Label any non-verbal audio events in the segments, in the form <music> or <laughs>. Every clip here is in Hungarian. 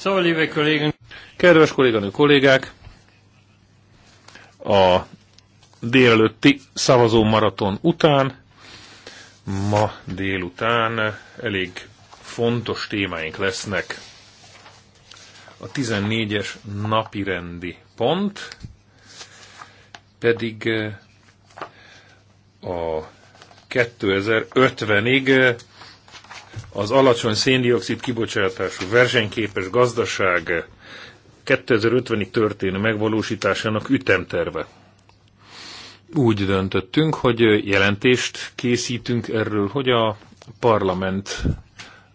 So, liebe Kedves kolléganő kollégák, a délelőtti szavazó maraton után, ma délután elég fontos témáink lesznek. A 14-es napi rendi pont, pedig eh, a 2050-ig az alacsony széndiokszid kibocsátású versenyképes gazdaság 2050-ig történő megvalósításának ütemterve. Úgy döntöttünk, hogy jelentést készítünk erről, hogy a parlament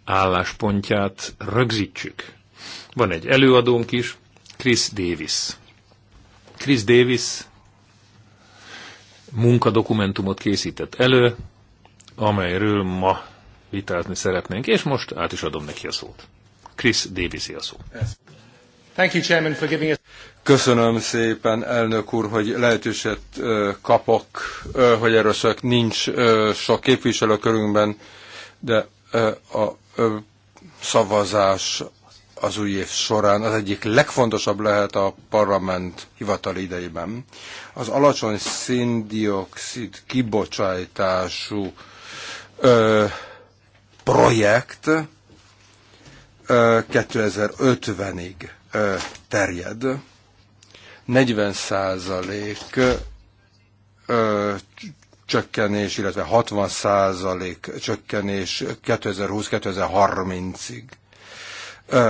álláspontját rögzítsük. Van egy előadónk is, Chris Davis. Chris Davis munkadokumentumot készített elő, amelyről ma vitázni szeretnénk, és most át is adom neki a szót. Chris Davis a szó. Köszönöm szépen, elnök úr, hogy lehetőséget kapok, hogy erről sok nincs sok képviselő körünkben, de a szavazás az új év során az egyik legfontosabb lehet a parlament hivatali idejében. Az alacsony szindioxid kibocsátású projekt 2050-ig terjed. 40 százalék csökkenés, illetve 60 százalék csökkenés 2020-2030-ig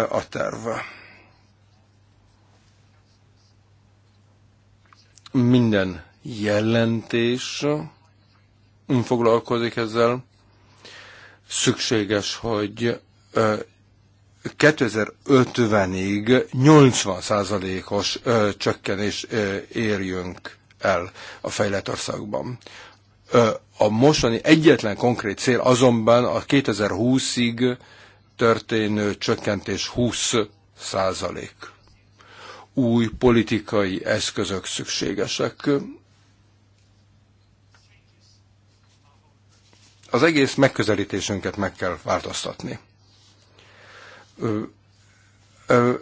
a terv. Minden jelentés foglalkozik ezzel szükséges, hogy 2050-ig 80%-os csökkenés érjünk el a fejlett országban. A mostani egyetlen konkrét cél azonban a 2020-ig történő csökkentés 20 százalék. Új politikai eszközök szükségesek. Az egész megközelítésünket meg kell változtatni. A dokumentum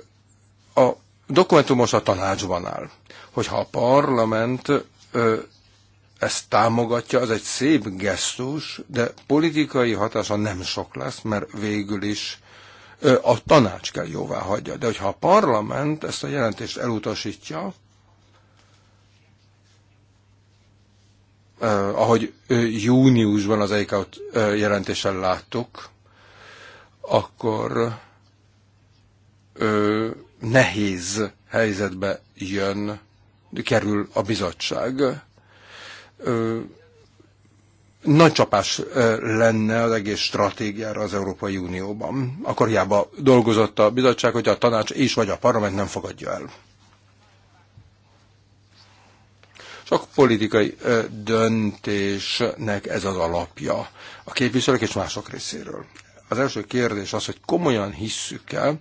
a dokumentumos a tanácsban áll. Hogyha a parlament ezt támogatja, az egy szép gesztus, de politikai hatása nem sok lesz, mert végül is a tanács kell jóvá hagyja. De hogyha a parlament ezt a jelentést elutasítja, ahogy júniusban az EICAUT jelentéssel láttuk, akkor uh, nehéz helyzetbe jön, kerül a bizottság. Uh, nagy csapás lenne az egész stratégiára az Európai Unióban. Akkor hiába dolgozott a bizottság, hogy a tanács és vagy a parlament nem fogadja el. Csak politikai döntésnek ez az alapja a képviselők és mások részéről. Az első kérdés az, hogy komolyan hisszük-e,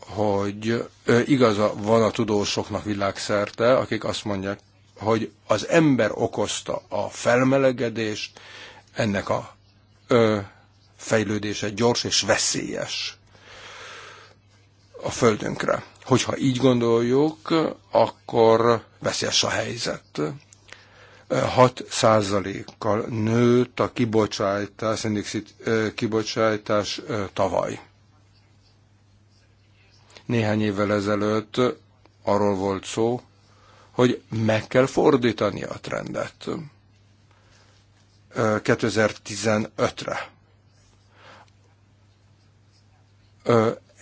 hogy igaza van a tudósoknak világszerte, akik azt mondják, hogy az ember okozta a felmelegedést, ennek a fejlődése gyors és veszélyes a földünkre. Hogyha így gondoljuk, akkor veszélyes a helyzet. 6%-kal nőtt a kibocsátás, szindixit kibocsátás tavaly. Néhány évvel ezelőtt arról volt szó, hogy meg kell fordítani a trendet 2015-re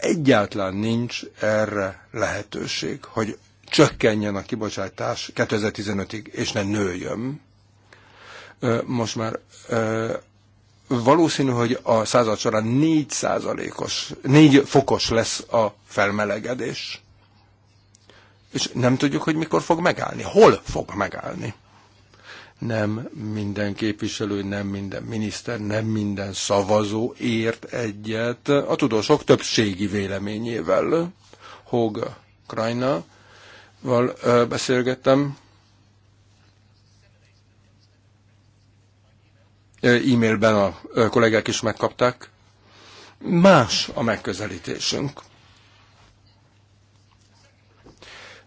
egyáltalán nincs erre lehetőség, hogy csökkenjen a kibocsátás 2015-ig, és ne nőjön. Most már valószínű, hogy a század során 4 százalékos, 4 fokos lesz a felmelegedés. És nem tudjuk, hogy mikor fog megállni. Hol fog megállni? nem minden képviselő, nem minden miniszter, nem minden szavazó ért egyet a tudósok többségi véleményével. Hog Krajna, val beszélgettem, e-mailben a kollégák is megkapták. Más a megközelítésünk.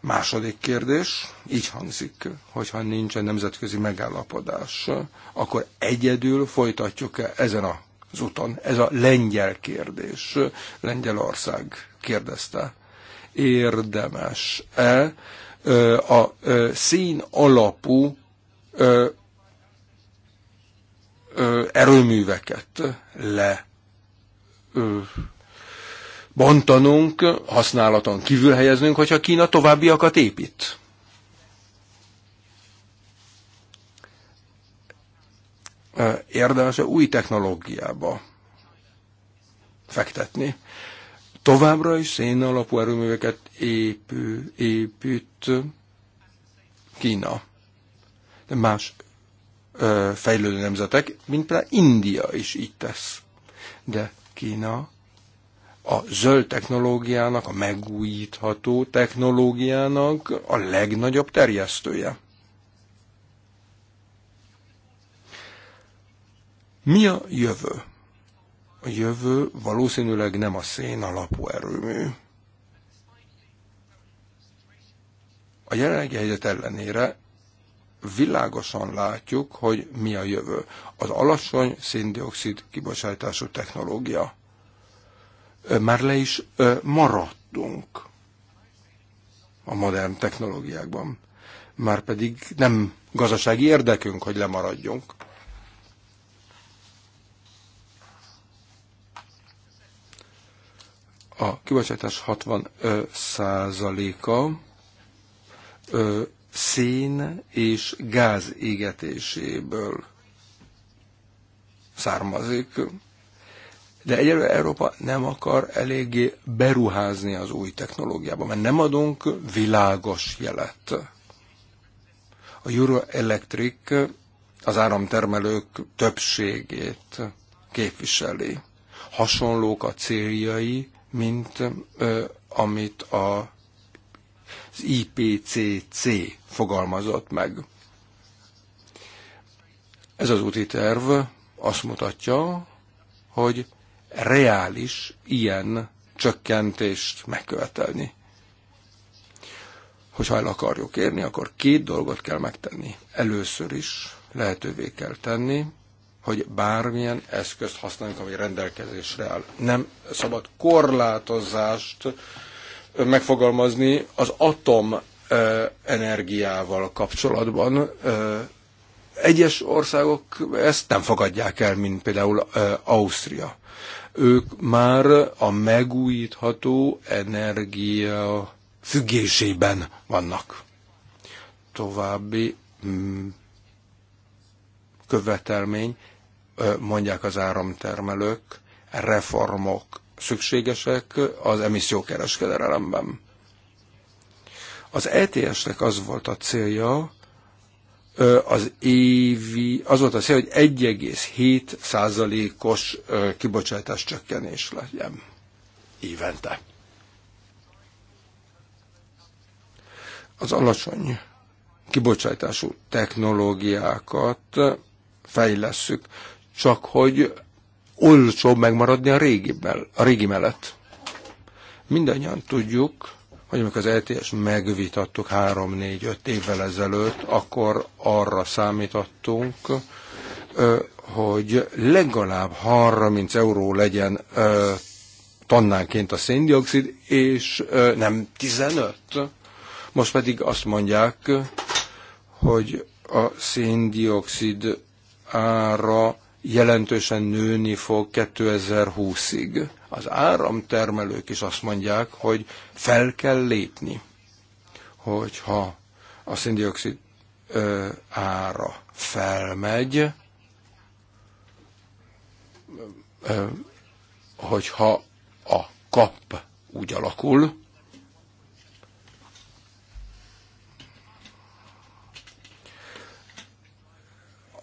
Második kérdés, így hangzik, hogyha nincsen nemzetközi megállapodás, akkor egyedül folytatjuk-e ezen az úton? Ez a lengyel kérdés. Lengyelország kérdezte. Érdemes-e a szín alapú erőműveket le bontanunk, használaton kívül helyeznünk, hogyha Kína továbbiakat épít. Érdemes a új technológiába fektetni. Továbbra is szén alapú erőműveket épül, épít Kína. De más ö, fejlődő nemzetek, mint például India is így tesz. De Kína a zöld technológiának, a megújítható technológiának a legnagyobb terjesztője. Mi a jövő? A jövő valószínűleg nem a szén alapú erőmű. A jelenlegi helyzet ellenére világosan látjuk, hogy mi a jövő. Az alacsony széndiokszid kibocsátású technológia már le is maradtunk a modern technológiákban. Már pedig nem gazdasági érdekünk, hogy lemaradjunk. A kibocsátás 60 százaléka szén és gáz égetéséből származik. De egyelőre Európa nem akar eléggé beruházni az új technológiába, mert nem adunk világos jelet. A Euroelectric az áramtermelők többségét képviseli. Hasonlók a céljai, mint ö, amit a, az IPCC fogalmazott meg. Ez az úti terv azt mutatja, hogy reális ilyen csökkentést megkövetelni. Hogyha el akarjuk érni, akkor két dolgot kell megtenni. Először is lehetővé kell tenni, hogy bármilyen eszközt használjunk, ami rendelkezésre áll. Nem szabad korlátozást megfogalmazni az atom energiával kapcsolatban. Egyes országok ezt nem fogadják el, mint például Ausztria. Ők már a megújítható energia függésében vannak. További mm, követelmény, mondják az áramtermelők, reformok szükségesek az emissziókereskedelemben. Az ETS-nek az volt a célja, az évi, az volt a szél, hogy 1,7 százalékos kibocsátás csökkenés legyen évente. Az alacsony kibocsátású technológiákat fejlesszük, csak hogy olcsóbb megmaradni a régi, a régi mellett. Mindannyian tudjuk, hogy amikor az LTS megvitattuk 3-4-5 évvel ezelőtt, akkor arra számítottunk, hogy legalább 30 euró legyen tannánként a széndiokszid, és nem 15. Most pedig azt mondják, hogy a széndiokszid ára jelentősen nőni fog 2020-ig. Az áramtermelők is azt mondják, hogy fel kell lépni, hogyha a szindioxid ára felmegy, ö, hogyha a kap úgy alakul,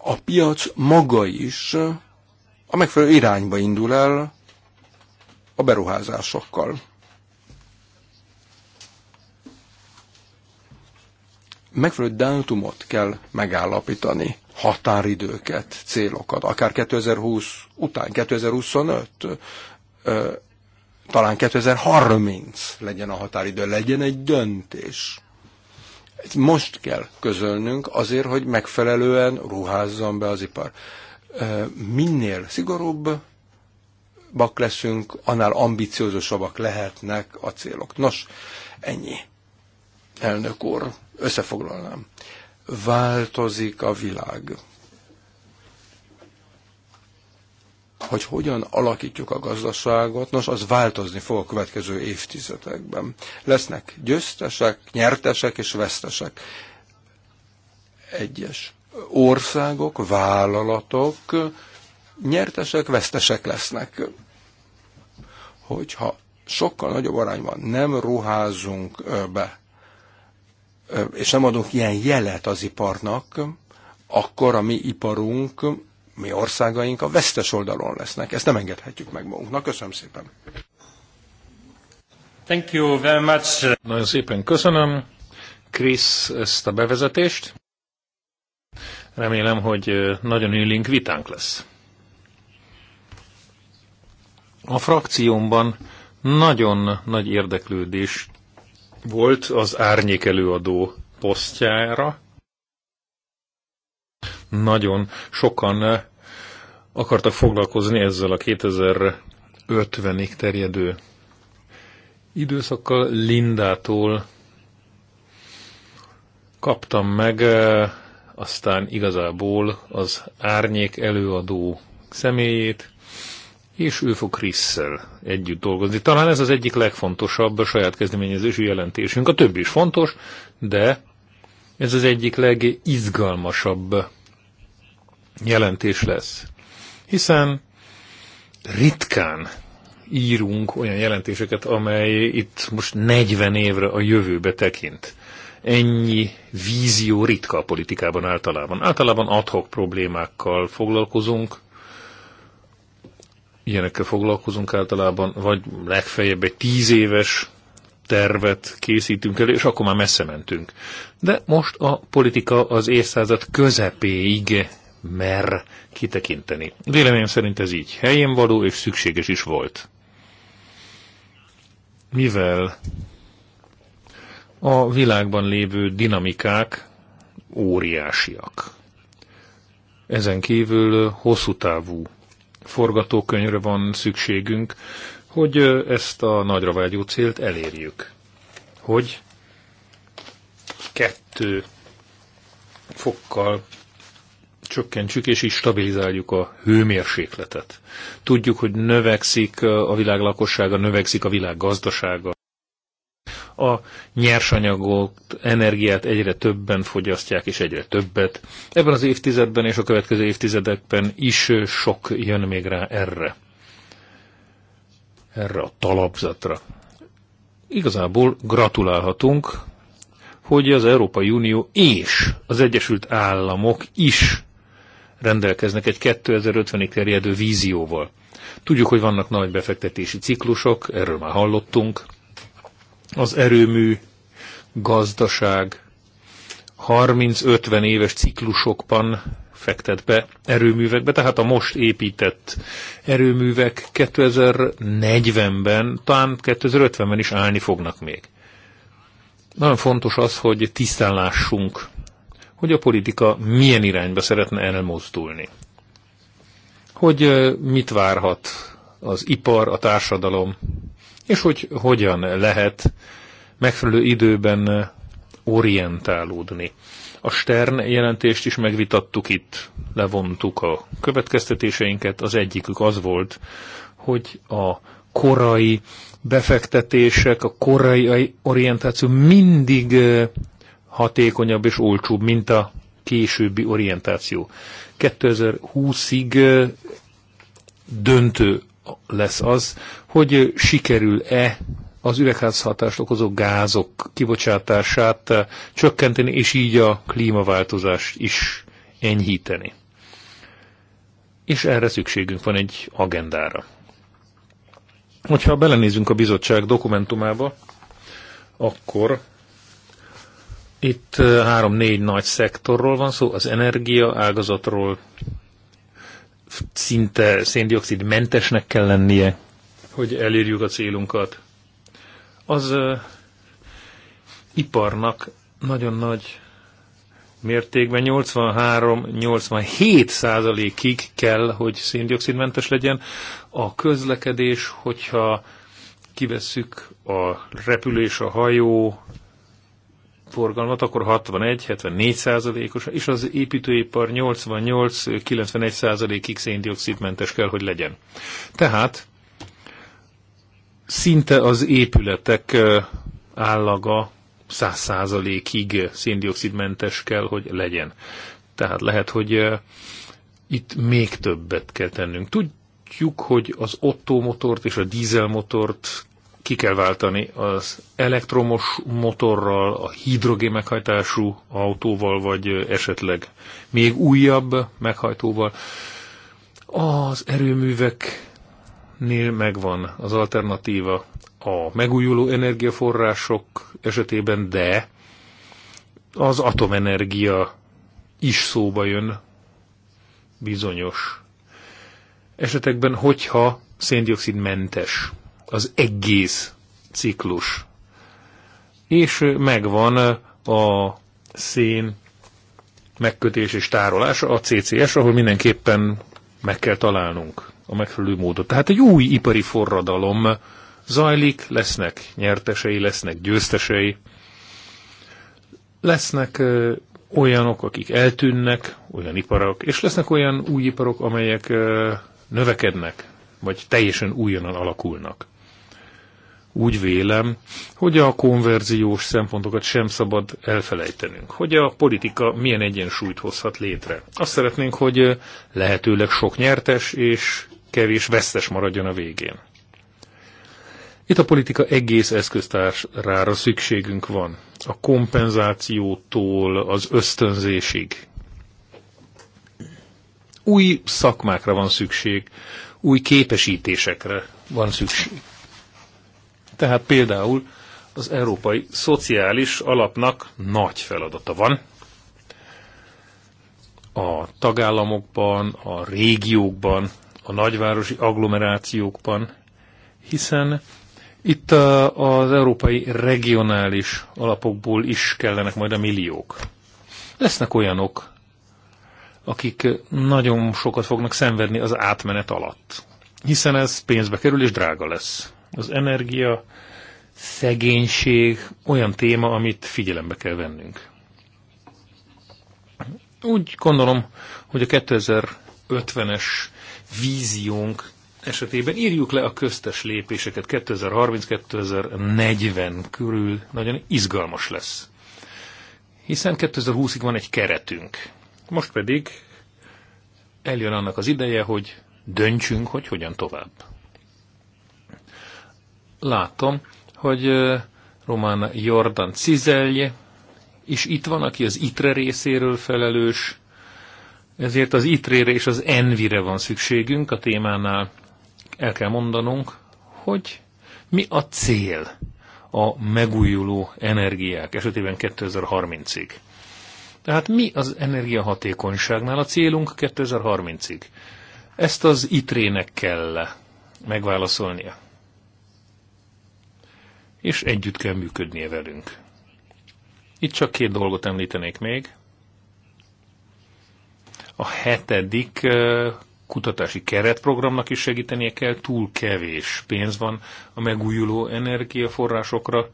a piac maga is a megfelelő irányba indul el a beruházásokkal. Megfelelő dátumot kell megállapítani, határidőket, célokat, akár 2020 után, 2025, talán 2030 legyen a határidő, legyen egy döntés most kell közölnünk azért, hogy megfelelően ruházzon be az ipar. Minél szigorúbb bak leszünk, annál ambiciózusabbak lehetnek a célok. Nos, ennyi. Elnök úr, összefoglalnám. Változik a világ. hogy hogyan alakítjuk a gazdaságot, nos, az változni fog a következő évtizedekben. Lesznek győztesek, nyertesek és vesztesek. Egyes országok, vállalatok nyertesek, vesztesek lesznek. Hogyha sokkal nagyobb arányban nem ruházunk be, és nem adunk ilyen jelet az iparnak, akkor a mi iparunk mi országaink a vesztes oldalon lesznek. Ezt nem engedhetjük meg magunknak. Köszönöm szépen. Thank you very much. Nagyon szépen köszönöm, Krisz, ezt a bevezetést. Remélem, hogy nagyon élénk vitánk lesz. A frakciómban nagyon nagy érdeklődés volt az árnyék előadó posztjára, nagyon sokan eh, akartak foglalkozni ezzel a 2050-ig terjedő időszakkal Lindától kaptam meg, eh, aztán igazából az árnyék előadó személyét, és ő fog Krisszel együtt dolgozni. Talán ez az egyik legfontosabb a saját kezdeményezésű jelentésünk. A többi is fontos, de ez az egyik legizgalmasabb jelentés lesz, hiszen ritkán írunk olyan jelentéseket, amely itt most 40 évre a jövőbe tekint. Ennyi vízió ritka a politikában általában. Általában adhok problémákkal foglalkozunk, ilyenekkel foglalkozunk általában, vagy legfeljebb egy tíz éves tervet készítünk elő, és akkor már messze mentünk. De most a politika az évszázad közepéig mer kitekinteni. Véleményem szerint ez így helyén való és szükséges is volt. Mivel a világban lévő dinamikák óriásiak. Ezen kívül hosszú távú forgatókönyvre van szükségünk, hogy ezt a nagyra vágyó célt elérjük. Hogy kettő fokkal csökkentsük és így stabilizáljuk a hőmérsékletet. Tudjuk, hogy növekszik a világ lakossága, növekszik a világ gazdasága. A nyersanyagok, energiát egyre többen fogyasztják, és egyre többet. Ebben az évtizedben és a következő évtizedekben is sok jön még rá erre erre a talapzatra. Igazából gratulálhatunk, hogy az Európai Unió és az Egyesült Államok is rendelkeznek egy 2050-ig terjedő vízióval. Tudjuk, hogy vannak nagy befektetési ciklusok, erről már hallottunk. Az erőmű, gazdaság 30-50 éves ciklusokban fektet be erőművekbe, tehát a most épített erőművek 2040-ben, talán 2050-ben is állni fognak még. Nagyon fontos az, hogy tisztán lássunk, hogy a politika milyen irányba szeretne elmozdulni. Hogy mit várhat az ipar, a társadalom, és hogy hogyan lehet megfelelő időben orientálódni a Stern jelentést is megvitattuk itt, levontuk a következtetéseinket. Az egyikük az volt, hogy a korai befektetések, a korai orientáció mindig hatékonyabb és olcsóbb, mint a későbbi orientáció. 2020-ig döntő lesz az, hogy sikerül-e az üvegházhatást okozó gázok kibocsátását eh, csökkenteni, és így a klímaváltozást is enyhíteni. És erre szükségünk van egy agendára. Hogyha belenézünk a bizottság dokumentumába, akkor itt eh, három-négy nagy szektorról van szó, az energia ágazatról, szinte széndiokszid mentesnek kell lennie, hogy elérjük a célunkat az iparnak nagyon nagy mértékben 83-87 százalékig kell, hogy széndiokszidmentes legyen. A közlekedés, hogyha kivesszük a repülés, a hajó forgalmat, akkor 61-74 százalékos, és az építőipar 88-91 százalékig széndiokszidmentes kell, hogy legyen. Tehát szinte az épületek állaga száz százalékig széndiokszidmentes kell, hogy legyen. Tehát lehet, hogy itt még többet kell tennünk. Tudjuk, hogy az Otto motort és a dízelmotort ki kell váltani az elektromos motorral, a hidrogén meghajtású autóval, vagy esetleg még újabb meghajtóval. Az erőművek nél megvan az alternatíva a megújuló energiaforrások esetében, de az atomenergia is szóba jön bizonyos esetekben, hogyha széndiokszidmentes az egész ciklus. És megvan a szén megkötés és tárolása, a CCS, ahol mindenképpen meg kell találnunk a megfelelő módot. Tehát egy új ipari forradalom zajlik, lesznek nyertesei, lesznek győztesei, lesznek olyanok, akik eltűnnek, olyan iparok, és lesznek olyan új iparok, amelyek növekednek, vagy teljesen újonnan alakulnak. Úgy vélem, hogy a konverziós szempontokat sem szabad elfelejtenünk, hogy a politika milyen egyensúlyt hozhat létre. Azt szeretnénk, hogy lehetőleg sok nyertes és kevés vesztes maradjon a végén. Itt a politika egész eszköztárára szükségünk van. A kompenzációtól az ösztönzésig. Új szakmákra van szükség, új képesítésekre van szükség. Tehát például az Európai Szociális Alapnak nagy feladata van. A tagállamokban, a régiókban a nagyvárosi agglomerációkban, hiszen itt a, az európai regionális alapokból is kellenek majd a milliók. Lesznek olyanok, akik nagyon sokat fognak szenvedni az átmenet alatt, hiszen ez pénzbe kerül és drága lesz. Az energia, szegénység olyan téma, amit figyelembe kell vennünk. Úgy gondolom, hogy a 2050-es víziónk esetében írjuk le a köztes lépéseket 2030-2040 körül nagyon izgalmas lesz. Hiszen 2020-ig van egy keretünk. Most pedig eljön annak az ideje, hogy döntsünk, hogy hogyan tovább. Látom, hogy Román Jordan Cizelje is itt van, aki az ITRE részéről felelős, ezért az itrére és az envire van szükségünk a témánál. El kell mondanunk, hogy mi a cél a megújuló energiák esetében 2030-ig. Tehát mi az energiahatékonyságnál a célunk 2030-ig? Ezt az itrének kell megválaszolnia. És együtt kell működnie velünk. Itt csak két dolgot említenék még a hetedik kutatási keretprogramnak is segítenie kell, túl kevés pénz van a megújuló energiaforrásokra,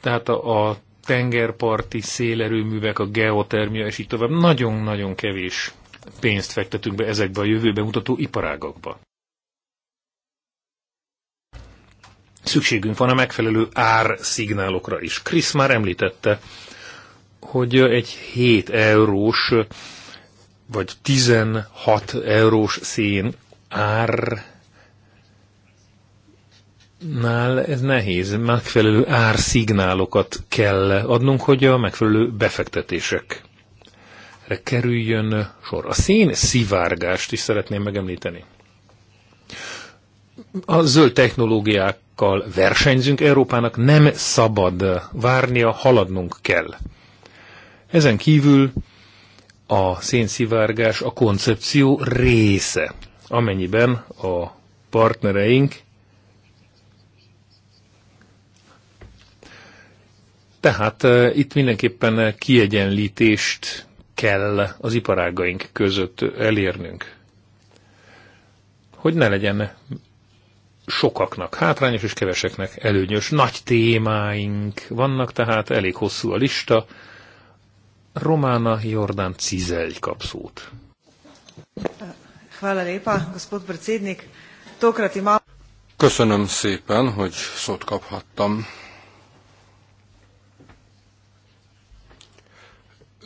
tehát a, a tengerparti szélerőművek, a geotermia és így tovább nagyon-nagyon kevés pénzt fektetünk be ezekbe a jövőbe mutató iparágakba. Szükségünk van a megfelelő árszignálokra is. Krisz már említette, hogy egy 7 eurós vagy 16 eurós szén ár nál ez nehéz. Megfelelő árszignálokat kell adnunk, hogy a megfelelő befektetésekre kerüljön sor. A szén szivárgást is szeretném megemlíteni. A zöld technológiákkal versenyzünk, Európának nem szabad várnia, haladnunk kell. Ezen kívül a szénszivárgás a koncepció része, amennyiben a partnereink Tehát itt mindenképpen kiegyenlítést kell az iparágaink között elérnünk. Hogy ne legyen sokaknak hátrányos és keveseknek előnyös. Nagy témáink vannak, tehát elég hosszú a lista, Romana Jordan Cizelj kap szót. Köszönöm szépen, hogy szót kaphattam.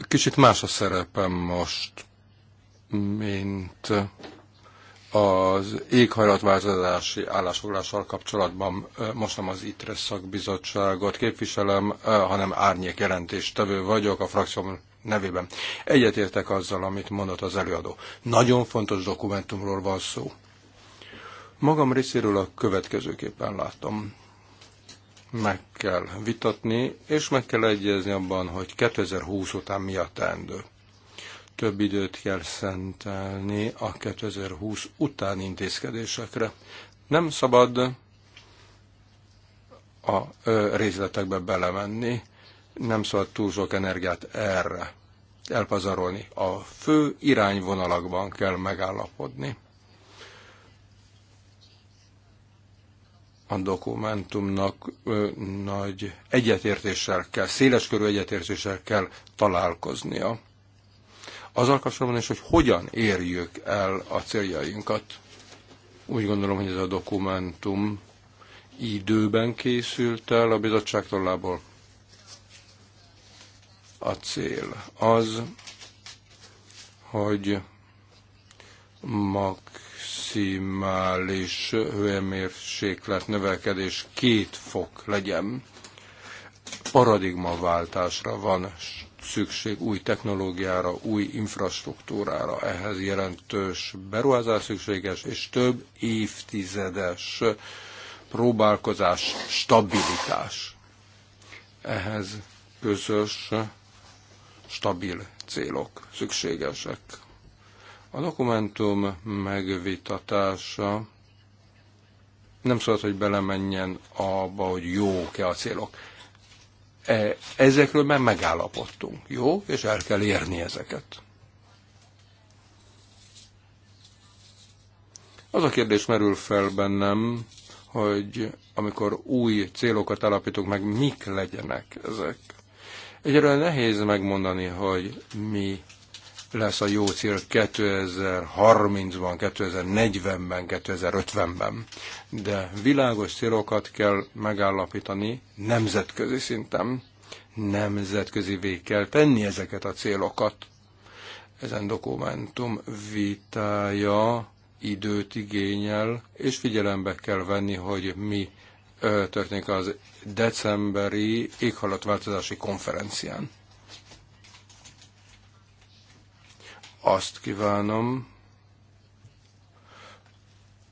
Kicsit más a szerepem most, mint az éghajlatváltozási állásfoglással kapcsolatban most nem az ITRE szakbizottságot képviselem, hanem árnyék jelentéstevő vagyok a frakcióm nevében. Egyetértek azzal, amit mondott az előadó. Nagyon fontos dokumentumról van szó. Magam részéről a következőképpen látom. Meg kell vitatni, és meg kell egyezni abban, hogy 2020 után mi a teendő több időt kell szentelni a 2020 után intézkedésekre. Nem szabad a részletekbe belemenni, nem szabad túl sok energiát erre elpazarolni. A fő irányvonalakban kell megállapodni. a dokumentumnak ö, nagy egyetértéssel kell, széleskörű egyetértéssel kell találkoznia azzal kapcsolatban is, hogy hogyan érjük el a céljainkat. Úgy gondolom, hogy ez a dokumentum időben készült el a bizottság tollából. A cél az, hogy maximális hőmérséklet növekedés két fok legyen. Paradigmaváltásra van szükség új technológiára, új infrastruktúrára, ehhez jelentős beruházás szükséges, és több évtizedes próbálkozás, stabilitás. Ehhez közös, stabil célok szükségesek. A dokumentum megvitatása nem szólt, hogy belemenjen abba, hogy jók-e a célok E, ezekről már megállapodtunk, jó? És el kell érni ezeket. Az a kérdés merül fel bennem, hogy amikor új célokat alapítunk meg, mik legyenek ezek. Egyelőre nehéz megmondani, hogy mi lesz a jó cél 2030-ban, 2040-ben, 2050-ben. De világos célokat kell megállapítani nemzetközi szinten. Nemzetközi kell tenni ezeket a célokat. Ezen dokumentum vitája időt igényel, és figyelembe kell venni, hogy mi történik az decemberi éghajlatváltozási konferencián. Azt kívánom,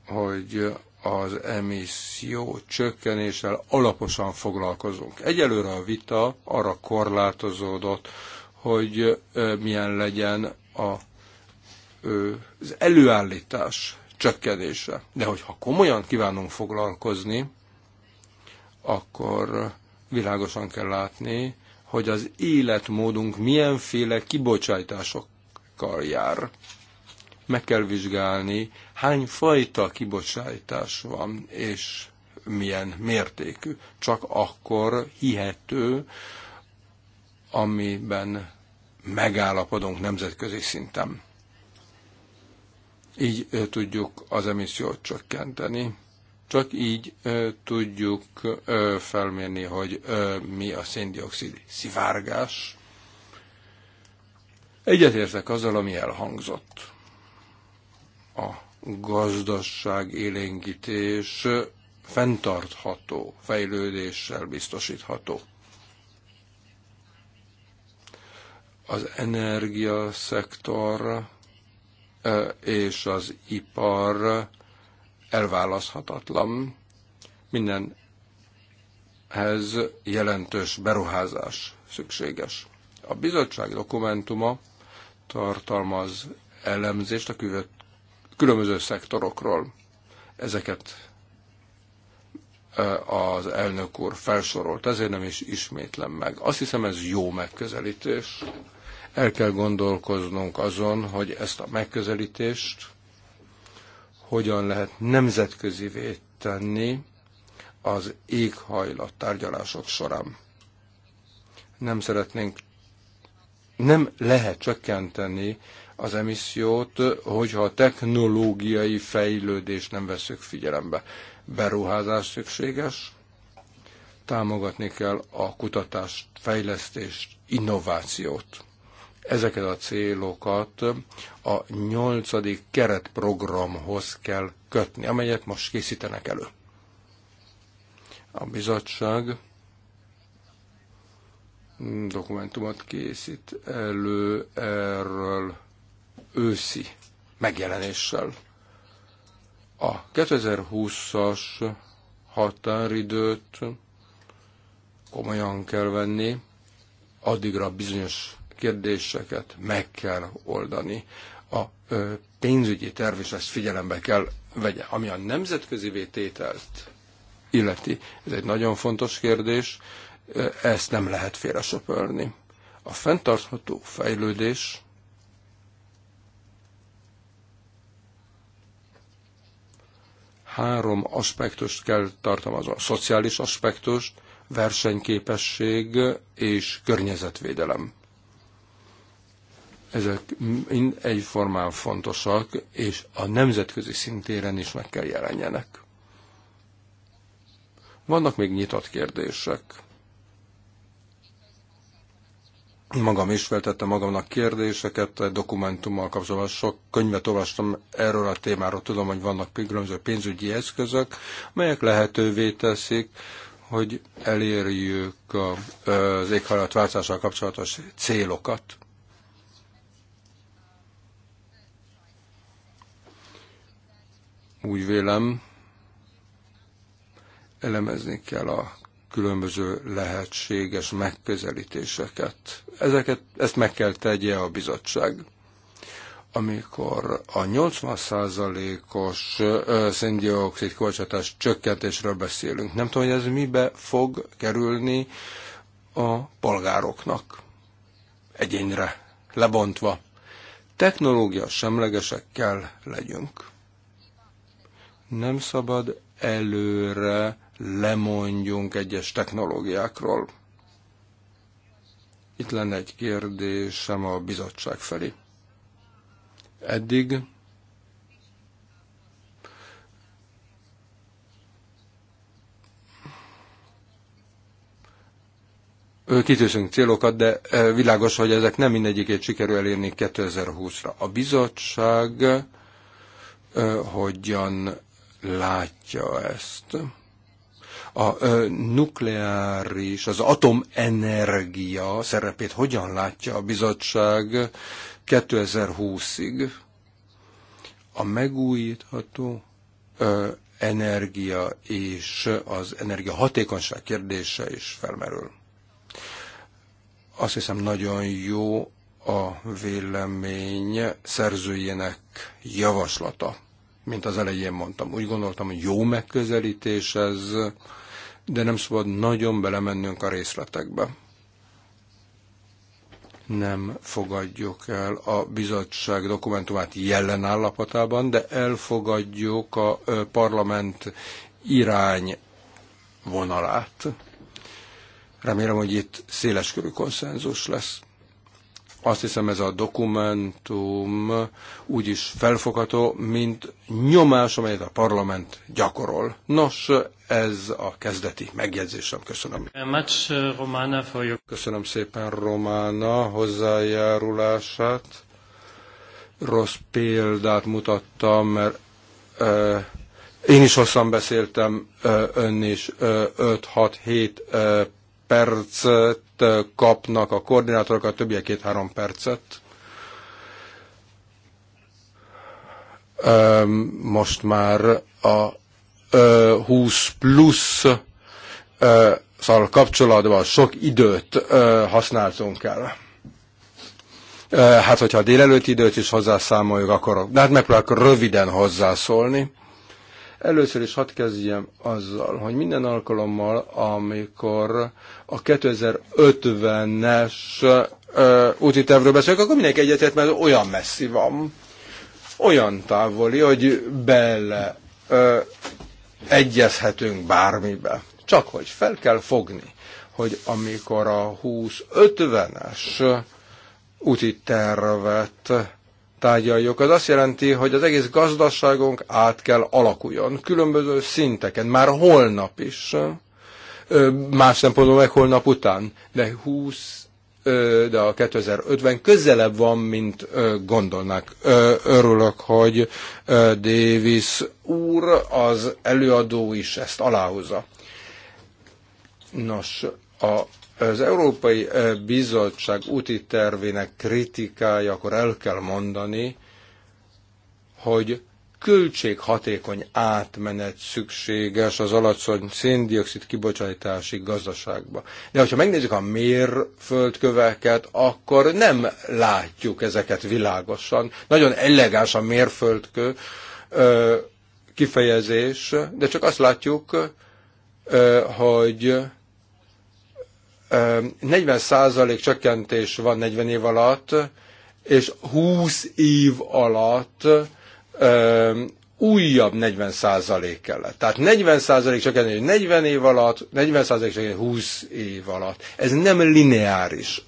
hogy az emisszió csökkenéssel alaposan foglalkozunk. Egyelőre a vita arra korlátozódott, hogy milyen legyen a, az előállítás csökkenése. De hogyha komolyan kívánunk foglalkozni, akkor világosan kell látni, hogy az életmódunk milyenféle kibocsátások hatásokkal jár. Meg kell vizsgálni, hány fajta kibocsátás van, és milyen mértékű. Csak akkor hihető, amiben megállapodunk nemzetközi szinten. Így tudjuk az emissziót csökkenteni, csak így tudjuk felmérni, hogy mi a széndiokszid szivárgás, Egyetértek azzal, ami elhangzott. A gazdaság élénkítés fenntartható fejlődéssel biztosítható. Az energiaszektor és az ipar elválaszthatatlan. Mindenhez jelentős beruházás szükséges. A bizottság dokumentuma tartalmaz elemzést a különböző szektorokról. Ezeket az elnök úr felsorolt, ezért nem is ismétlem meg. Azt hiszem, ez jó megközelítés. El kell gondolkoznunk azon, hogy ezt a megközelítést hogyan lehet nemzetközivé tenni az éghajlat tárgyalások során. Nem szeretnénk nem lehet csökkenteni az emissziót, hogyha a technológiai fejlődés nem veszük figyelembe. Beruházás szükséges, támogatni kell a kutatást, fejlesztést, innovációt. Ezeket a célokat a nyolcadik keretprogramhoz kell kötni, amelyet most készítenek elő. A bizottság dokumentumot készít elő erről őszi megjelenéssel. A 2020-as határidőt komolyan kell venni, addigra bizonyos kérdéseket meg kell oldani. A ö, pénzügyi terv is ezt figyelembe kell vegye. Ami a nemzetközi vétételt illeti, ez egy nagyon fontos kérdés, ezt nem lehet félresöpörni. A fenntartható fejlődés három aspektust kell tartalmazni. A szociális aspektust, versenyképesség és környezetvédelem. Ezek mind egyformán fontosak, és a nemzetközi szintéren is meg kell jelenjenek. Vannak még nyitott kérdések. magam is feltettem magamnak kérdéseket dokumentummal kapcsolatban. Sok könyvet olvastam erről a témáról, tudom, hogy vannak különböző pénzügyi eszközök, melyek lehetővé teszik, hogy elérjük az éghajlatváltással kapcsolatos célokat. Úgy vélem, elemezni kell a különböző lehetséges megközelítéseket. Ezeket, ezt meg kell tegye a bizottság. Amikor a 80%-os széndiokszid kibocsátás csökkentésről beszélünk, nem tudom, hogy ez mibe fog kerülni a polgároknak egyénre lebontva. Technológia semlegesek kell legyünk. Nem szabad előre lemondjunk egyes technológiákról. Itt lenne egy kérdésem a bizottság felé. Eddig kitűzünk célokat, de világos, hogy ezek nem mindegyikét sikerül elérni 2020-ra. A bizottság hogyan látja ezt? a nukleáris, az atomenergia szerepét hogyan látja a bizottság 2020-ig? A megújítható energia és az energiahatékonyság kérdése is felmerül. Azt hiszem nagyon jó a vélemény szerzőjének javaslata. Mint az elején mondtam, úgy gondoltam, hogy jó megközelítés ez, de nem szabad nagyon belemennünk a részletekbe. Nem fogadjuk el a bizottság dokumentumát jelen állapotában, de elfogadjuk a parlament irány vonalát. Remélem, hogy itt széleskörű konszenzus lesz. Azt hiszem ez a dokumentum úgy is felfogható, mint nyomás, amelyet a parlament gyakorol. Nos, ez a kezdeti megjegyzésem. Köszönöm. Uh, Köszönöm szépen Romána hozzájárulását. Rossz példát mutattam, mert ö, én is hosszan beszéltem, ö, ön is 5-6-7 percet kapnak a koordinátorok, a többiek két 3 percet. Most már a 20 plusz szal kapcsolatban sok időt használtunk el. Hát, hogyha a délelőtti időt is hozzászámoljuk, akkor de hát megpróbálok röviden hozzászólni. Először is hadd kezdjem azzal, hogy minden alkalommal, amikor a 2050-es úti tervről beszélek, akkor mindenki egyetért, mert olyan messzi van, olyan távoli, hogy bele ö, egyezhetünk bármibe. Csak hogy fel kell fogni, hogy amikor a 20-50-es úti tervet tárgyaljuk, az azt jelenti, hogy az egész gazdaságunk át kell alakuljon különböző szinteken, már holnap is, más szempontból meg holnap után, de 20 de a 2050 közelebb van, mint gondolnák. Örülök, hogy Davis úr, az előadó is ezt aláhozza. Nos, a az Európai Bizottság úti tervének kritikája, akkor el kell mondani, hogy költséghatékony átmenet szükséges az alacsony széndiokszid kibocsátási gazdaságba. De hogyha megnézzük a mérföldköveket, akkor nem látjuk ezeket világosan. Nagyon elegáns a mérföldkő ö, kifejezés, de csak azt látjuk, ö, hogy 40% csökkentés van 40 év alatt, és 20 év alatt újabb 40 százalék kellett. Tehát 40 százalék ennél 40 év alatt, 40 százalék csak 20 év alatt. Ez nem lineáris.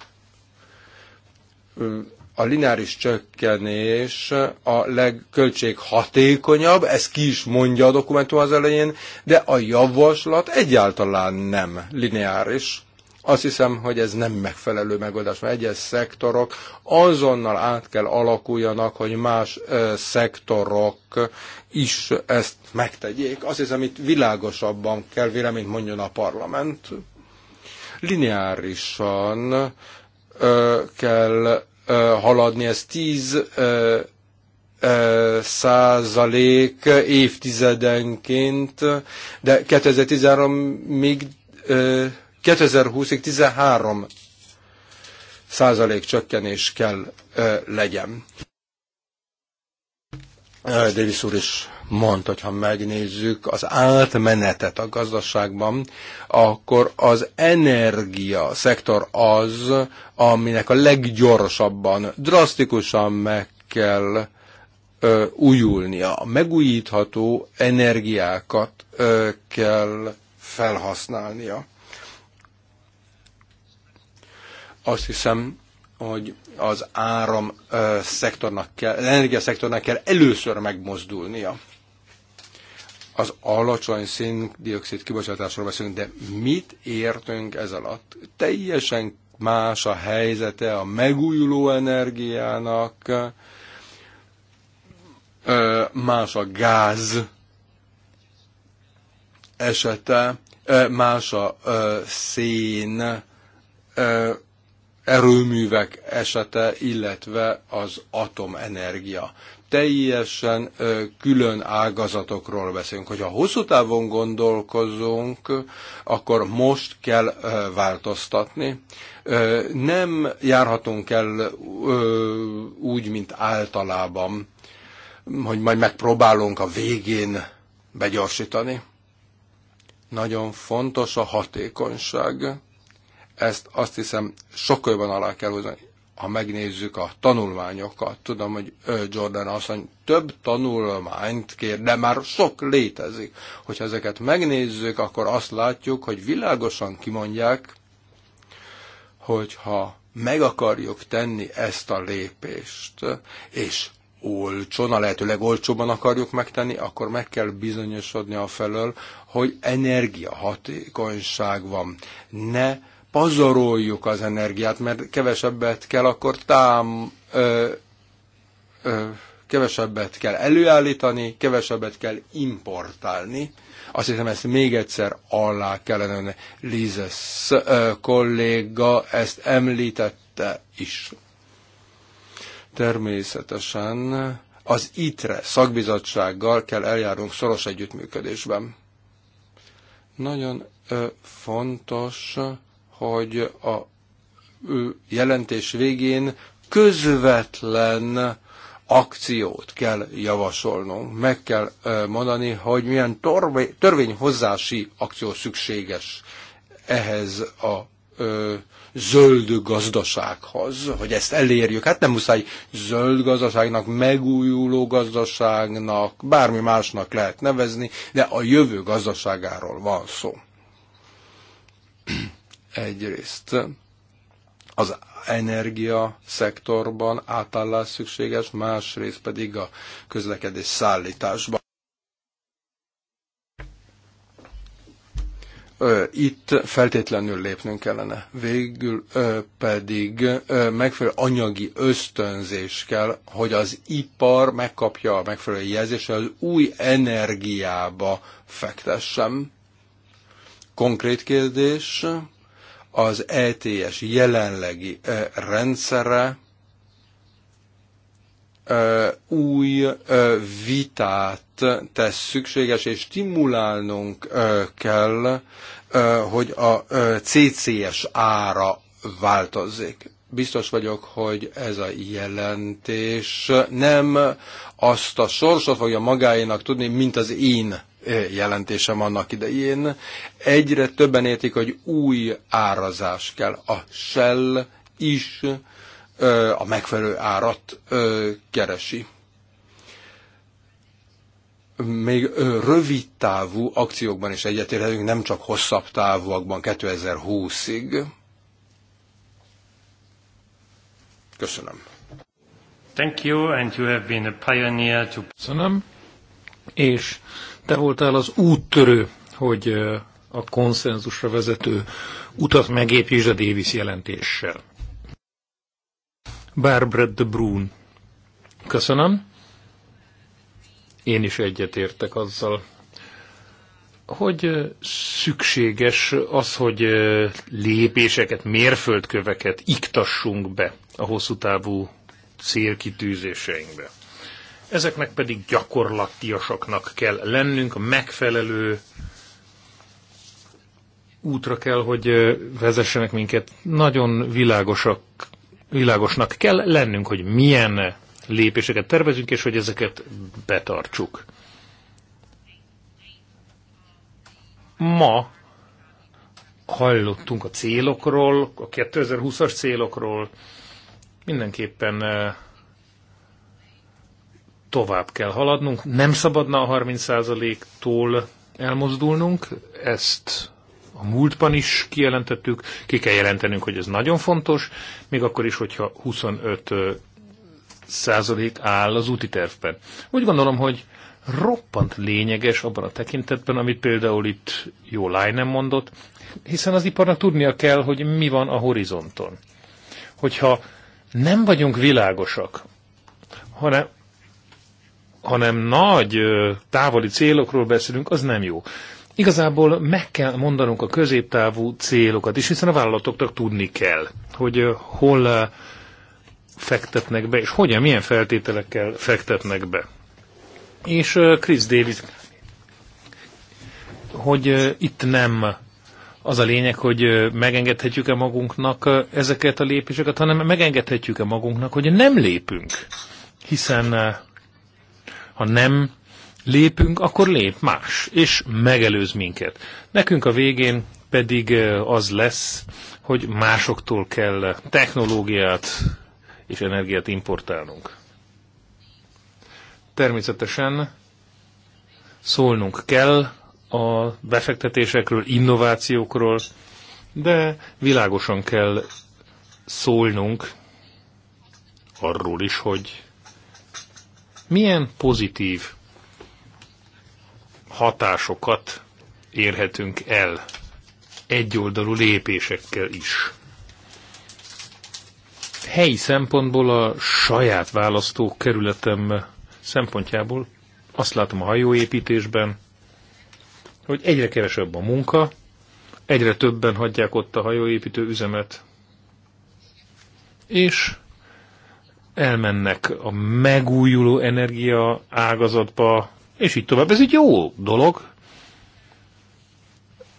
A lineáris csökkenés a legköltséghatékonyabb, hatékonyabb, ez ki is mondja a dokumentum az elején, de a javaslat egyáltalán nem lineáris. Azt hiszem, hogy ez nem megfelelő megoldás, mert egyes szektorok azonnal át kell alakuljanak, hogy más szektorok is ezt megtegyék. Azt hiszem, itt világosabban kell véleményt mondjon a parlament. Lineárisan ö, kell ö, haladni, ez 10 ö, százalék évtizedenként, de 2013 még 2020-ig 13 százalék csökkenés kell ö, legyen. Davis úr is mondta, hogy ha megnézzük az átmenetet a gazdaságban, akkor az energia szektor az, aminek a leggyorsabban, drasztikusan meg kell ö, újulnia. A megújítható energiákat ö, kell felhasználnia. Azt hiszem, hogy az áram szektornak kell, az energiaszektornak kell először megmozdulnia. Az alacsony szén-dioxid kibocsátásról beszélünk, de mit értünk ez alatt? Teljesen más a helyzete a megújuló energiának, más a gáz esete, más a szén erőművek esete, illetve az atomenergia. Teljesen külön ágazatokról beszélünk. Hogyha hosszú távon gondolkozunk, akkor most kell változtatni. Nem járhatunk el úgy, mint általában, hogy majd megpróbálunk a végén begyorsítani. Nagyon fontos a hatékonyság ezt azt hiszem sokkal jobban alá kell hozni, ha megnézzük a tanulmányokat. Tudom, hogy Jordan asszony több tanulmányt kér, de már sok létezik. Hogyha ezeket megnézzük, akkor azt látjuk, hogy világosan kimondják, hogyha meg akarjuk tenni ezt a lépést, és olcsón, a lehető legolcsóban akarjuk megtenni, akkor meg kell bizonyosodni a felől, hogy energiahatékonyság van. Ne pazaroljuk az energiát, mert kevesebbet kell akkor tám, ö, ö, kevesebbet kell előállítani, kevesebbet kell importálni. Azt hiszem, ezt még egyszer alá kellene önne. Lizes kolléga ezt említette is. Természetesen az ITRE szakbizottsággal kell eljárnunk szoros együttműködésben. Nagyon fontos hogy a jelentés végén közvetlen akciót kell javasolnunk. Meg kell mondani, hogy milyen törvényhozási akció szükséges ehhez a zöld gazdasághoz, hogy ezt elérjük. Hát nem muszáj zöld gazdaságnak, megújuló gazdaságnak, bármi másnak lehet nevezni, de a jövő gazdaságáról van szó. Egyrészt az energia szektorban átállás szükséges, másrészt pedig a közlekedés szállításban. Itt feltétlenül lépnünk kellene. Végül pedig megfelelő anyagi ösztönzés kell, hogy az ipar megkapja a megfelelő jelzést, az új energiába fektessem. Konkrét kérdés az ETS jelenlegi rendszere új vitát tesz szükséges, és stimulálnunk kell, hogy a CCS ára változzék. Biztos vagyok, hogy ez a jelentés nem azt a sorsot fogja magáénak tudni, mint az én jelentésem annak idején. Egyre többen értik, hogy új árazás kell. A Shell is a megfelelő árat keresi még rövid távú akciókban is egyetérhetünk, nem csak hosszabb távúakban 2020-ig. Köszönöm. Thank you, and you have been a pioneer to... Köszönöm, és te voltál az úttörő, hogy a konszenzusra vezető utat megépítsd a Davis jelentéssel. Barbara de Brun. Köszönöm. Én is egyetértek azzal, hogy szükséges az, hogy lépéseket, mérföldköveket iktassunk be a hosszú távú célkitűzéseinkbe ezeknek pedig gyakorlatiasaknak kell lennünk, a megfelelő útra kell, hogy vezessenek minket. Nagyon világosak, világosnak kell lennünk, hogy milyen lépéseket tervezünk, és hogy ezeket betartsuk. Ma hallottunk a célokról, a 2020-as célokról, mindenképpen tovább kell haladnunk, nem szabadna a 30%-tól elmozdulnunk, ezt a múltban is kijelentettük, ki kell jelentenünk, hogy ez nagyon fontos, még akkor is, hogyha 25 százalék áll az úti tervben. Úgy gondolom, hogy roppant lényeges abban a tekintetben, amit például itt jó nem mondott, hiszen az iparnak tudnia kell, hogy mi van a horizonton. Hogyha nem vagyunk világosak, hanem hanem nagy távoli célokról beszélünk, az nem jó. Igazából meg kell mondanunk a középtávú célokat is, hiszen a vállalatoknak tudni kell, hogy hol fektetnek be, és hogyan, milyen feltételekkel fektetnek be. És Chris Davis, hogy itt nem az a lényeg, hogy megengedhetjük-e magunknak ezeket a lépéseket, hanem megengedhetjük-e magunknak, hogy nem lépünk. Hiszen ha nem lépünk, akkor lép más, és megelőz minket. Nekünk a végén pedig eh, az lesz, hogy másoktól kell technológiát és energiát importálnunk. Természetesen szólnunk kell a befektetésekről, innovációkról, de világosan kell szólnunk arról is, hogy milyen pozitív hatásokat érhetünk el egyoldalú lépésekkel is. Helyi szempontból a saját választókerületem szempontjából azt látom a hajóépítésben, hogy egyre kevesebb a munka, egyre többen hagyják ott a hajóépítő üzemet, és elmennek a megújuló energia ágazatba, és így tovább. Ez egy jó dolog.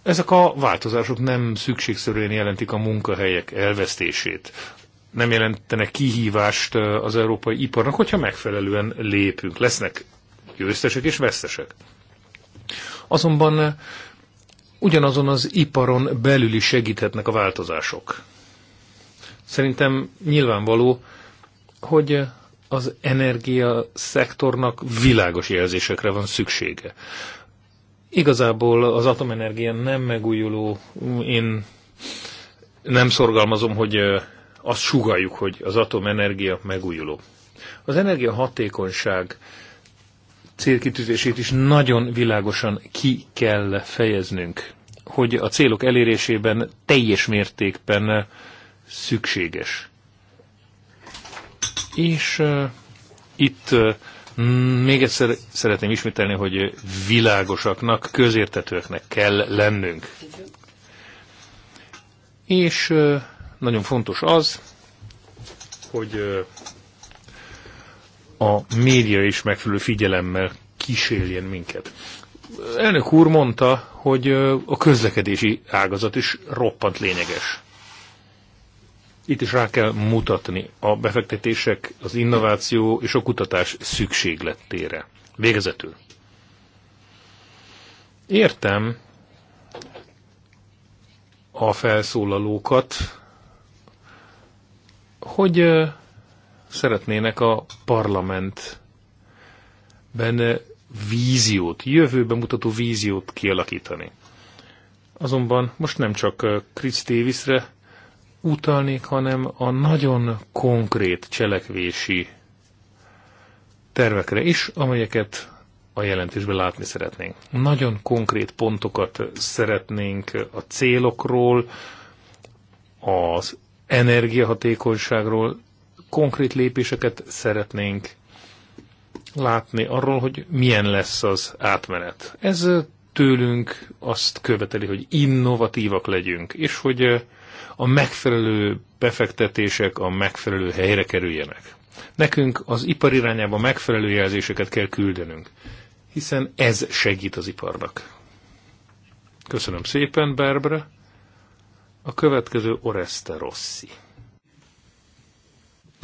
Ezek a változások nem szükségszerűen jelentik a munkahelyek elvesztését. Nem jelentenek kihívást eh, az európai iparnak, hogyha megfelelően lépünk. Lesznek győztesek és vesztesek. Azonban eh, ugyanazon az iparon belül is segíthetnek a változások. Szerintem nyilvánvaló, hogy az energia szektornak világos jelzésekre van szüksége. Igazából az atomenergia nem megújuló, én nem szorgalmazom, hogy azt sugaljuk, hogy az atomenergia megújuló. Az energia hatékonyság célkitűzését is nagyon világosan ki kell fejeznünk, hogy a célok elérésében teljes mértékben szükséges és uh, itt uh, még egyszer szeretném ismételni, hogy világosaknak, közértetőknek kell lennünk. És uh, nagyon fontos az, hogy uh, a média is megfelelő figyelemmel kísérjen minket. Elnök úr mondta, hogy a közlekedési ágazat is roppant lényeges. Itt is rá kell mutatni a befektetések, az innováció és a kutatás szükségletére. Végezetül. Értem a felszólalókat, hogy szeretnének a parlamentben víziót, jövőben mutató víziót kialakítani. Azonban most nem csak Chris Davisre utalnék, hanem a nagyon konkrét cselekvési tervekre is, amelyeket a jelentésben látni szeretnénk. Nagyon konkrét pontokat szeretnénk a célokról, az energiahatékonyságról, konkrét lépéseket szeretnénk látni arról, hogy milyen lesz az átmenet. Ez tőlünk azt követeli, hogy innovatívak legyünk, és hogy a megfelelő befektetések a megfelelő helyre kerüljenek. Nekünk az ipar irányába megfelelő jelzéseket kell küldenünk, hiszen ez segít az iparnak. Köszönöm szépen, Berbre. A következő Oreste Rossi.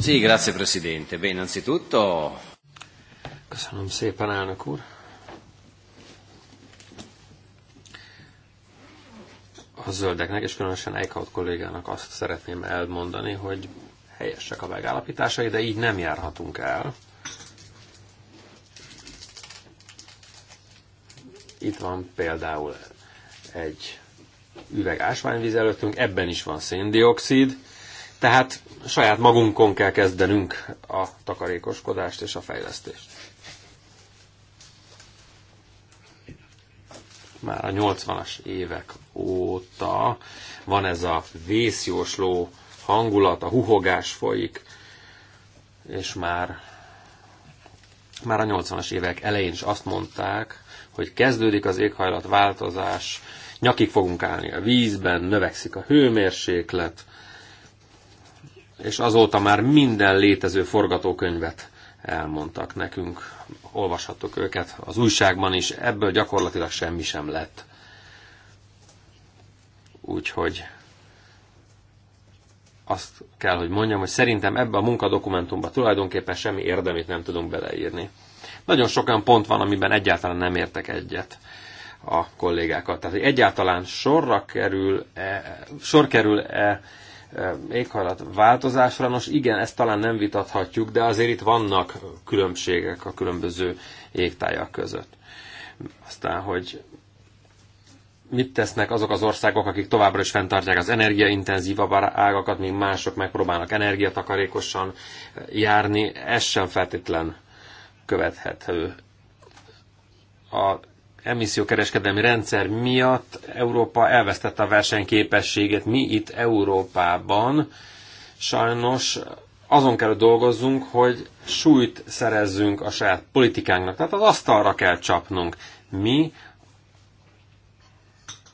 Sì, grazie Presidente. Beh, innanzitutto... Köszönöm szépen, elnök úr. a zöldeknek, és különösen Eichhout kollégának azt szeretném elmondani, hogy helyesek a megállapításai, de így nem járhatunk el. Itt van például egy üveg ásványvíz előttünk, ebben is van széndiokszid, tehát saját magunkon kell kezdenünk a takarékoskodást és a fejlesztést. Már a 80-as évek óta van ez a vészjósló hangulat, a huhogás folyik, és már, már a 80-as évek elején is azt mondták, hogy kezdődik az éghajlatváltozás, nyakig fogunk állni a vízben, növekszik a hőmérséklet, és azóta már minden létező forgatókönyvet elmondtak nekünk, olvashattuk őket az újságban is, ebből gyakorlatilag semmi sem lett. Úgyhogy azt kell, hogy mondjam, hogy szerintem ebbe a munkadokumentumba tulajdonképpen semmi érdemét nem tudunk beleírni. Nagyon sok olyan pont van, amiben egyáltalán nem értek egyet a kollégákat. Tehát, hogy egyáltalán sorra kerül -e, sor kerül-e e, éghajlat változásra, nos igen, ezt talán nem vitathatjuk, de azért itt vannak különbségek a különböző égtájak között. Aztán, hogy mit tesznek azok az országok, akik továbbra is fenntartják az energiaintenzívabb ágakat, míg mások megpróbálnak energiatakarékosan eh, járni, ez sem feltétlen követhető. A emissziókereskedelmi rendszer miatt Európa elvesztette a versenyképességét. Mi itt Európában sajnos azon kell, dolgozzunk, hogy súlyt szerezzünk a saját politikánknak. Tehát az asztalra kell csapnunk. Mi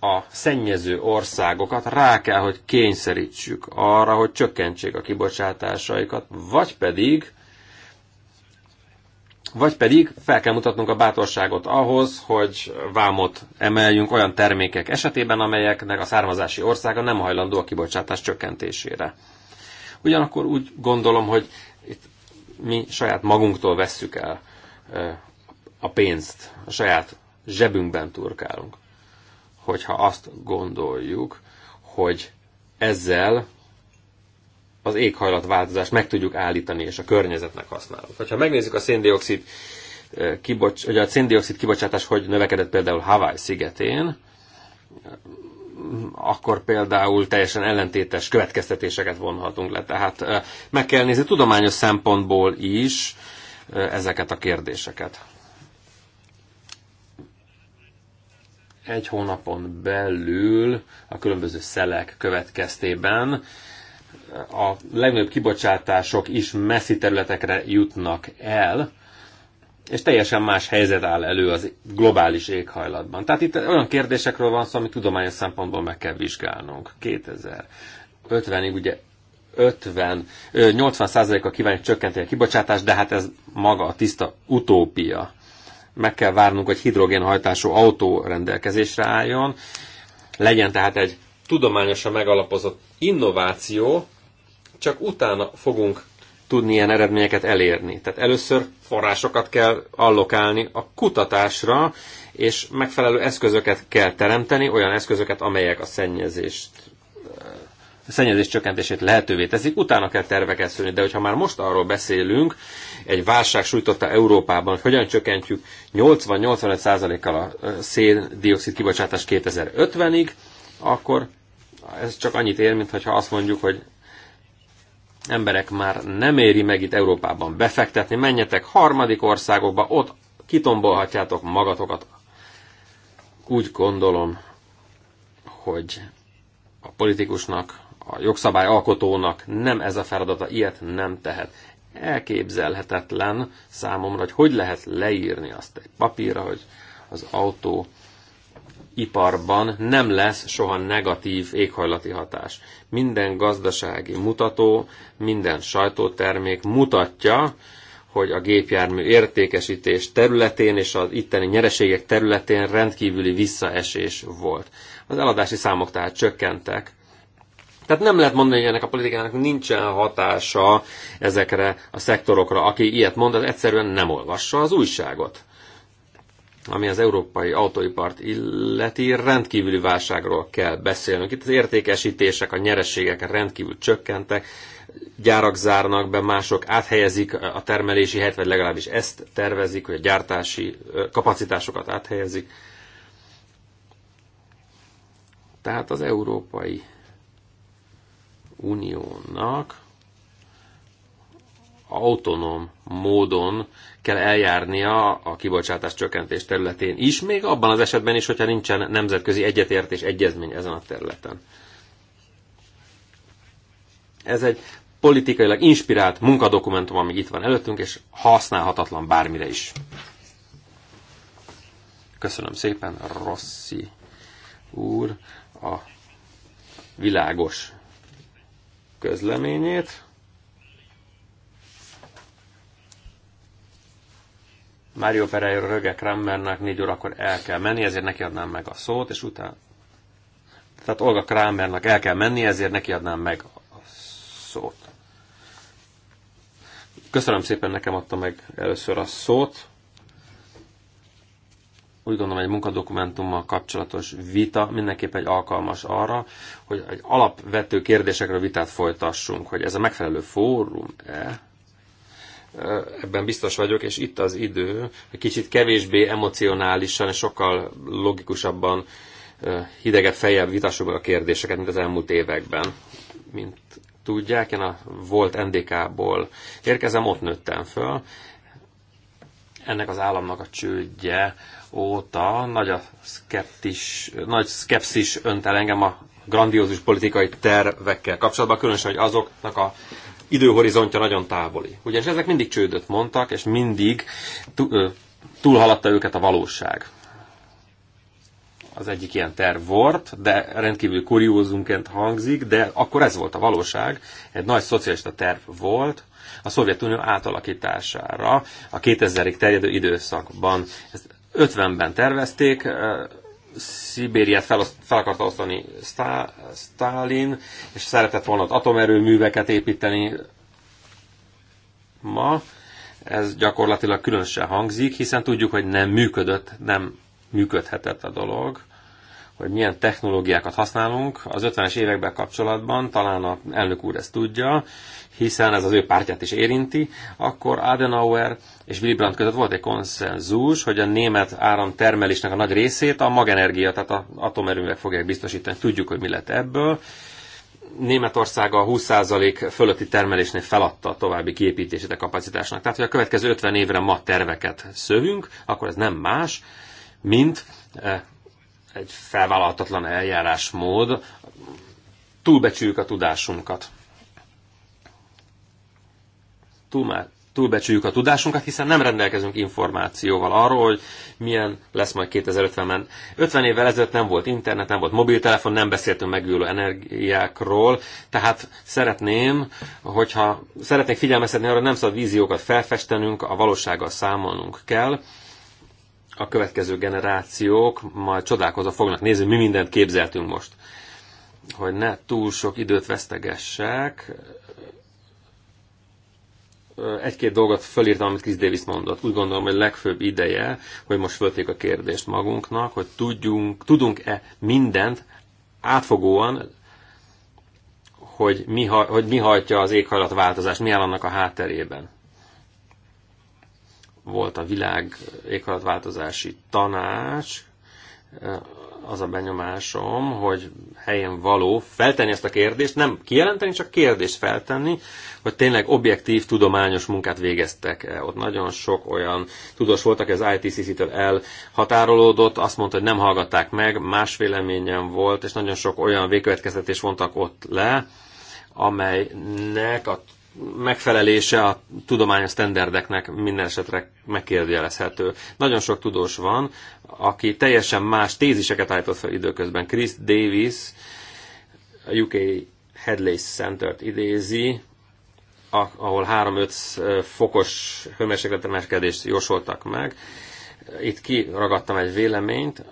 a szennyező országokat rá kell, hogy kényszerítsük arra, hogy csökkentsék a kibocsátásaikat, vagy pedig vagy pedig fel kell mutatnunk a bátorságot ahhoz, hogy vámot emeljünk olyan termékek esetében, amelyeknek a származási országa nem hajlandó a kibocsátás csökkentésére. Ugyanakkor úgy gondolom, hogy itt mi saját magunktól vesszük el a pénzt, a saját zsebünkben turkálunk hogyha azt gondoljuk, hogy ezzel az éghajlatváltozást meg tudjuk állítani, és a környezetnek használunk. Ha megnézzük a széndiokszid, eh, kibocs, ugye a széndiokszid kibocsátás hogy növekedett például Hawaii szigetén, akkor például teljesen ellentétes következtetéseket vonhatunk le. Tehát eh, meg kell nézni tudományos szempontból is eh, ezeket a kérdéseket. egy hónapon belül a különböző szelek következtében a legnagyobb kibocsátások is messzi területekre jutnak el, és teljesen más helyzet áll elő az globális éghajlatban. Tehát itt olyan kérdésekről van szó, amit tudományos szempontból meg kell vizsgálnunk. 2050-ig ugye 50, 80%-a kívánjuk csökkenteni a kibocsátást, de hát ez maga a tiszta utópia meg kell várnunk, hogy hidrogénhajtású autó rendelkezésre álljon. Legyen tehát egy tudományosan megalapozott innováció, csak utána fogunk tudni ilyen eredményeket elérni. Tehát először forrásokat kell allokálni a kutatásra, és megfelelő eszközöket kell teremteni, olyan eszközöket, amelyek a szennyezést a szennyezés csökkentését lehetővé teszik, utána kell terveket szülni, de hogyha már most arról beszélünk, egy válság sújtotta Európában, hogy hogyan csökkentjük 80-85%-kal a széndiokszid kibocsátást 2050-ig, akkor ez csak annyit ér, mintha azt mondjuk, hogy emberek már nem éri meg itt Európában befektetni, menjetek harmadik országokba, ott kitombolhatjátok magatokat. Úgy gondolom, hogy a politikusnak, a jogszabályalkotónak nem ez a feladata, ilyet nem tehet elképzelhetetlen számomra, hogy hogy lehet leírni azt egy papírra, hogy az autó iparban nem lesz soha negatív éghajlati hatás. Minden gazdasági mutató, minden sajtótermék mutatja, hogy a gépjármű értékesítés területén és az itteni nyereségek területén rendkívüli visszaesés volt. Az eladási számok tehát csökkentek, tehát nem lehet mondani, hogy ennek a politikának nincsen hatása ezekre a szektorokra. Aki ilyet mond, az egyszerűen nem olvassa az újságot. Ami az európai autóipart illeti, rendkívüli válságról kell beszélnünk. Itt az értékesítések, a nyerességek rendkívül csökkentek, gyárak zárnak be, mások áthelyezik a termelési helyet, vagy legalábbis ezt tervezik, hogy a gyártási kapacitásokat áthelyezik. Tehát az európai Uniónak autonóm módon kell eljárnia a kibocsátás csökkentés területén is, még abban az esetben is, hogyha nincsen nemzetközi egyetértés egyezmény ezen a területen. Ez egy politikailag inspirált munkadokumentum, ami itt van előttünk, és használhatatlan bármire is. Köszönöm szépen, Rossi úr, a világos közleményét. Mário Pereira Röge Kramernek négy órakor el kell menni, ezért neki adnám meg a szót, és utána... Tehát Olga Kramernak el kell menni, ezért neki adnám meg a szót. Köszönöm szépen, nekem adta meg először a szót úgy gondolom, egy munkadokumentummal kapcsolatos vita mindenképp egy alkalmas arra, hogy egy alapvető kérdésekről vitát folytassunk, hogy ez a megfelelő fórum-e, ebben biztos vagyok, és itt az idő, hogy kicsit kevésbé emocionálisan és sokkal logikusabban hideget fejjel vitassuk a kérdéseket, mint az elmúlt években. Mint tudják, én a volt NDK-ból érkezem, ott nőttem föl. Ennek az államnak a csődje óta nagy a szkeptis, nagy szkepszis önt el engem a grandiózus politikai tervekkel kapcsolatban, különösen, hogy azoknak a időhorizontja nagyon távoli. Ugyanis ezek mindig csődöt mondtak, és mindig túlhaladta őket a valóság. Az egyik ilyen terv volt, de rendkívül kuriózunként hangzik, de akkor ez volt a valóság. Egy nagy szocialista terv volt, a Szovjetunió átalakítására a 2000-ig terjedő időszakban. Ezt 50-ben tervezték, Szibériát fel, fel akarta osztani Stalin, és szeretett volna ott atomerőműveket építeni. Ma ez gyakorlatilag különösen hangzik, hiszen tudjuk, hogy nem működött, nem működhetett a dolog, hogy milyen technológiákat használunk. Az 50-es években kapcsolatban, talán a elnök úr ezt tudja, hiszen ez az ő pártját is érinti, akkor Adenauer és Willy Brandt között volt egy konszenzus, hogy a német áramtermelésnek a nagy részét a magenergia, tehát a atomerőművek fogják biztosítani. Tudjuk, hogy mi lett ebből. Németország a 20% fölötti termelésnél feladta a további kiépítését a kapacitásnak. Tehát, hogy a következő 50 évre ma terveket szövünk, akkor ez nem más, mint eh, egy felvállalhatatlan eljárásmód. Túlbecsüljük a tudásunkat. Túl már túlbecsüljük a tudásunkat, hiszen nem rendelkezünk információval arról, hogy milyen lesz majd 2050-ben. 50 évvel ezelőtt nem volt internet, nem volt mobiltelefon, nem beszéltünk megülő energiákról, tehát szeretném, hogyha szeretnék figyelmeztetni arra, nem szabad víziókat felfestenünk, a valósággal számolnunk kell, a következő generációk majd csodálkozva fognak nézni, mi mindent képzeltünk most. Hogy ne túl sok időt vesztegessek, egy-két dolgot fölírtam, amit Chris Davis mondott. Úgy gondolom, hogy legfőbb ideje, hogy most fölték a kérdést magunknak, hogy tudjunk, tudunk-e mindent átfogóan, hogy mi, hogy mi hajtja az változás mi áll annak a hátterében. Volt a világ éghajlatváltozási tanács, az a benyomásom, hogy helyen való feltenni ezt a kérdést, nem kijelenteni, csak kérdést feltenni, hogy tényleg objektív, tudományos munkát végeztek -e. Ott nagyon sok olyan tudós voltak, az ITCC-től elhatárolódott, azt mondta, hogy nem hallgatták meg, más véleményem volt, és nagyon sok olyan végkövetkeztetés vontak ott le, amelynek a megfelelése a tudományos sztenderdeknek minden esetre megkérdőjelezhető. Nagyon sok tudós van, aki teljesen más téziseket állított fel időközben. Chris Davis a UK Headley Center-t idézi, ahol 3-5 fokos hőmérsékletemelkedést jósoltak meg. Itt kiragadtam egy véleményt,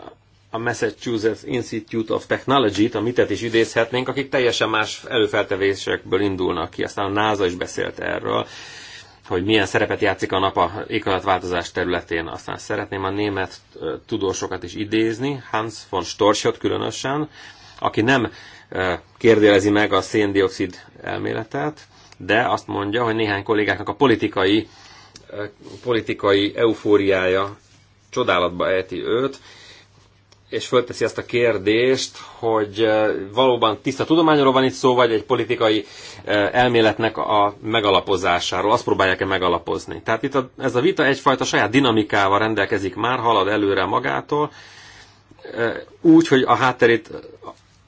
a Massachusetts Institute of Technology-t, a mitet is idézhetnénk, akik teljesen más előfeltevésekből indulnak ki. Aztán a NASA is beszélt erről hogy milyen szerepet játszik a nap a éghajlatváltozás területén. Aztán szeretném a német tudósokat is idézni, Hans von Storchot különösen, aki nem kérdelezi meg a széndiokszid elméletet, de azt mondja, hogy néhány kollégáknak a politikai, politikai eufóriája csodálatba ejti őt, és fölteszi ezt a kérdést, hogy valóban tiszta tudományról van itt szó, vagy egy politikai elméletnek a megalapozásáról. Azt próbálják-e megalapozni. Tehát itt a, ez a vita egyfajta saját dinamikával rendelkezik már, halad előre magától, úgy, hogy a hátterét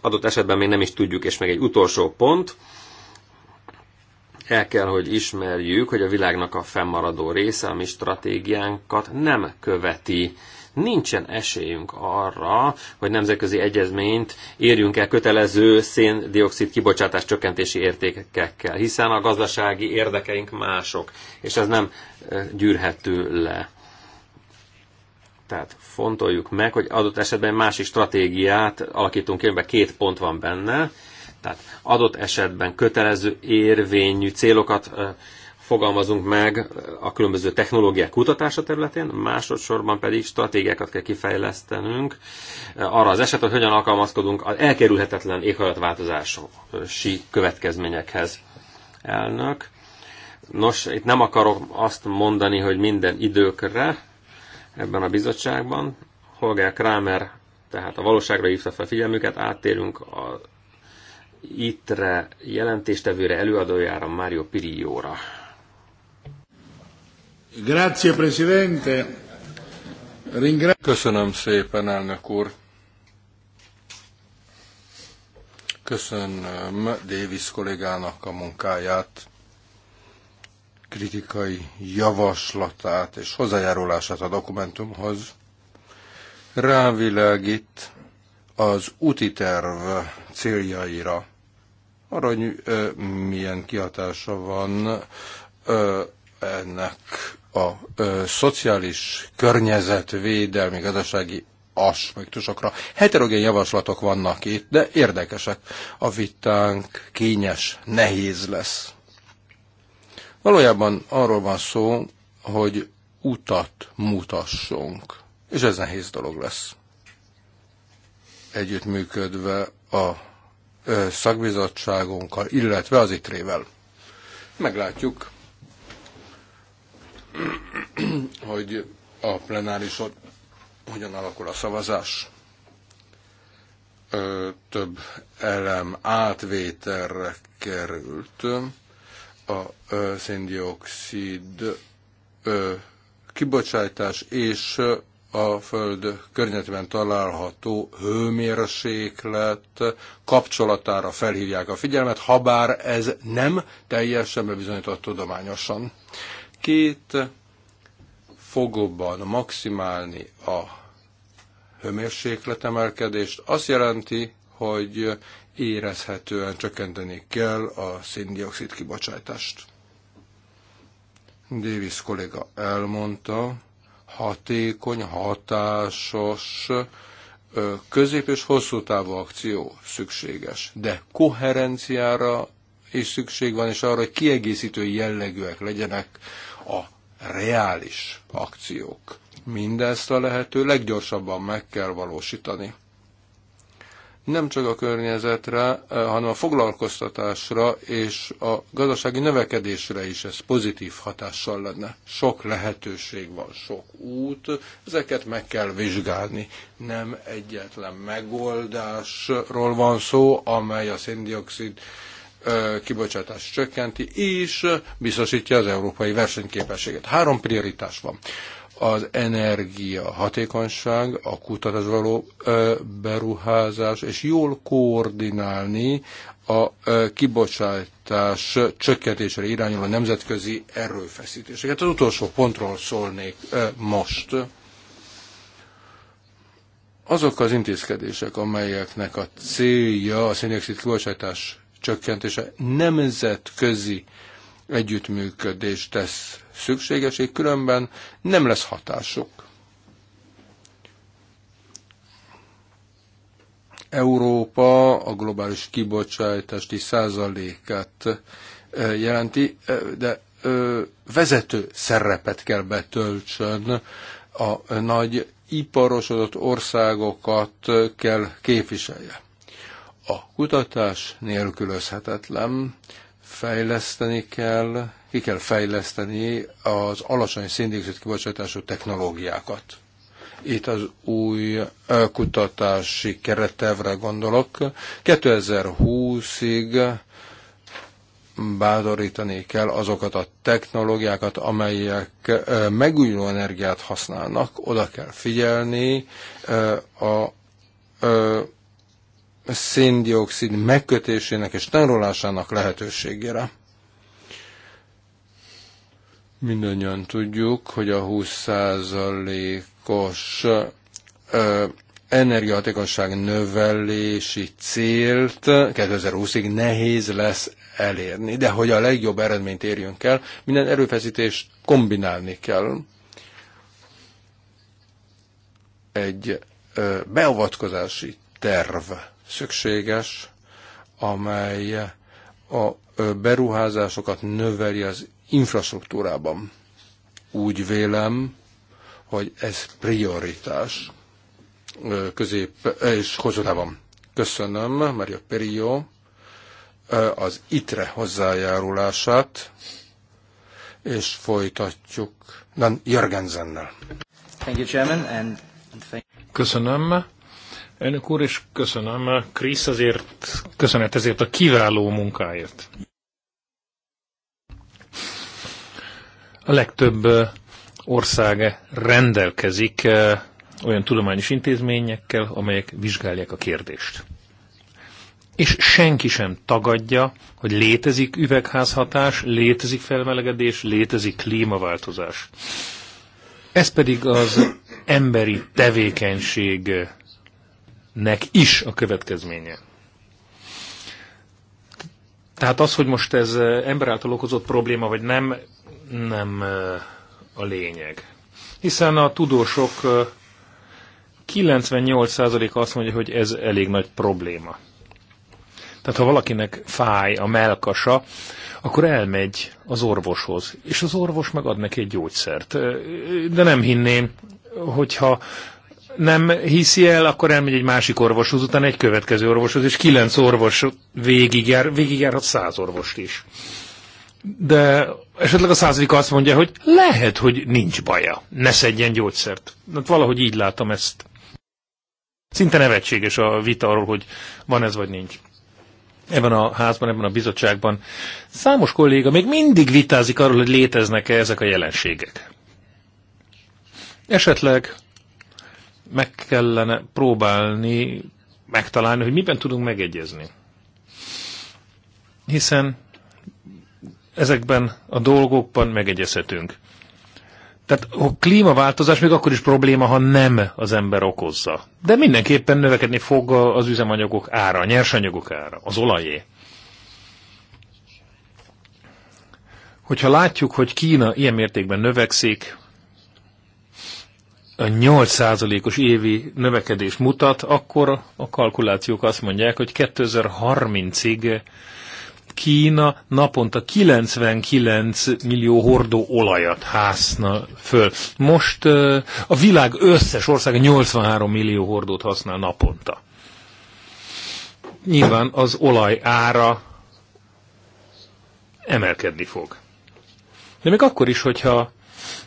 adott esetben még nem is tudjuk, és meg egy utolsó pont, el kell, hogy ismerjük, hogy a világnak a fennmaradó része, ami stratégiánkat nem követi nincsen esélyünk arra, hogy nemzetközi egyezményt érjünk el kötelező széndiokszid kibocsátás csökkentési értékekkel, hiszen a gazdasági érdekeink mások, és ez nem gyűrhető le. Tehát fontoljuk meg, hogy adott esetben másik stratégiát alakítunk ki, két pont van benne, tehát adott esetben kötelező érvényű célokat fogalmazunk meg a különböző technológiák kutatása területén, másodszorban pedig stratégiákat kell kifejlesztenünk eh, arra az esetre, hogy hogyan alkalmazkodunk az elkerülhetetlen éghajlatváltozási következményekhez. Elnök. Nos, itt nem akarok azt mondani, hogy minden időkre ebben a bizottságban. Holger Kramer tehát a valóságra hívta fel figyelmüket, áttérünk a ittre jelentéstevőre, előadójára, Mário Pirióra. Köszönöm szépen, elnök úr. Köszönöm Davis kollégának a munkáját, kritikai javaslatát és hozzájárulását a dokumentumhoz. Rávilágít az úti terv céljaira, arra, hogy milyen kihatása van ennek a ö, szociális környezetvédelmi gazdasági aspektusokra. Heterogén javaslatok vannak itt, de érdekesek. A vitánk kényes, nehéz lesz. Valójában arról van szó, hogy utat mutassunk. És ez nehéz dolog lesz. Együttműködve a szakbizottságunkkal, illetve az itrével. Meglátjuk, <clears throat> hogy a plenárison hogyan alakul a szavazás. Több elem átvételre került. A széndiokszid kibocsátás és a Föld környezetben található hőmérséklet kapcsolatára felhívják a figyelmet, habár ez nem teljesen bebizonyított tudományosan két fogóban maximálni a hőmérsékletemelkedést, azt jelenti, hogy érezhetően csökkenteni kell a széndiokszid kibocsátást. Davis kolléga elmondta, hatékony, hatásos, közép- és hosszú távú akció szükséges, de koherenciára is szükség van, és arra, hogy kiegészítő jellegűek legyenek a reális akciók. Mindezt a lehető leggyorsabban meg kell valósítani. Nem csak a környezetre, hanem a foglalkoztatásra és a gazdasági növekedésre is ez pozitív hatással lenne. Sok lehetőség van, sok út, ezeket meg kell vizsgálni. Nem egyetlen megoldásról van szó, amely a széndiokszid kibocsátást csökkenti, és biztosítja az európai versenyképességet. Három prioritás van. Az energia hatékonyság, a kutatás való beruházás, és jól koordinálni a kibocsátás csökkentésre irányuló nemzetközi erőfeszítéseket. Az utolsó pontról szólnék most azok az intézkedések, amelyeknek a célja a széndiokszid kibocsátás csökkentése nemzetközi együttműködést tesz szükségesé, különben nem lesz hatásuk. Európa a globális kibocsátás 10%-át jelenti, de vezető szerepet kell betöltsön a nagy iparosodott országokat kell képviselje. A kutatás nélkülözhetetlen, fejleszteni kell, ki kell fejleszteni az alacsony széndiokszid kibocsátású technológiákat. Itt az új kutatási keretevre gondolok. 2020-ig bátorítani kell azokat a technológiákat, amelyek megújuló energiát használnak. Oda kell figyelni a széndiokszid megkötésének és tanulásának lehetőségére. Mindannyian tudjuk, hogy a 20%-os energiahatékonyság növelési célt 2020-ig nehéz lesz elérni, de hogy a legjobb eredményt érjünk el, minden erőfeszítést kombinálni kell. Egy beavatkozási terv szükséges, amely a beruházásokat növeli az infrastruktúrában. Úgy vélem, hogy ez prioritás közép és hozzátában. Köszönöm, Mario perió az ITRE hozzájárulását, és folytatjuk Dan Jörgensennel. Köszönöm, Elnök úr, és köszönöm Krisz azért, köszönet ezért a kiváló munkáért. A legtöbb ország rendelkezik olyan tudományos intézményekkel, amelyek vizsgálják a kérdést. És senki sem tagadja, hogy létezik üvegházhatás, létezik felmelegedés, létezik klímaváltozás. Ez pedig az emberi tevékenység nek is a következménye. Tehát az, hogy most ez eh, ember által okozott probléma, vagy nem, nem eh, a lényeg. Hiszen a tudósok 98%-a eh, azt mondja, hogy ez elég nagy probléma. Tehát ha valakinek fáj a melkasa, akkor elmegy az orvoshoz, és az orvos megad neki egy gyógyszert. De nem hinném, hogyha nem hiszi el, akkor elmegy egy másik orvoshoz, utána egy következő orvoshoz, és kilenc orvos végigjár, a száz orvost is. De esetleg a századik azt mondja, hogy lehet, hogy nincs baja, ne szedjen gyógyszert. Hát valahogy így látom ezt. Szinte nevetséges a vita arról, hogy van ez vagy nincs. Ebben a házban, ebben a bizottságban számos kolléga még mindig vitázik arról, hogy léteznek-e ezek a jelenségek. Esetleg meg kellene próbálni megtalálni, hogy miben tudunk megegyezni. Hiszen ezekben a dolgokban megegyezhetünk. Tehát a klímaváltozás még akkor is probléma, ha nem az ember okozza. De mindenképpen növekedni fog az üzemanyagok ára, a nyersanyagok ára, az olajé. Hogyha látjuk, hogy Kína ilyen mértékben növekszik, a 8%-os évi növekedés mutat, akkor a kalkulációk azt mondják, hogy 2030-ig Kína naponta 99 millió hordó olajat használ föl. Most a világ összes országa 83 millió hordót használ naponta. Nyilván az olaj ára emelkedni fog. De még akkor is, hogyha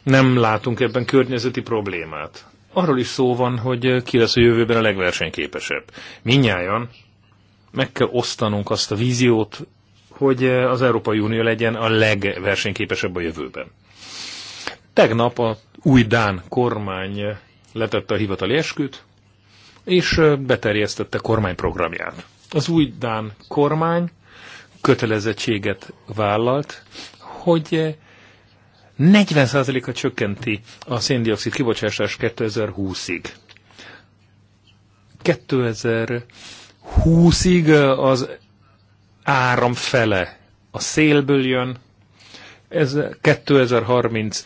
nem látunk ebben környezeti problémát. Arról is szó van, hogy eh, ki lesz a jövőben a legversenyképesebb. Minnyáján meg kell osztanunk azt a víziót, hogy eh, az Európai Unió legyen a legversenyképesebb a jövőben. Tegnap a új Dán kormány eh, letette a hivatali esküt, és beterjesztette kormányprogramját. Az új Dán kormány kötelezettséget vállalt, hogy 40%-a csökkenti a széndiokszid kibocsátás 2020-ig. 2020-ig az áram fele a szélből jön, ez 2035-ig,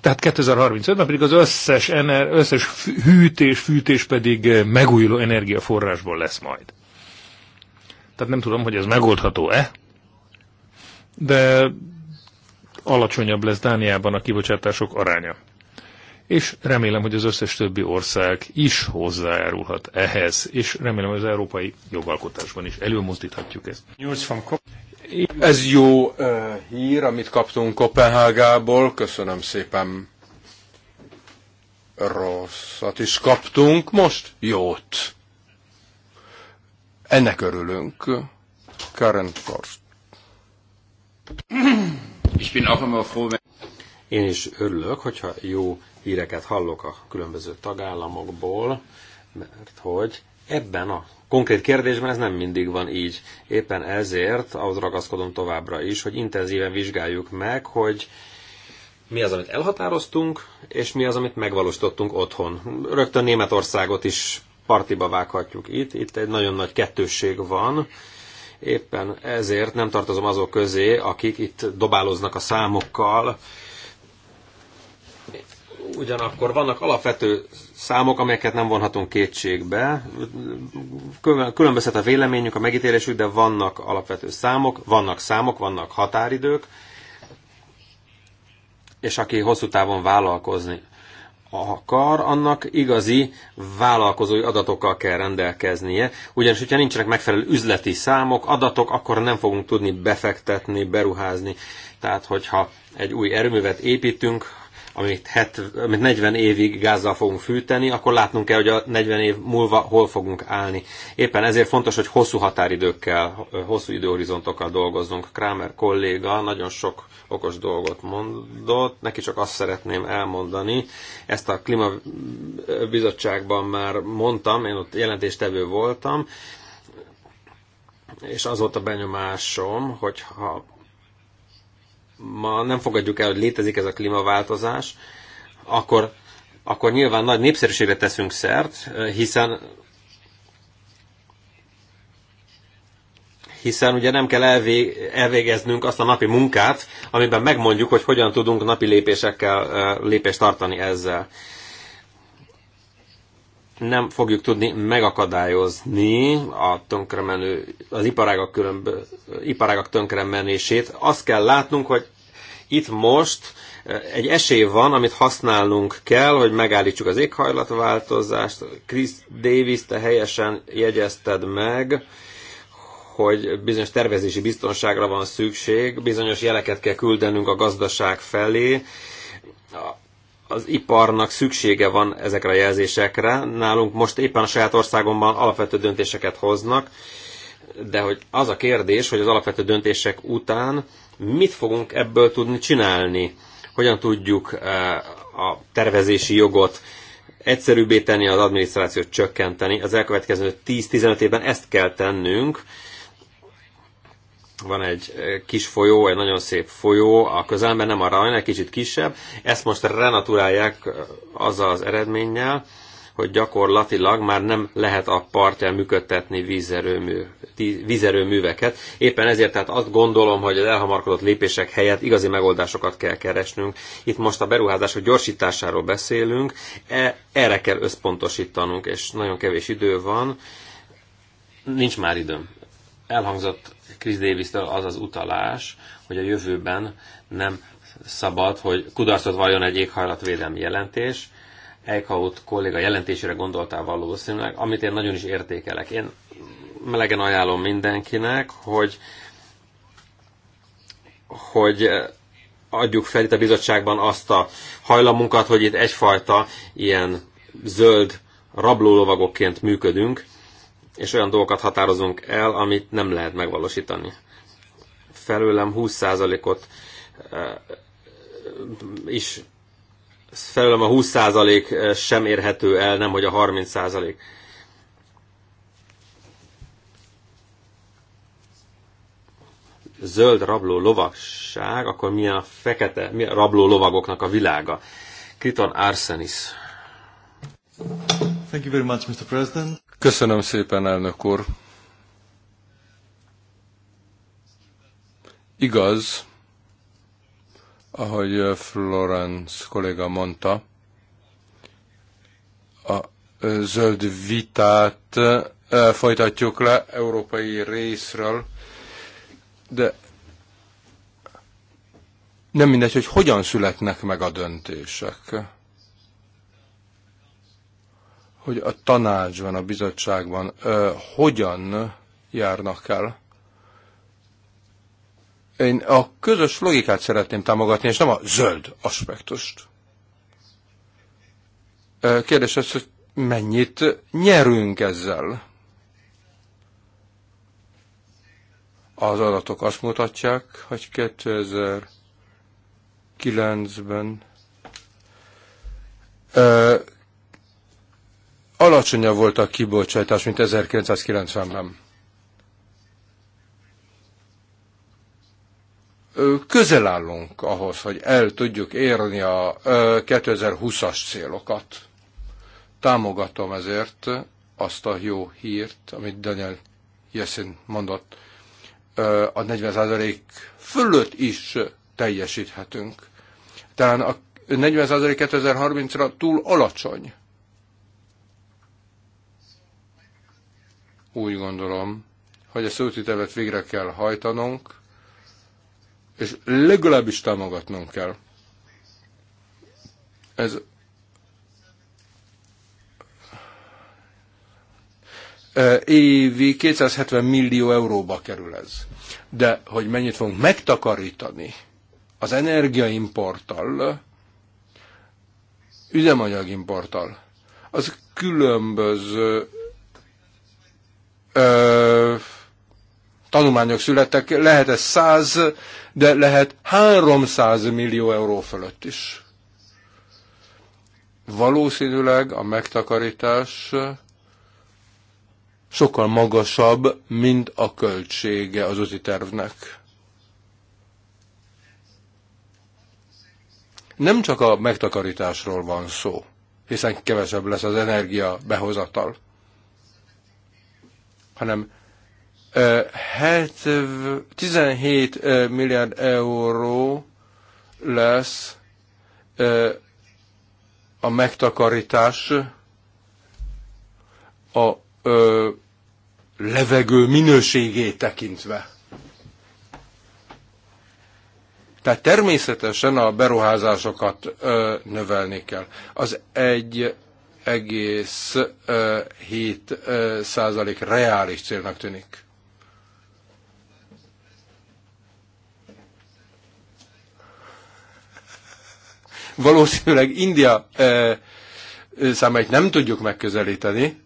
tehát 2035-ben pedig az összes, ener, összes hűtés, fűtés pedig megújuló energiaforrásból lesz majd. Tehát nem tudom, hogy ez megoldható-e, de alacsonyabb lesz Dániában a kibocsátások aránya. És remélem, hogy az összes többi ország is hozzájárulhat ehhez, és remélem, hogy az európai jogalkotásban is előmozdíthatjuk ezt. Ez jó uh, hír, amit kaptunk Kopenhágából, köszönöm szépen. Rosszat is kaptunk, most jót. Ennek örülünk. Karen Kors. <clears throat> Én is örülök, hogyha jó híreket hallok a különböző tagállamokból, mert hogy ebben a konkrét kérdésben ez nem mindig van így. Éppen ezért ahhoz ragaszkodom továbbra is, hogy intenzíven vizsgáljuk meg, hogy mi az, amit elhatároztunk, és mi az, amit megvalósítottunk otthon. Rögtön Németországot is partiba vághatjuk itt. Itt egy nagyon nagy kettősség van Éppen ezért nem tartozom azok közé, akik itt dobáloznak a számokkal. Ugyanakkor vannak alapvető számok, amelyeket nem vonhatunk kétségbe. Különbözhet a véleményünk, a megítélésük, de vannak alapvető számok, vannak számok, vannak határidők, és aki hosszú távon vállalkozni akar, annak igazi vállalkozói adatokkal kell rendelkeznie, ugyanis hogyha nincsenek megfelelő üzleti számok, adatok, akkor nem fogunk tudni befektetni, beruházni. Tehát, hogyha egy új erőművet építünk, amit, het, amit 40 évig gázzal fogunk fűteni, akkor látnunk kell, hogy a 40 év múlva hol fogunk állni. Éppen ezért fontos, hogy hosszú határidőkkel, hosszú időhorizontokkal dolgozzunk. Kramer kolléga nagyon sok okos dolgot mondott, neki csak azt szeretném elmondani, ezt a klímabizottságban már mondtam, én ott jelentéstevő voltam, és az volt a benyomásom, hogy ha ma nem fogadjuk el, hogy létezik ez a klímaváltozás, akkor, akkor nyilván nagy népszerűségre teszünk szert, hiszen hiszen ugye nem kell elvégeznünk azt a napi munkát, amiben megmondjuk, hogy hogyan tudunk napi lépésekkel lépést tartani ezzel nem fogjuk tudni megakadályozni a tönkremenő, az iparágak, különbö, iparágak tönkremenését. Azt kell látnunk, hogy itt most eh, egy esély van, amit használnunk kell, hogy megállítsuk az éghajlatváltozást. Chris Davis, te helyesen jegyezted meg, hogy bizonyos tervezési biztonságra van szükség, bizonyos jeleket kell küldenünk a gazdaság felé, az iparnak szüksége van ezekre a jelzésekre. Nálunk most éppen a saját országomban alapvető döntéseket hoznak, de hogy az a kérdés, hogy az alapvető döntések után mit fogunk ebből tudni csinálni? Hogyan tudjuk eh, a tervezési jogot egyszerűbbé tenni, az adminisztrációt csökkenteni? Az elkövetkező 10-15 évben ezt kell tennünk, van egy eh, kis folyó, egy nagyon szép folyó, a közelben nem a Rajna, egy kicsit kisebb. Ezt most renaturálják eh, azzal az eredménnyel, hogy gyakorlatilag már nem lehet a partján működtetni vízerőmű, vízerőműveket. Éppen ezért tehát azt gondolom, hogy az elhamarkodott lépések helyett igazi megoldásokat kell keresnünk. Itt most a beruházások gyorsításáról beszélünk, e, erre kell összpontosítanunk, és nagyon kevés idő van. Nincs már időm. Elhangzott Chris davis az az utalás, hogy a jövőben nem szabad, hogy kudarcot valljon egy éghajlatvédelmi jelentés. Eichhout kolléga jelentésére gondoltál valószínűleg, amit én nagyon is értékelek. Én melegen ajánlom mindenkinek, hogy hogy adjuk fel itt a bizottságban azt a hajlamunkat, hogy itt egyfajta ilyen zöld rablólovagokként működünk, és olyan dolgokat határozunk el, amit nem lehet megvalósítani. Felőlem 20%-ot eh, is felőlem a 20% eh, sem érhető el, nem hogy a 30%. Zöld rabló lovagság, akkor milyen a fekete, milyen a rabló lovagoknak a világa? Kriton Arsenis. Thank you very much, Mr. President. Köszönöm szépen, elnök úr. Igaz, ahogy Florence kolléga mondta, a zöld vitát eh, folytatjuk le európai részről, de nem mindegy, hogy hogyan születnek meg a döntések hogy a tanácsban, a bizottságban ö, hogyan járnak el. Én a közös logikát szeretném támogatni, és nem a zöld aspektust. Kérdés az, hogy mennyit nyerünk ezzel. Az adatok azt mutatják, hogy 2009-ben alacsonyabb volt a kibocsátás, mint 1990-ben. Közel állunk ahhoz, hogy el tudjuk érni a 2020-as célokat. Támogatom ezért azt a jó hírt, amit Daniel Jessin mondott, a 40% fölött is teljesíthetünk. Talán a 40% 2030-ra túl alacsony Úgy gondolom, hogy a szótitelet végre kell hajtanunk, és legalábbis támogatnunk kell. Ez e, évi 270 millió euróba kerül ez. De hogy mennyit fogunk megtakarítani az energiaimporttal, üzemanyagimporttal, az különböző ö, tanulmányok születtek, lehet ez száz, de lehet 300 millió euró fölött is. Valószínűleg a megtakarítás sokkal magasabb, mint a költsége az uti tervnek. Nem csak a megtakarításról van szó, hiszen kevesebb lesz az energia behozatal hanem 17 milliárd euró lesz a megtakarítás a levegő minőségét tekintve. Tehát természetesen a beruházásokat ö, növelni kell. Az egy 1,7 százalék reális célnak tűnik. Valószínűleg India számait nem tudjuk megközelíteni,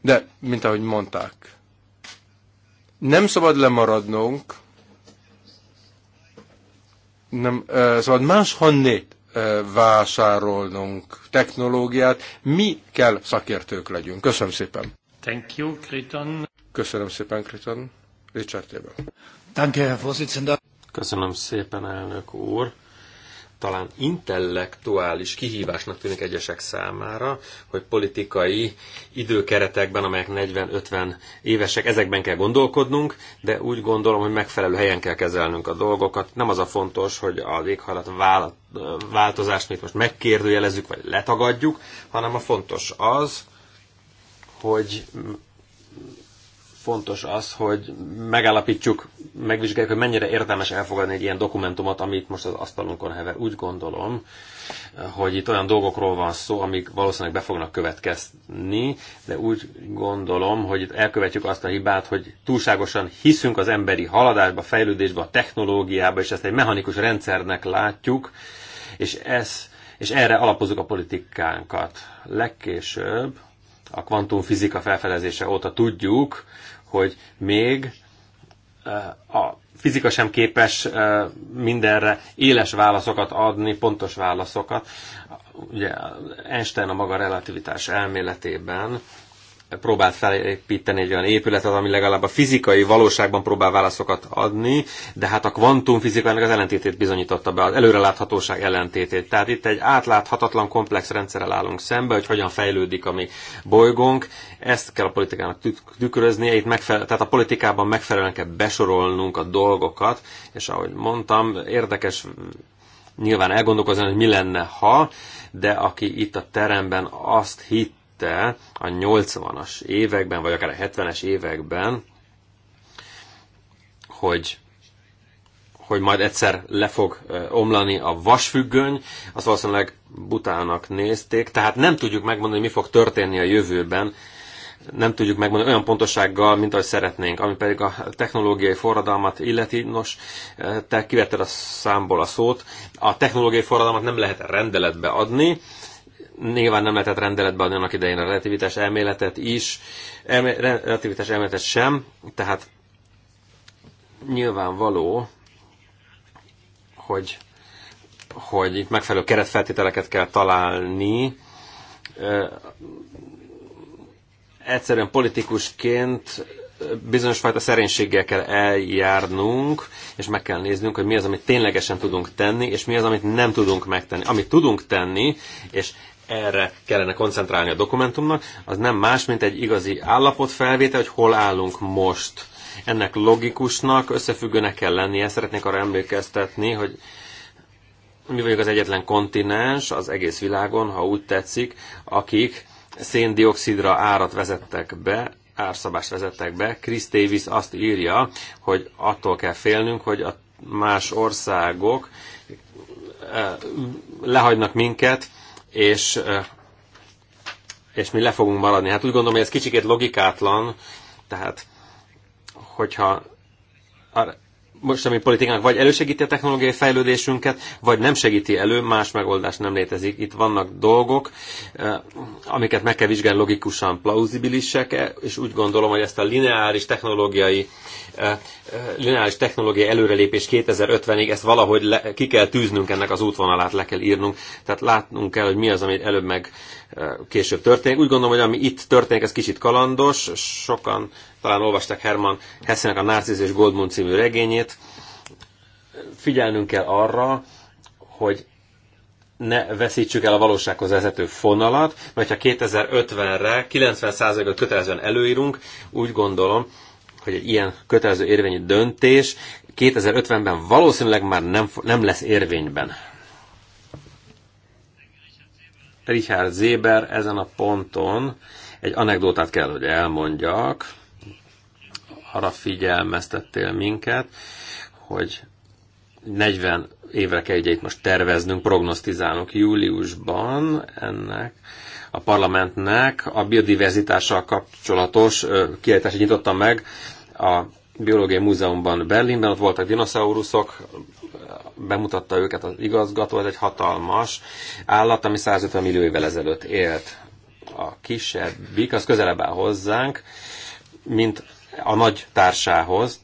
de, mint ahogy mondták, nem szabad lemaradnunk, nem szabad honnét? vásárolnunk technológiát, mi kell szakértők legyünk. Köszönöm szépen. Thank you, Kriton. Köszönöm szépen, Kriton. Richard Tébel. Danke, Vorsitzender. Köszönöm szépen, elnök úr talán intellektuális kihívásnak tűnik egyesek számára, hogy politikai időkeretekben, amelyek 40-50 évesek, ezekben kell gondolkodnunk, de úgy gondolom, hogy megfelelő helyen kell kezelnünk a dolgokat. Nem az a fontos, hogy a éghajlat változást amit most megkérdőjelezzük, vagy letagadjuk, hanem a fontos az, hogy fontos az, hogy megállapítsuk, megvizsgáljuk, hogy mennyire érdemes elfogadni egy ilyen dokumentumot, amit most az asztalunkon hever. Úgy gondolom, hogy itt olyan dolgokról van szó, amik valószínűleg be fognak következni, de úgy gondolom, hogy itt elkövetjük azt a hibát, hogy túlságosan hiszünk az emberi haladásba, fejlődésbe, a technológiába, és ezt egy mechanikus rendszernek látjuk, és ez és erre alapozzuk a politikánkat. Legkésőbb, a kvantumfizika felfedezése óta tudjuk, hogy még eh, a fizika sem képes eh, mindenre éles válaszokat adni, pontos válaszokat. Ugye Einstein a maga relativitás elméletében próbált felépíteni egy olyan épületet, ami legalább a fizikai valóságban próbál válaszokat adni, de hát a kvantumfizikának az ellentétét bizonyította be, az előreláthatóság ellentétét. Tehát itt egy átláthatatlan, komplex rendszerrel állunk szembe, hogy hogyan fejlődik a mi bolygónk. Ezt kell a politikának tükröznie, itt megfelel, tehát a politikában megfelelően kell besorolnunk a dolgokat, és ahogy mondtam, érdekes nyilván elgondolkozni, hogy mi lenne, ha, de aki itt a teremben azt hitt, előtte, a 80-as években, vagy akár a 70-es években, hogy hogy majd egyszer le fog omlani a vasfüggöny, azt valószínűleg butának nézték, tehát nem tudjuk megmondani, hogy mi fog történni a jövőben, nem tudjuk megmondani olyan pontosággal, mint ahogy szeretnénk, ami pedig a technológiai forradalmat illeti. Nos, te kivetted a számból a szót. A technológiai forradalmat nem lehet rendeletbe adni, Nyilván nem lehetett rendeletbe adni annak idején a relativitás elméletet is, elmé, relativitás elméletet sem, tehát nyilvánvaló, hogy, hogy itt megfelelő keretfeltételeket kell találni, egyszerűen politikusként bizonyos fajta szerénységgel kell eljárnunk, és meg kell néznünk, hogy mi az, amit ténylegesen tudunk tenni, és mi az, amit nem tudunk megtenni. Amit tudunk tenni, és erre kellene koncentrálni a dokumentumnak, az nem más, mint egy igazi állapotfelvétel, hogy hol állunk most. Ennek logikusnak, összefüggőnek kell lennie. Szeretnék arra emlékeztetni, hogy mi vagyunk az egyetlen kontinens az egész világon, ha úgy tetszik, akik széndiokszidra árat vezettek be, árszabást vezettek be. Chris Davis azt írja, hogy attól kell félnünk, hogy a más országok eh, lehagynak minket, és, és mi le fogunk maradni. Hát úgy gondolom, hogy ez kicsikét logikátlan, tehát hogyha mostani politikának vagy elősegíti a technológiai fejlődésünket, vagy nem segíti elő, más megoldás nem létezik. Itt vannak dolgok, eh, amiket meg kell vizsgálni logikusan plauzibilisek, -e, és úgy gondolom, hogy ezt a lineáris technológiai eh, eh, lineáris technológiai előrelépés 2050-ig, ezt valahogy le, ki kell tűznünk ennek az útvonalát, le kell írnunk, tehát látnunk kell, hogy mi az, amit előbb meg később történik. Úgy gondolom, hogy ami itt történik, ez kicsit kalandos, sokan talán olvasták Herman Hessenek a Narcisz és Goldmund című regényét. Figyelnünk kell arra, hogy ne veszítsük el a valósághoz vezető fonalat, mert ha 2050-re 90%-ot kötelezően előírunk, úgy gondolom, hogy egy ilyen kötelező érvényű döntés 2050-ben valószínűleg már nem, nem lesz érvényben. Richard Zéber ezen a ponton egy anekdótát kell, hogy elmondjak arra figyelmeztettél minket, hogy 40 évre kell ugye itt most terveznünk, prognosztizálunk júliusban ennek a parlamentnek a biodiverzitással kapcsolatos kiállítását nyitotta meg a Biológiai Múzeumban Berlinben, ott voltak dinoszauruszok, bemutatta őket az igazgató, ez egy hatalmas állat, ami 150 millió évvel ezelőtt élt. A kisebbik, az közelebb áll hozzánk, mint a nagy társához,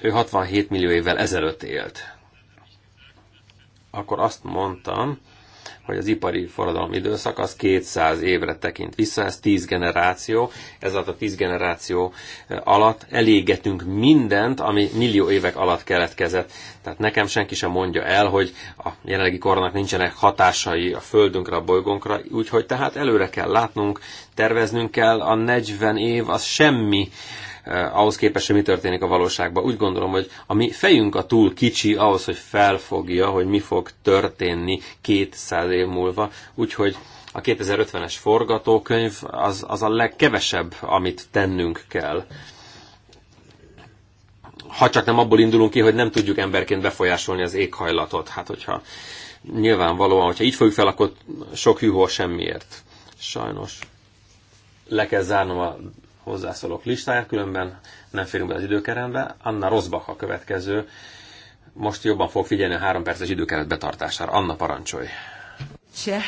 ő 67 millió évvel ezelőtt élt. Akkor azt mondtam, hogy az ipari forradalom időszak az 200 évre tekint vissza, ez 10 generáció, ez alatt a 10 generáció alatt elégetünk mindent, ami millió évek alatt keletkezett. Tehát nekem senki sem mondja el, hogy a jelenlegi kornak nincsenek hatásai a földünkre, a bolygónkra, úgyhogy tehát előre kell látnunk, terveznünk kell, a 40 év az semmi Eh, ahhoz képest, hogy mi történik a valóságban. Úgy gondolom, hogy a mi fejünk a túl kicsi ahhoz, hogy felfogja, hogy mi fog történni 200 év múlva. Úgyhogy a 2050-es forgatókönyv az, az a legkevesebb, amit tennünk kell. Ha csak nem abból indulunk ki, hogy nem tudjuk emberként befolyásolni az éghajlatot. Hát hogyha nyilvánvalóan, hogyha így fogjuk fel, akkor sok hűhó semmiért. Sajnos. Le kell zárnom a hozzászólók listáját, különben nem férünk be az időkerembe. Anna Rosbach a következő. Most jobban fog figyelni a három perces időkeret betartására. Anna, parancsolj! Er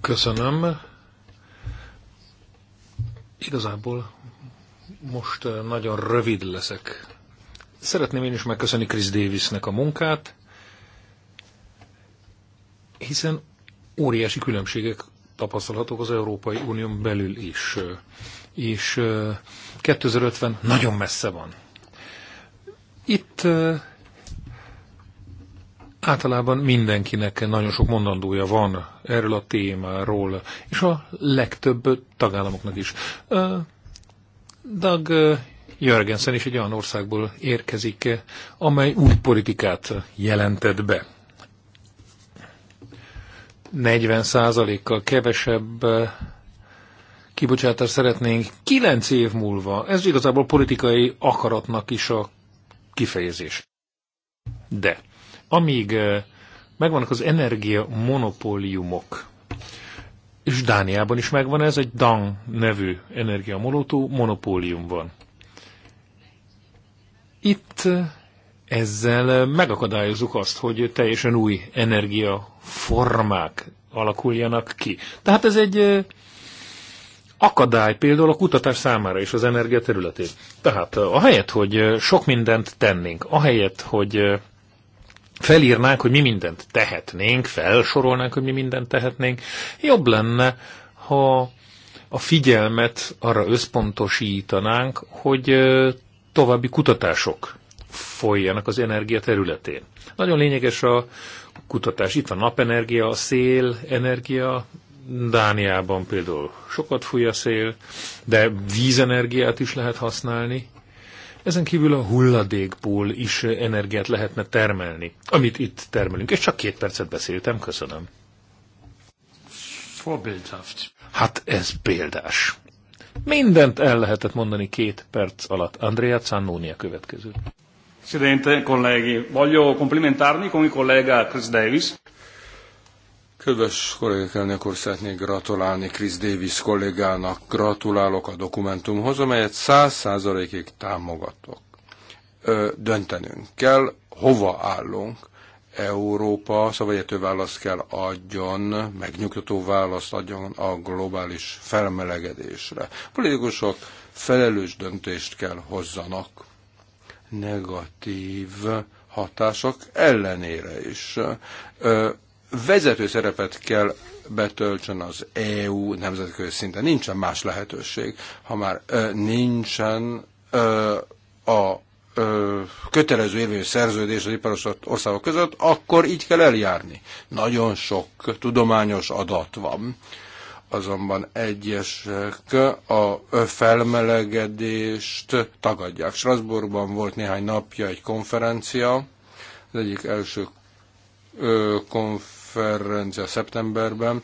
Köszönöm. Igazából most eh, nagyon rövid leszek. Szeretném én is megköszönni Chris Davisnek a munkát, hiszen óriási különbségek tapasztalhatók az Európai Unión belül is. És 2050 nagyon messze van. Itt általában mindenkinek nagyon sok mondandója van erről a témáról, és a legtöbb tagállamoknak is. Dag Jörgensen is egy olyan országból érkezik, amely új politikát jelentett be. 40%-kal kevesebb eh, kibocsátást szeretnénk 9 év múlva. Ez igazából politikai akaratnak is a kifejezés. De amíg eh, megvannak az energia monopóliumok, és Dániában is megvan ez, egy DAN nevű energia monopólium van. Itt eh, ezzel eh, megakadályozzuk azt, hogy teljesen új energiaformák alakuljanak ki. Tehát ez egy eh, akadály például a kutatás számára is az energia területén. Tehát eh, ahelyett, hogy sok mindent tennénk, ahelyett, hogy felírnánk, hogy mi mindent tehetnénk, felsorolnánk, hogy mi mindent tehetnénk, jobb lenne, ha a figyelmet arra összpontosítanánk, hogy további kutatások folyjanak az energia területén. Nagyon lényeges a kutatás. Itt a napenergia, a szél energia, Dániában például sokat fúj a szél, de vízenergiát is lehet használni. Ezen kívül a hulladékból is energiát lehetne termelni, amit itt termelünk. És csak két percet beszéltem, köszönöm. Vorbildhaft. Hát ez példás. Mindent el lehetett mondani két perc alatt. Andrea Cannonia a következő. Presidente, colleghi, voglio complimentarmi con il collega Chris Davis. Kedves kollégák, elnök úr, szeretnék gratulálni Chris Davis kollégának. Gratulálok a dokumentumhoz, amelyet száz százalékig támogatok. Ö, döntenünk kell, hova állunk. Európa szavagyető választ kell adjon, megnyugtató választ adjon a globális felmelegedésre. Politikusok felelős döntést kell hozzanak negatív hatások ellenére is vezető szerepet kell betöltsön az EU nemzetközi szinten. Nincsen más lehetőség, ha már nincsen a kötelező érvényű szerződés az iparos országok között, akkor így kell eljárni. Nagyon sok tudományos adat van azonban egyesek a felmelegedést tagadják. Strasbourgban volt néhány napja egy konferencia, az egyik első konferencia szeptemberben,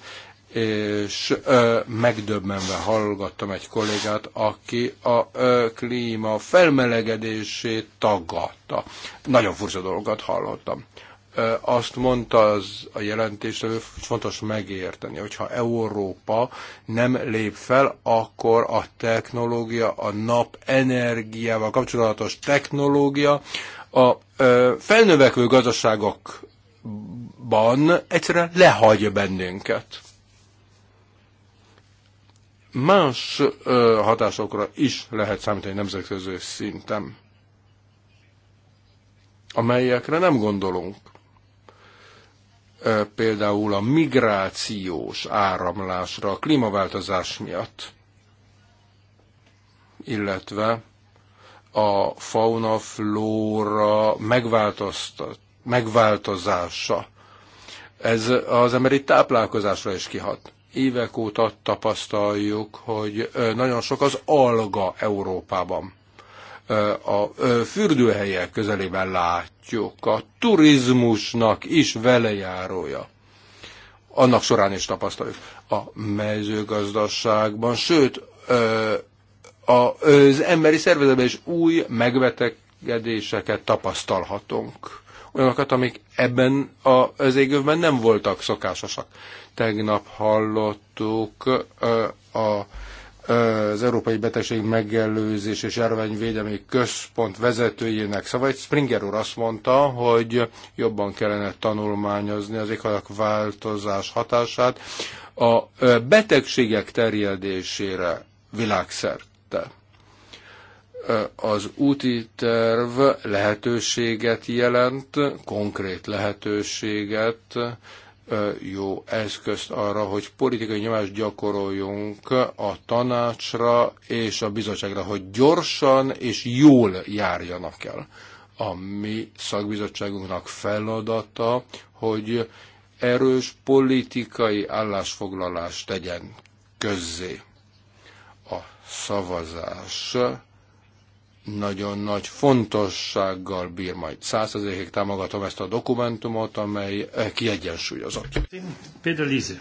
és megdöbbenve hallgattam egy kollégát, aki a klíma felmelegedését tagadta. Nagyon furcsa dolgokat hallottam azt mondta az a jelentés, hogy fontos megérteni, hogyha Európa nem lép fel, akkor a technológia, a nap energiával kapcsolatos technológia a felnövekvő gazdaságokban egyszerűen lehagy bennünket más ö, hatásokra is lehet számítani nemzetközi szinten, amelyekre nem gondolunk például a migrációs áramlásra a klímaváltozás miatt, illetve a fauna, flóra megváltozása. Ez az emberi táplálkozásra is kihat. Évek óta tapasztaljuk, hogy nagyon sok az alga Európában a fürdőhelyek közelében látjuk, a turizmusnak is velejárója. Annak során is tapasztaljuk. A mezőgazdaságban, sőt, az emberi szervezetben is új megbetegedéseket tapasztalhatunk. Olyanokat, amik ebben az égővben nem voltak szokásosak. Tegnap hallottuk a az Európai Betegség Megelőzés és Járványvédelmi Központ vezetőjének szavait. Springer úr azt mondta, hogy jobban kellene tanulmányozni az változás hatását a betegségek terjedésére világszerte. Az úti terv lehetőséget jelent, konkrét lehetőséget jó eszközt arra, hogy politikai nyomást gyakoroljunk a tanácsra és a bizottságra, hogy gyorsan és jól járjanak el. A mi szakbizottságunknak feladata, hogy erős politikai állásfoglalást tegyen közzé. A szavazás nagyon nagy fontossággal bír majd. Százszerzékig támogatom ezt a dokumentumot, amely eh, kiegyensúlyozott. Péter Lize.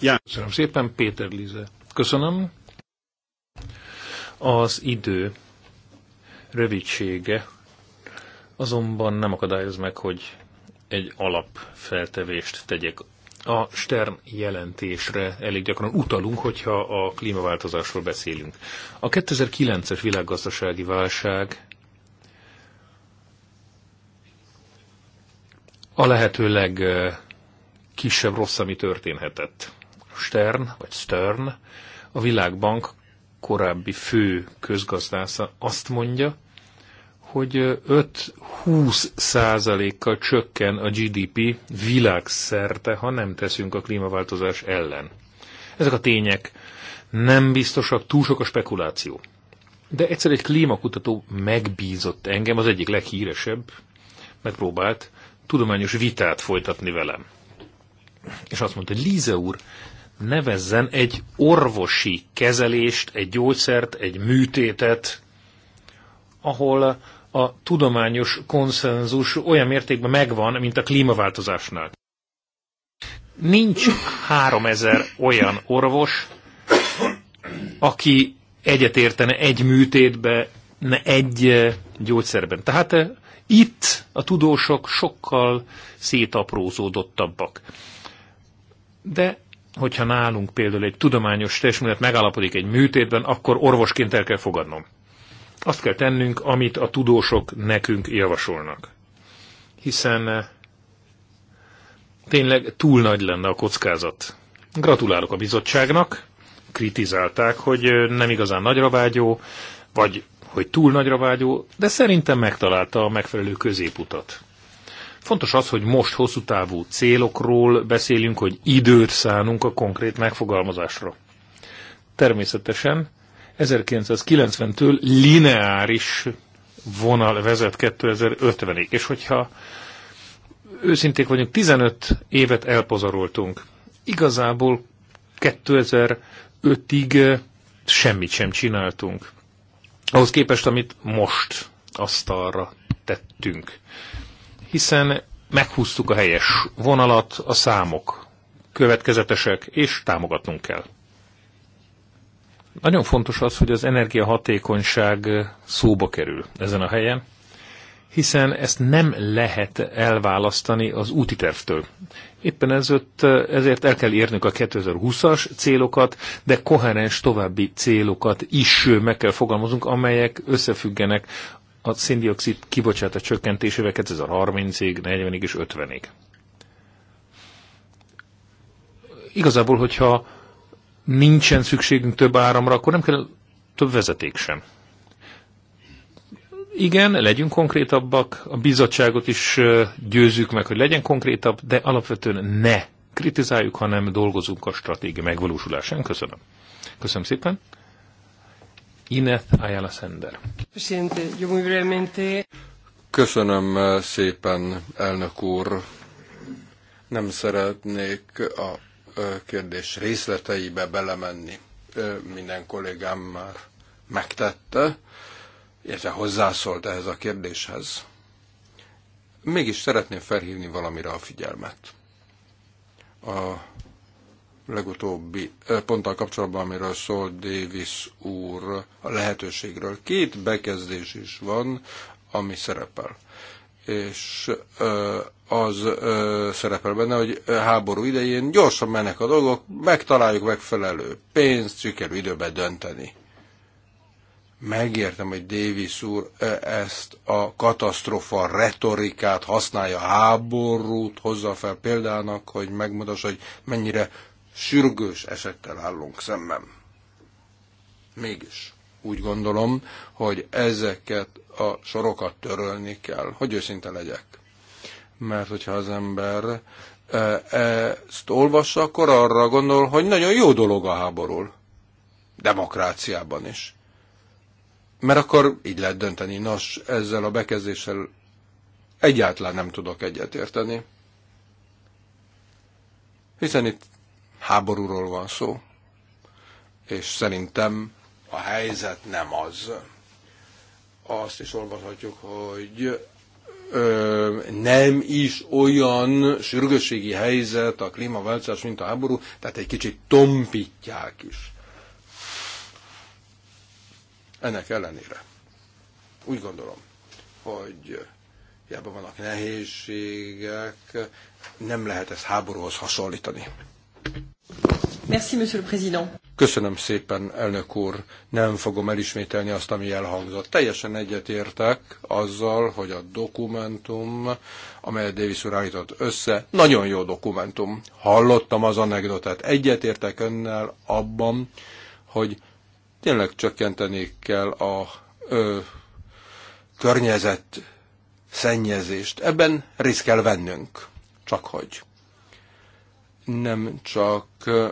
Ja. Köszönöm szépen, Péter Lize. Köszönöm. Az idő rövidsége azonban nem akadályoz meg, hogy egy alapfeltevést tegyek a Stern jelentésre elég gyakran utalunk, hogyha a klímaváltozásról beszélünk. A 2009-es világgazdasági válság a lehető legkisebb rossz, ami történhetett. Stern, vagy Stern, a Világbank korábbi fő közgazdásza azt mondja, hogy 5-20 százalékkal csökken a GDP világszerte, ha nem teszünk a klímaváltozás ellen. Ezek a tények nem biztosak, túl sok a spekuláció. De egyszer egy klímakutató megbízott engem, az egyik leghíresebb, megpróbált tudományos vitát folytatni velem. És azt mondta, hogy Líze úr, nevezzen egy orvosi kezelést, egy gyógyszert, egy műtétet, ahol a tudományos konszenzus olyan mértékben megvan, mint a klímaváltozásnál. Nincs 3000 olyan orvos, aki egyetértene egy műtétbe, ne egy eh, gyógyszerben. Tehát eh, itt a tudósok sokkal szétaprózódottabbak. De hogyha nálunk például egy tudományos testület megállapodik egy műtétben, akkor orvosként el kell fogadnom azt kell tennünk, amit a tudósok nekünk javasolnak. Hiszen eh, tényleg túl nagy lenne a kockázat. Gratulálok a bizottságnak, kritizálták, hogy eh, nem igazán nagyra vágyó, vagy hogy túl nagyra vágyó, de szerintem megtalálta a megfelelő középutat. Fontos az, hogy most hosszú távú célokról beszélünk, hogy időt szánunk a konkrét megfogalmazásra. Természetesen 1990-től lineáris vonal vezet 2050-ig. És hogyha őszinték vagyunk, 15 évet elpozaroltunk. Igazából 2005-ig semmit sem csináltunk. Ahhoz képest, amit most asztalra tettünk. Hiszen meghúztuk a helyes vonalat, a számok következetesek, és támogatnunk kell. Nagyon fontos az, hogy az energiahatékonyság szóba kerül ezen a helyen, hiszen ezt nem lehet elválasztani az úti tervtől. Éppen ezért, ezért el kell érnünk a 2020-as célokat, de koherens további célokat is meg kell fogalmazunk, amelyek összefüggenek a széndiokszid kibocsátás csökkentésével 2030-ig, 40-ig és 50-ig. Igazából, hogyha nincsen szükségünk több áramra, akkor nem kell több vezeték sem. Igen, legyünk konkrétabbak, a bizottságot is győzzük meg, hogy legyen konkrétabb, de alapvetően ne kritizáljuk, hanem dolgozunk a stratégia megvalósulásán. Köszönöm. Köszönöm szépen. Ineth Ayala Sender. Köszönöm szépen, elnök úr. Nem szeretnék a kérdés részleteibe belemenni. Minden kollégám már megtette, illetve hozzászólt ehhez a kérdéshez. Mégis szeretném felhívni valamire a figyelmet. A legutóbbi ponttal kapcsolatban, amiről szól Davis úr a lehetőségről. Két bekezdés is van, ami szerepel és az szerepel benne, hogy háború idején gyorsan mennek a dolgok, megtaláljuk megfelelő pénzt, sikerül időben dönteni. Megértem, hogy Davis úr ezt a katasztrofa retorikát használja, háborút hozza fel példának, hogy megmutassa, hogy mennyire sürgős esettel állunk szemben. Mégis úgy gondolom, hogy ezeket a sorokat törölni kell, hogy őszinte legyek. Mert hogyha az ember e, e, ezt olvassa, akkor arra gondol, hogy nagyon jó dolog a háború. Demokráciában is. Mert akkor így lehet dönteni. Nos, ezzel a bekezdéssel egyáltalán nem tudok egyetérteni. Hiszen itt háborúról van szó. És szerintem a helyzet nem az azt is olvashatjuk, hogy ö, nem is olyan sürgősségi helyzet a klímaváltozás, mint a háború, tehát egy kicsit tompítják is. Ennek ellenére úgy gondolom, hogy hiába vannak nehézségek, nem lehet ezt háborúhoz hasonlítani. Merci, Monsieur le Président. Köszönöm szépen, elnök úr, nem fogom elismételni azt, ami elhangzott. Teljesen egyetértek azzal, hogy a dokumentum, amelyet Davis úr állított össze, nagyon jó dokumentum. Hallottam az anekdotát. Egyetértek önnel abban, hogy tényleg csökkenteni kell a ö, környezet szennyezést. Ebben részt kell vennünk. Csak hogy. Nem csak ö,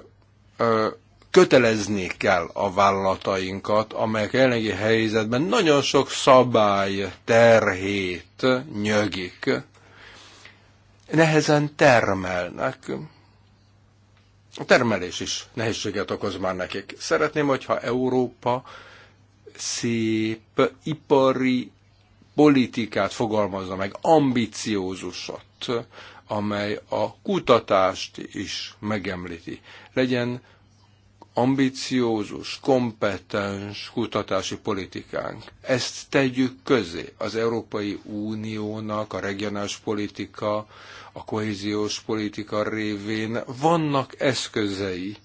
kötelezni kell a vállalatainkat, amelyek jelenlegi helyzetben nagyon sok szabály terhét nyögik. Nehezen termelnek. A termelés is nehézséget okoz már nekik. Szeretném, hogyha Európa szép ipari politikát fogalmazza meg, ambiciózusat, amely a kutatást is megemlíti. Legyen ambiciózus, kompetens kutatási politikánk. Ezt tegyük közé az Európai Uniónak, a regionális politika, a kohéziós politika révén vannak eszközei,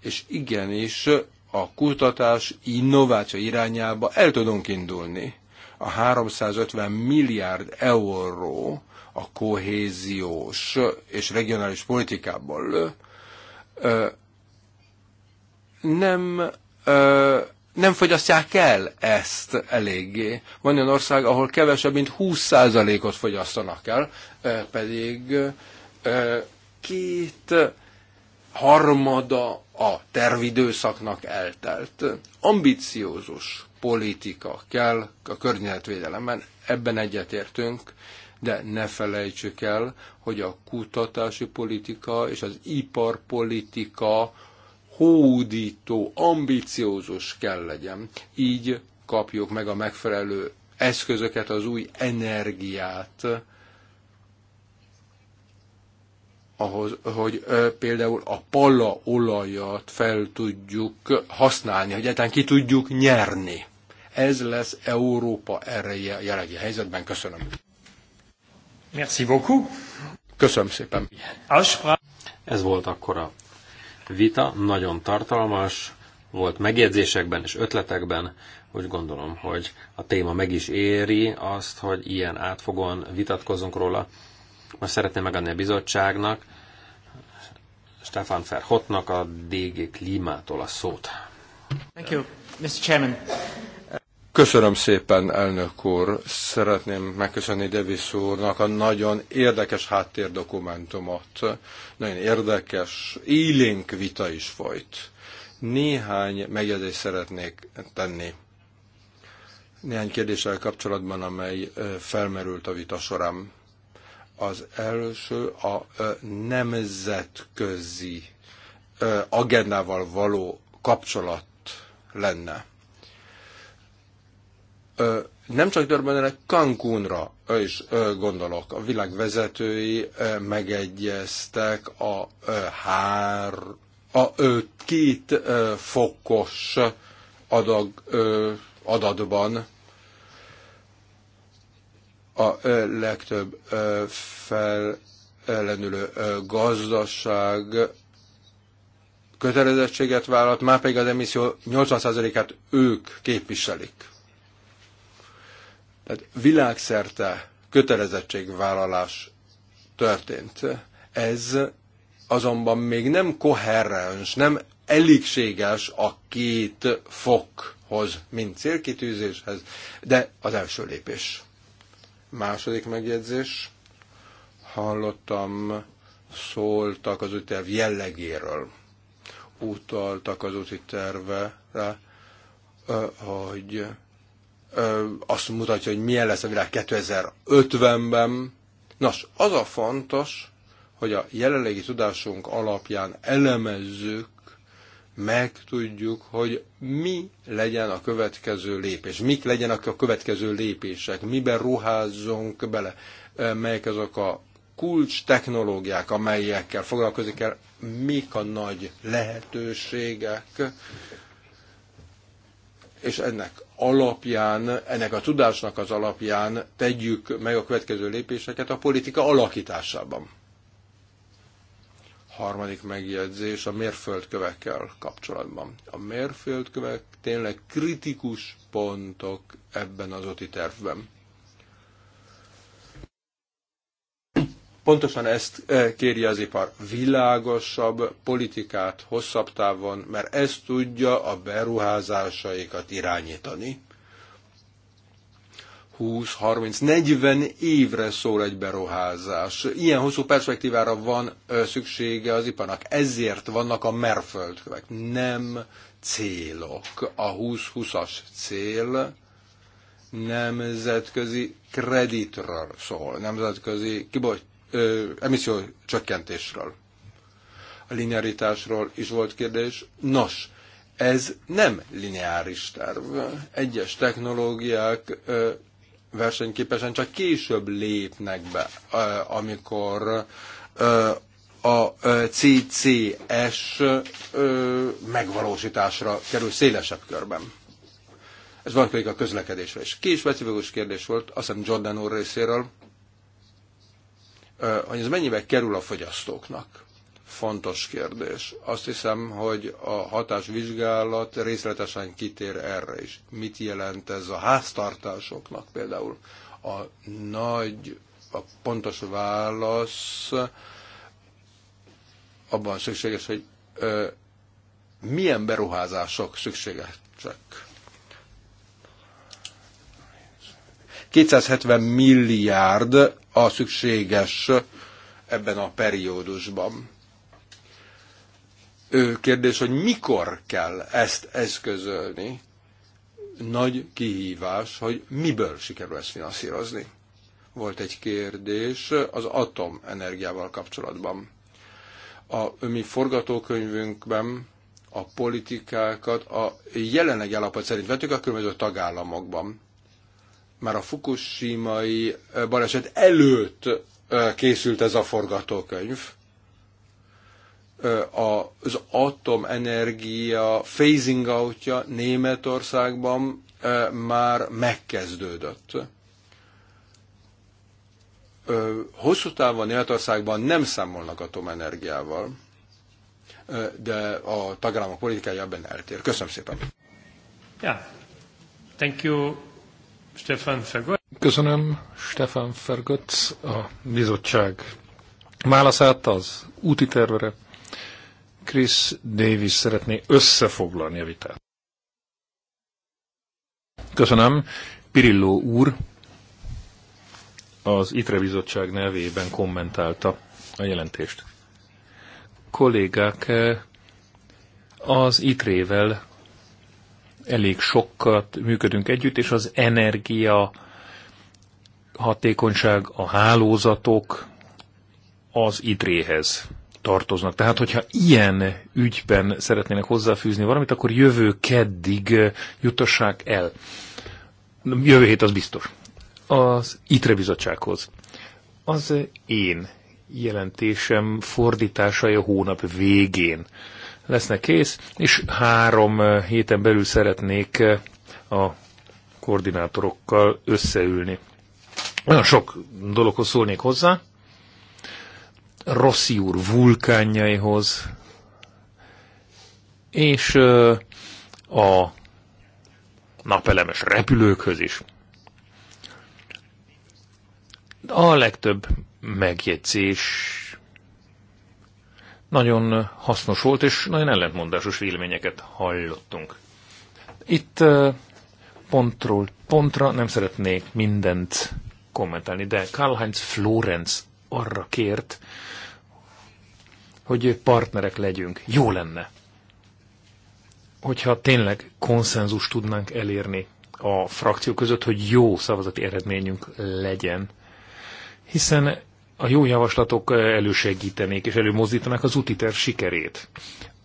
és igenis a kutatás innováció irányába el tudunk indulni. A 350 milliárd euró a kohéziós és regionális politikából nem, ö, nem fogyasztják el ezt eléggé. Van olyan ország, ahol kevesebb, mint 20%-ot fogyasztanak el, ö, pedig ö, két harmada a tervidőszaknak eltelt. Ambiciózus politika kell a környezetvédelemben, ebben egyetértünk, de ne felejtsük el, hogy a kutatási politika és az iparpolitika hódító, ambiciózus kell legyen. Így kapjuk meg a megfelelő eszközöket, az új energiát ahhoz, hogy például a pala olajat fel tudjuk használni, hogy egyáltalán ki tudjuk nyerni. Ez lesz Európa erre jelenlegi helyzetben. Köszönöm. Merci beaucoup. Köszönöm szépen. Ez volt akkor a vita, nagyon tartalmas, volt megjegyzésekben és ötletekben, úgy gondolom, hogy a téma meg is éri azt, hogy ilyen átfogóan vitatkozunk róla. Most szeretném megadni a bizottságnak, Stefan Ferhotnak a DG Klímától a szót. Thank you, Mr. Chairman. Köszönöm szépen, elnök úr. Szeretném megköszönni Davis úrnak a nagyon érdekes háttérdokumentumot. Nagyon érdekes, élénk vita is folyt. Néhány megjegyzést szeretnék tenni. Néhány kérdéssel kapcsolatban, amely felmerült a vita során. Az első a nemzetközi agendával való kapcsolat lenne nem csak Durbanre, Cancúnra is gondolok. A világ vezetői megegyeztek a hár, a két fokos adag, adatban a legtöbb fellenülő gazdaság kötelezettséget vállalt, már pedig az emisszió 80%-át ők képviselik tehát világszerte kötelezettségvállalás történt. Ez azonban még nem koherens, nem elégséges a két fokhoz, mint célkitűzéshez, de az első lépés. Második megjegyzés. Hallottam, szóltak az terv jellegéről. Utaltak az úti tervre, hogy azt mutatja, hogy milyen lesz a világ 2050-ben. Nos, az a fontos, hogy a jelenlegi tudásunk alapján elemezzük, megtudjuk, hogy mi legyen a következő lépés, mik legyenek a következő lépések, miben ruházzunk bele, melyek azok a kulcs technológiák, amelyekkel foglalkozik el, mik a nagy lehetőségek, és ennek alapján, ennek a tudásnak az alapján tegyük meg a következő lépéseket a politika alakításában. Harmadik megjegyzés a mérföldkövekkel kapcsolatban. A mérföldkövek tényleg kritikus pontok ebben az OTI tervben Pontosan ezt e, kéri az ipar. Világosabb politikát hosszabb távon, mert ez tudja a beruházásaikat irányítani. 20, 30, 40 évre szól egy beruházás. Ilyen hosszú perspektívára van e, szüksége az iparnak. Ezért vannak a merföldkövek, nem célok. A 20-20-as cél nemzetközi kreditről szól, nemzetközi kibocs, emisszió csökkentésről. A linearitásról is volt kérdés. Nos, ez nem lineáris terv. Egyes technológiák versenyképesen csak később lépnek be, amikor a CCS megvalósításra kerül szélesebb körben. Ez van a közlekedésre is. Két specifikus kérdés volt, azt hiszem Jordan úr részéről, hogy ez mennyibe kerül a fogyasztóknak. Fontos kérdés. Azt hiszem, hogy a hatásvizsgálat részletesen kitér erre is. Mit jelent ez a háztartásoknak például? A nagy, a pontos válasz abban szükséges, hogy ö, milyen beruházások szükségesek. 270 milliárd a szükséges ebben a periódusban. Ő kérdés, hogy mikor kell ezt eszközölni. Nagy kihívás, hogy miből sikerül ezt finanszírozni. Volt egy kérdés az atomenergiával kapcsolatban. A mi forgatókönyvünkben a politikákat a jelenlegi állapot szerint vettük a különböző tagállamokban már a fukushimai baleset előtt készült ez a forgatókönyv. Az atomenergia phasing outja Németországban már megkezdődött. Hosszú távon Németországban nem számolnak atomenergiával, de a tagállamok politikája ebben eltér. Köszönöm szépen. Yeah. Thank you Stefan Köszönöm Stefan Fergott a bizottság válaszát az úti tervere. Chris Davis szeretné összefoglalni a vitát. Köszönöm. Pirilló úr az ITRE bizottság nevében kommentálta a jelentést. Kollégák az ITRE-vel elég sokat működünk együtt, és az energia hatékonyság, a hálózatok az idréhez tartoznak. Tehát, hogyha ilyen ügyben szeretnének hozzáfűzni valamit, akkor jövő keddig jutassák el. Jövő hét az biztos. Az ITRE bizottsághoz. Az én jelentésem fordításai a hónap végén lesznek kész, és három eh, héten belül szeretnék eh, a koordinátorokkal összeülni. Nagyon sok dologhoz szólnék hozzá. Rossi úr vulkánjaihoz, és eh, a napelemes repülőkhöz is. A legtöbb megjegyzés nagyon hasznos volt, és nagyon ellentmondásos véleményeket hallottunk. Itt pontról pontra nem szeretnék mindent kommentálni, de Karl-Heinz Florenz arra kért, hogy partnerek legyünk. Jó lenne, hogyha tényleg konszenzus tudnánk elérni a frakció között, hogy jó szavazati eredményünk legyen, hiszen a jó javaslatok elősegítenék és előmozdítanák az útiterv sikerét.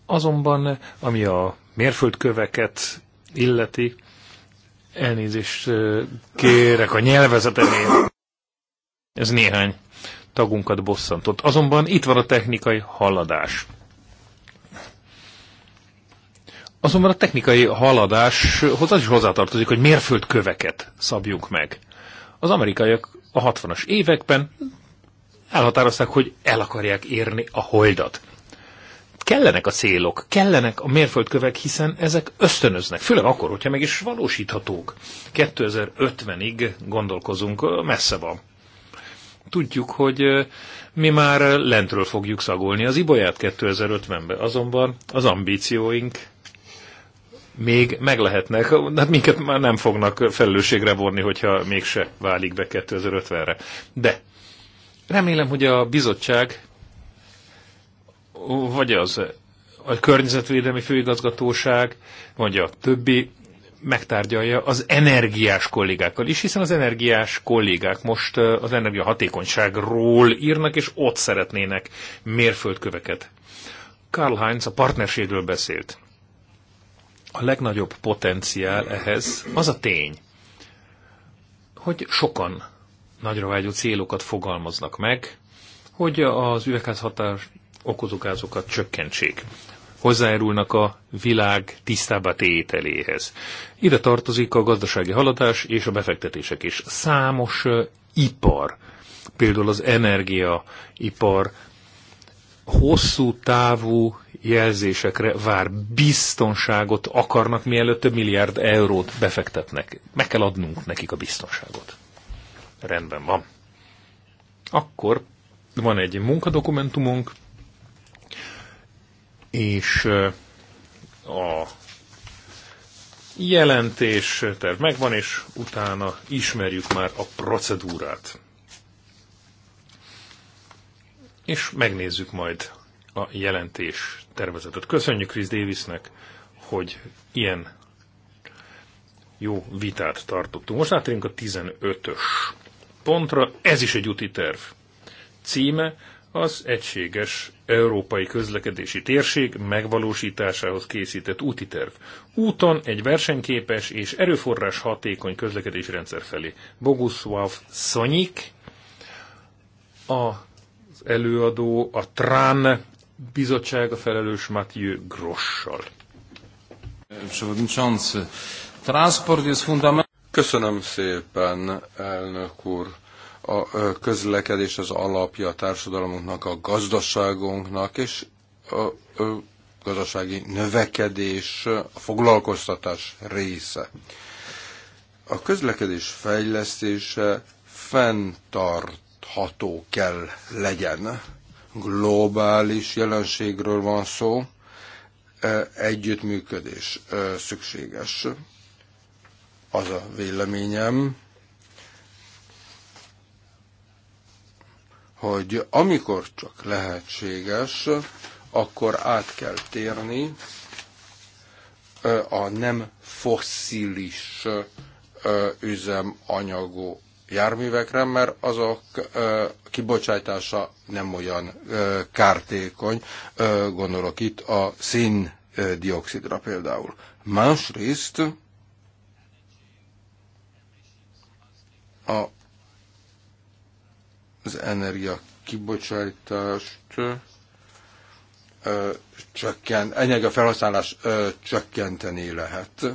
Azonban, ami a mérföldköveket illeti, elnézést kérek a nyelvezetemén. Ez néhány tagunkat bosszantott. Azonban itt van a technikai haladás. Azonban a technikai haladáshoz az is hozzátartozik, hogy mérföldköveket szabjunk meg. Az amerikaiak a 60-as években elhatározták, hogy el akarják érni a holdat. Kellenek a célok, kellenek a mérföldkövek, hiszen ezek ösztönöznek, főleg akkor, hogyha meg is valósíthatók. 2050-ig gondolkozunk, messze van. Tudjuk, hogy mi már lentről fogjuk szagolni az ibolyát 2050-be, azonban az ambícióink még meglehetnek, de hát minket már nem fognak felelősségre vonni, hogyha mégse válik be 2050-re. De Remélem, hogy a bizottság, vagy az a környezetvédelmi főigazgatóság, vagy a többi megtárgyalja az energiás kollégákkal is, hiszen az energiás kollégák most az energiahatékonyságról írnak, és ott szeretnének mérföldköveket. Karl Heinz a partnerségről beszélt. A legnagyobb potenciál ehhez az a tény, hogy sokan nagyra vágyó célokat fogalmaznak meg, hogy az üvegházhatás okozó gázokat csökkentsék. Hozzájárulnak a világ tisztába tételéhez. Ide tartozik a gazdasági haladás és a befektetések is. Számos ipar, például az energiaipar hosszú távú jelzésekre vár, biztonságot akarnak, mielőtt több milliárd eurót befektetnek. Meg kell adnunk nekik a biztonságot. Rendben van. Akkor van egy munkadokumentumunk, és a jelentés terv megvan, és utána ismerjük már a procedúrát. És megnézzük majd a jelentés tervezetet. Köszönjük Chris Davisnek, hogy ilyen jó vitát tartottunk. Most átérünk a 15-ös pontra, ez is egy úti terv. Címe az Egységes Európai Közlekedési Térség megvalósításához készített úti terv. Úton egy versenyképes és erőforrás hatékony közlekedési rendszer felé. Boguszláv Szonyik, az előadó, a Trán bizottsága felelős Mathieu Grossal. Przewodniczący, transport jest fundament... Köszönöm szépen, elnök úr. A közlekedés az alapja a társadalmunknak, a gazdaságunknak, és a gazdasági növekedés, a foglalkoztatás része. A közlekedés fejlesztése fenntartható kell legyen. Globális jelenségről van szó, együttműködés szükséges az a véleményem, hogy amikor csak lehetséges, akkor át kell térni a nem fosszilis üzemanyagú járművekre, mert azok kibocsátása nem olyan kártékony, gondolok itt a dioxidra például. Másrészt a, az energia kibocsátást csökkent, csökken, felhasználás ö, csökkenteni lehet.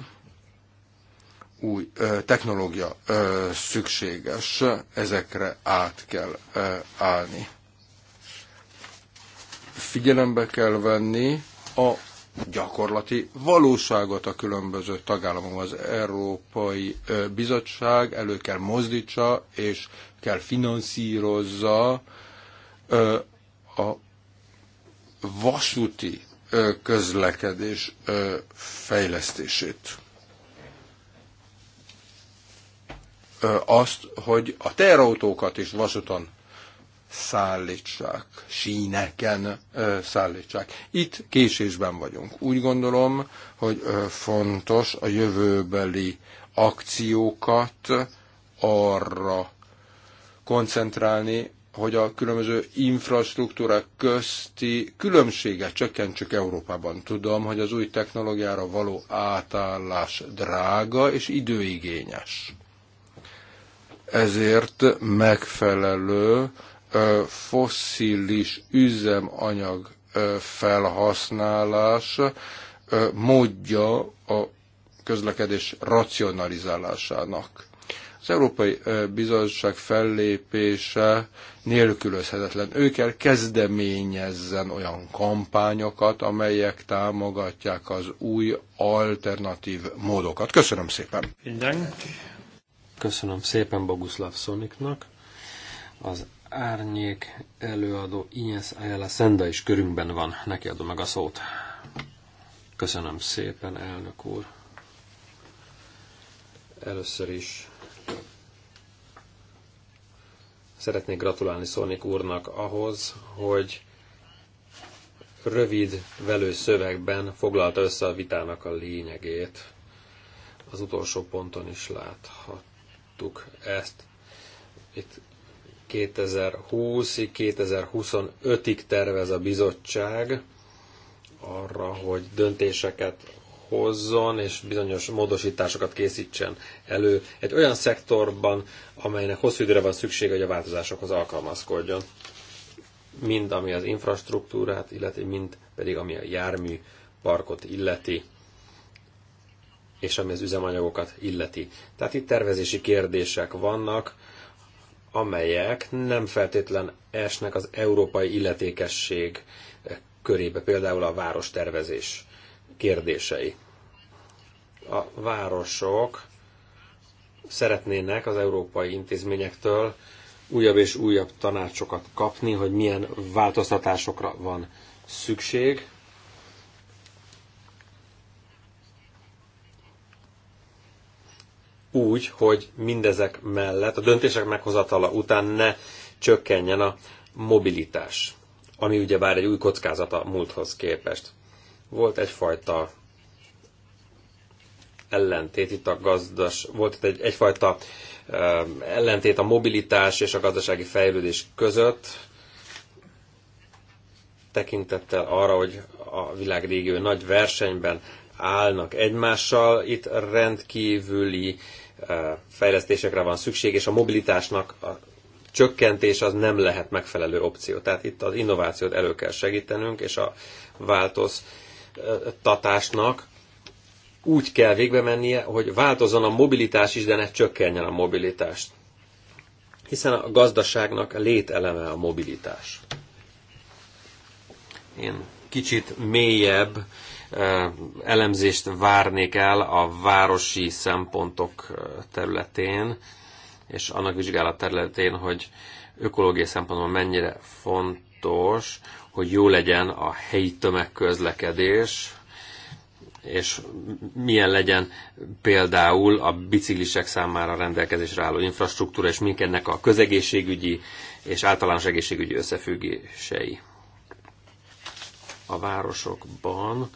Új ö, technológia ö, szükséges, ezekre át kell ö, állni. Figyelembe kell venni a gyakorlati valóságot a különböző tagállamokban. Az Európai Bizottság elő kell mozdítsa és kell finanszírozza a vasúti közlekedés fejlesztését. Azt, hogy a terautókat is vasúton szállítsák, síneken szállítsák. Itt késésben vagyunk. Úgy gondolom, hogy fontos a jövőbeli akciókat arra koncentrálni, hogy a különböző infrastruktúra közti különbséget csökkentsük Európában. Tudom, hogy az új technológiára való átállás drága és időigényes. Ezért megfelelő fosszilis üzemanyag felhasználás módja a közlekedés racionalizálásának. Az Európai Bizottság fellépése nélkülözhetetlen. Ő kell kezdeményezzen olyan kampányokat, amelyek támogatják az új alternatív módokat. Köszönöm szépen! Köszönöm szépen Boguslav Szoniknak az árnyék előadó Ines Ayala Szenda is körünkben van. Neki adom meg a szót. Köszönöm szépen, elnök úr. Először is szeretnék gratulálni Szónik úrnak ahhoz, hogy rövid, velő szövegben foglalta össze a vitának a lényegét. Az utolsó ponton is láthattuk ezt. Itt 2020-ig, 2025-ig tervez a bizottság arra, hogy döntéseket hozzon és bizonyos módosításokat készítsen elő egy olyan szektorban, amelynek hosszú időre van szüksége, hogy a változásokhoz alkalmazkodjon. Mind ami az infrastruktúrát illeti, mind pedig ami a jármű parkot illeti, és ami az üzemanyagokat illeti. Tehát itt tervezési kérdések vannak, amelyek nem feltétlen esnek az európai illetékesség körébe, például a várostervezés kérdései. A városok szeretnének az európai intézményektől újabb és újabb tanácsokat kapni, hogy milyen változtatásokra van szükség, úgy, hogy mindezek mellett, a döntések meghozatala után ne csökkenjen a mobilitás, ami ugyebár egy új kockázata múlthoz képest. Volt egyfajta ellentét itt a gazdas, volt itt egy, egyfajta ö, eh, ellentét a mobilitás és a gazdasági fejlődés között, tekintettel arra, hogy a világ régió nagy versenyben állnak egymással, itt rendkívüli fejlesztésekre van szükség, és a mobilitásnak a csökkentés az nem lehet megfelelő opció. Tehát itt az innovációt elő kell segítenünk, és a változtatásnak úgy kell végbe mennie, hogy változzon a mobilitás is, de ne csökkenjen a mobilitást. Hiszen a gazdaságnak lételeme a mobilitás. Én kicsit mélyebb elemzést várnék el a városi szempontok területén, és annak vizsgálat területén, hogy ökológiai szempontból mennyire fontos, hogy jó legyen a helyi tömegközlekedés, és milyen legyen például a biciklisek számára rendelkezésre álló infrastruktúra, és mink ennek a közegészségügyi és általános egészségügyi összefüggései. A városokban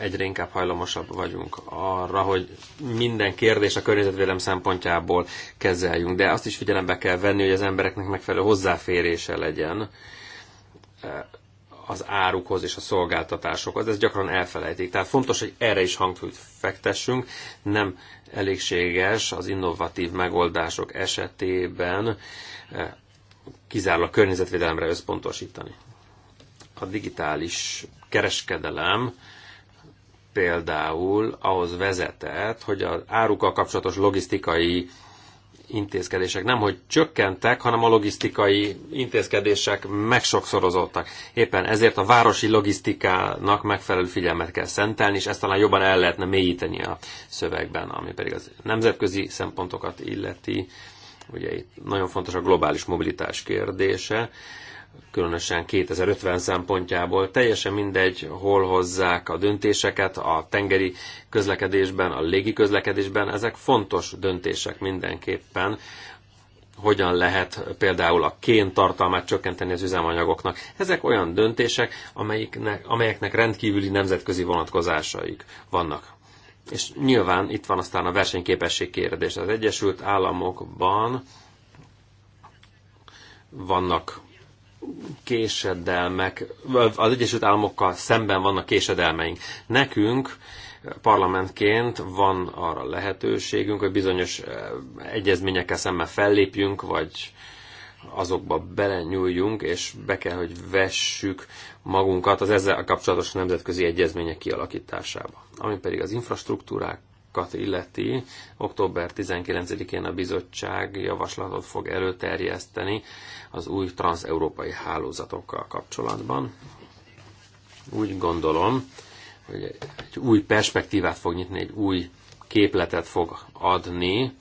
egyre inkább hajlamosabb vagyunk arra, hogy minden kérdés a környezetvédelem szempontjából kezeljünk. De azt is figyelembe kell venni, hogy az embereknek megfelelő hozzáférése legyen eh, az árukhoz és a szolgáltatásokhoz. Ez gyakran elfelejtik. Tehát fontos, hogy erre is hangsúlyt fektessünk. Nem elégséges az innovatív megoldások esetében eh, kizárólag környezetvédelemre összpontosítani. A digitális kereskedelem például ahhoz vezetett, hogy az árukkal kapcsolatos logisztikai intézkedések nem, hogy csökkentek, hanem a logisztikai intézkedések megsokszorozottak. Éppen ezért a városi logisztikának megfelelő figyelmet kell szentelni, és ezt talán jobban el lehetne mélyíteni a szövegben, ami pedig az nemzetközi szempontokat illeti. Ugye itt nagyon fontos a globális mobilitás kérdése különösen 2050 szempontjából. Teljesen mindegy, hol hozzák a döntéseket, a tengeri közlekedésben, a légi közlekedésben, ezek fontos döntések mindenképpen, hogyan lehet például a kén tartalmát csökkenteni az üzemanyagoknak. Ezek olyan döntések, amelyiknek, amelyeknek rendkívüli nemzetközi vonatkozásaik vannak. És nyilván itt van aztán a versenyképesség kérdés. Az Egyesült Államokban vannak késedelmek, az Egyesült Államokkal szemben vannak késedelmeink. Nekünk parlamentként van arra lehetőségünk, hogy bizonyos eh, egyezményekkel szemben fellépjünk, vagy azokba belenyúljunk, és be kell, hogy vessük magunkat az ezzel kapcsolatos nemzetközi egyezmények kialakításába. Ami pedig az infrastruktúrák illeti, október 19-én a bizottság javaslatot fog előterjeszteni az új transeurópai hálózatokkal kapcsolatban. Úgy gondolom, hogy egy új perspektívát fog nyitni, egy új képletet fog adni,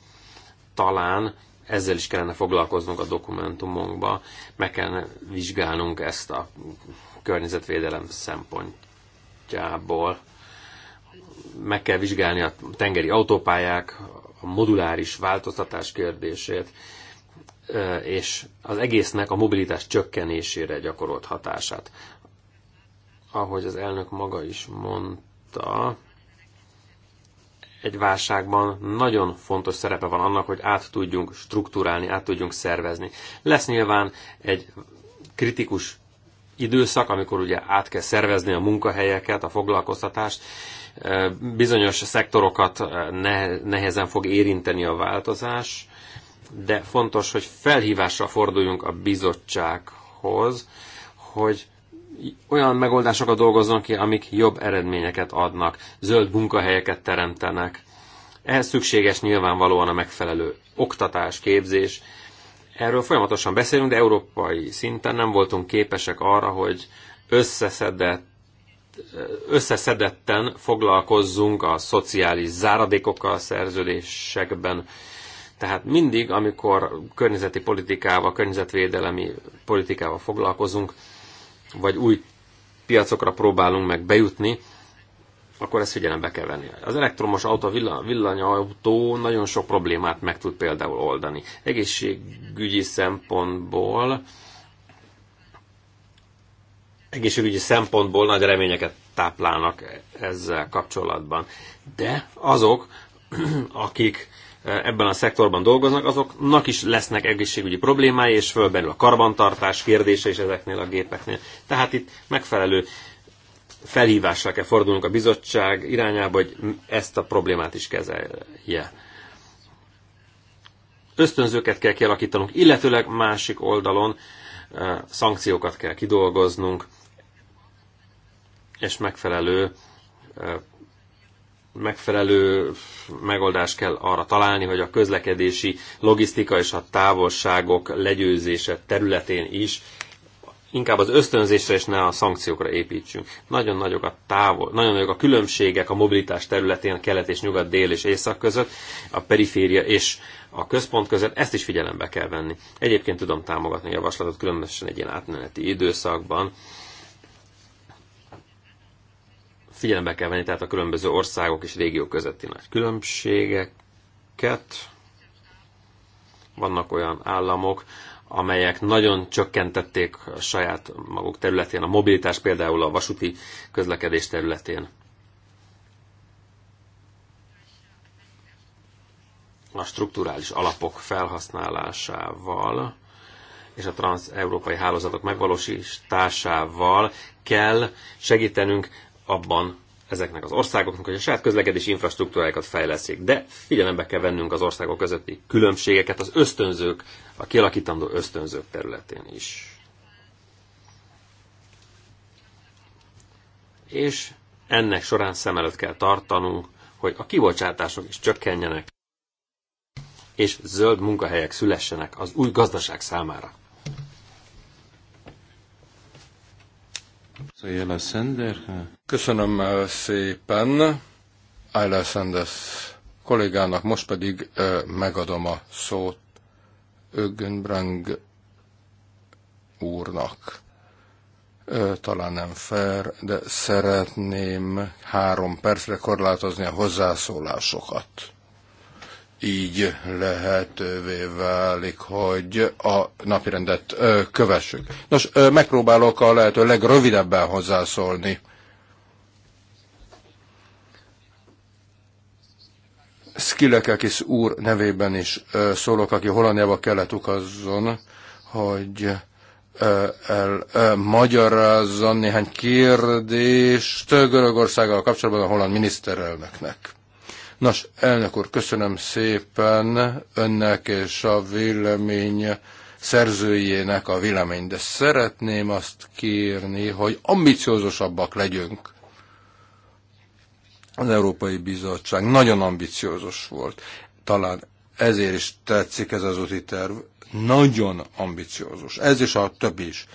talán ezzel is kellene foglalkoznunk a dokumentumunkba, meg kellene vizsgálnunk ezt a környezetvédelem szempontjából. Meg kell vizsgálni a tengeri autópályák, a moduláris változtatás kérdését, és az egésznek a mobilitás csökkenésére gyakorolt hatását. Ahogy az elnök maga is mondta, egy válságban nagyon fontos szerepe van annak, hogy át tudjunk struktúrálni, át tudjunk szervezni. Lesz nyilván egy kritikus időszak, amikor ugye át kell szervezni a munkahelyeket, a foglalkoztatást, bizonyos szektorokat nehezen fog érinteni a változás, de fontos, hogy felhívásra forduljunk a bizottsághoz, hogy olyan megoldásokat dolgozzon ki, amik jobb eredményeket adnak, zöld munkahelyeket teremtenek. Ehhez szükséges nyilvánvalóan a megfelelő oktatás, képzés. Erről folyamatosan beszélünk, de európai szinten nem voltunk képesek arra, hogy összeszedett összeszedetten foglalkozzunk a szociális záradékokkal, szerződésekben tehát mindig, amikor környezeti politikával, környezetvédelemi politikával foglalkozunk, vagy új piacokra próbálunk meg bejutni, akkor ezt figyelembe kell venni. Az elektromos autó, villanyautó nagyon sok problémát meg tud például oldani. Egészségügyi szempontból egészségügyi szempontból nagy reményeket táplálnak ezzel kapcsolatban. De azok, <clears throat> akik ebben a szektorban dolgoznak, azoknak is lesznek egészségügyi problémái, és fölbenül a karbantartás kérdése is ezeknél a gépeknél. Tehát itt megfelelő felhívással kell fordulnunk a bizottság irányába, hogy ezt a problémát is kezelje. Ösztönzőket kell kialakítanunk, illetőleg másik oldalon eh, szankciókat kell kidolgoznunk, és megfelelő eh, megfelelő megoldást kell arra találni, hogy a közlekedési logisztika és a távolságok legyőzése területén is inkább az ösztönzésre és ne a szankciókra építsünk. Nagyon nagyok a távol, nagyon nagyok a különbségek a mobilitás területén a kelet és nyugat, dél és észak között, a periféria és a központ között, ezt is figyelembe kell venni. Egyébként tudom támogatni a javaslatot, különösen egy ilyen átmeneti időszakban, Figyelembe kell venni tehát a különböző országok és régiók közötti nagy különbségeket. Vannak olyan államok, amelyek nagyon csökkentették a saját maguk területén, a mobilitás például a vasúti közlekedés területén. A strukturális alapok felhasználásával és a trans-európai hálózatok megvalósításával kell segítenünk abban ezeknek az országoknak, hogy a saját közlekedési infrastruktúráikat fejleszik. De figyelembe kell vennünk az országok közötti különbségeket az ösztönzők, a kialakítandó ösztönzők területén is. És ennek során szem előtt kell tartanunk, hogy a kibocsátások is csökkenjenek, és zöld munkahelyek szülessenek az új gazdaság számára. Köszönöm szépen Ayla Sanders kollégának, most pedig megadom a szót Ögönbrang úrnak. Talán nem fair, de szeretném három percre korlátozni a hozzászólásokat így lehetővé válik, hogy a napirendet kövessük. Nos, megpróbálok a lehető legrövidebben hozzászólni. Skilekekis úr nevében is szólok, aki Hollandiába kellett ukazzon, hogy elmagyarázzon néhány kérdést Görögországgal kapcsolatban a holland miniszterelnöknek. Nos, elnök úr, köszönöm szépen önnek és a vélemény szerzőjének a vélemény, de szeretném azt kérni, hogy ambiciózusabbak legyünk. Az Európai Bizottság nagyon ambiciózus volt. Talán ezért is tetszik ez az úti terv. Nagyon ambiciózus. Ez is a többi is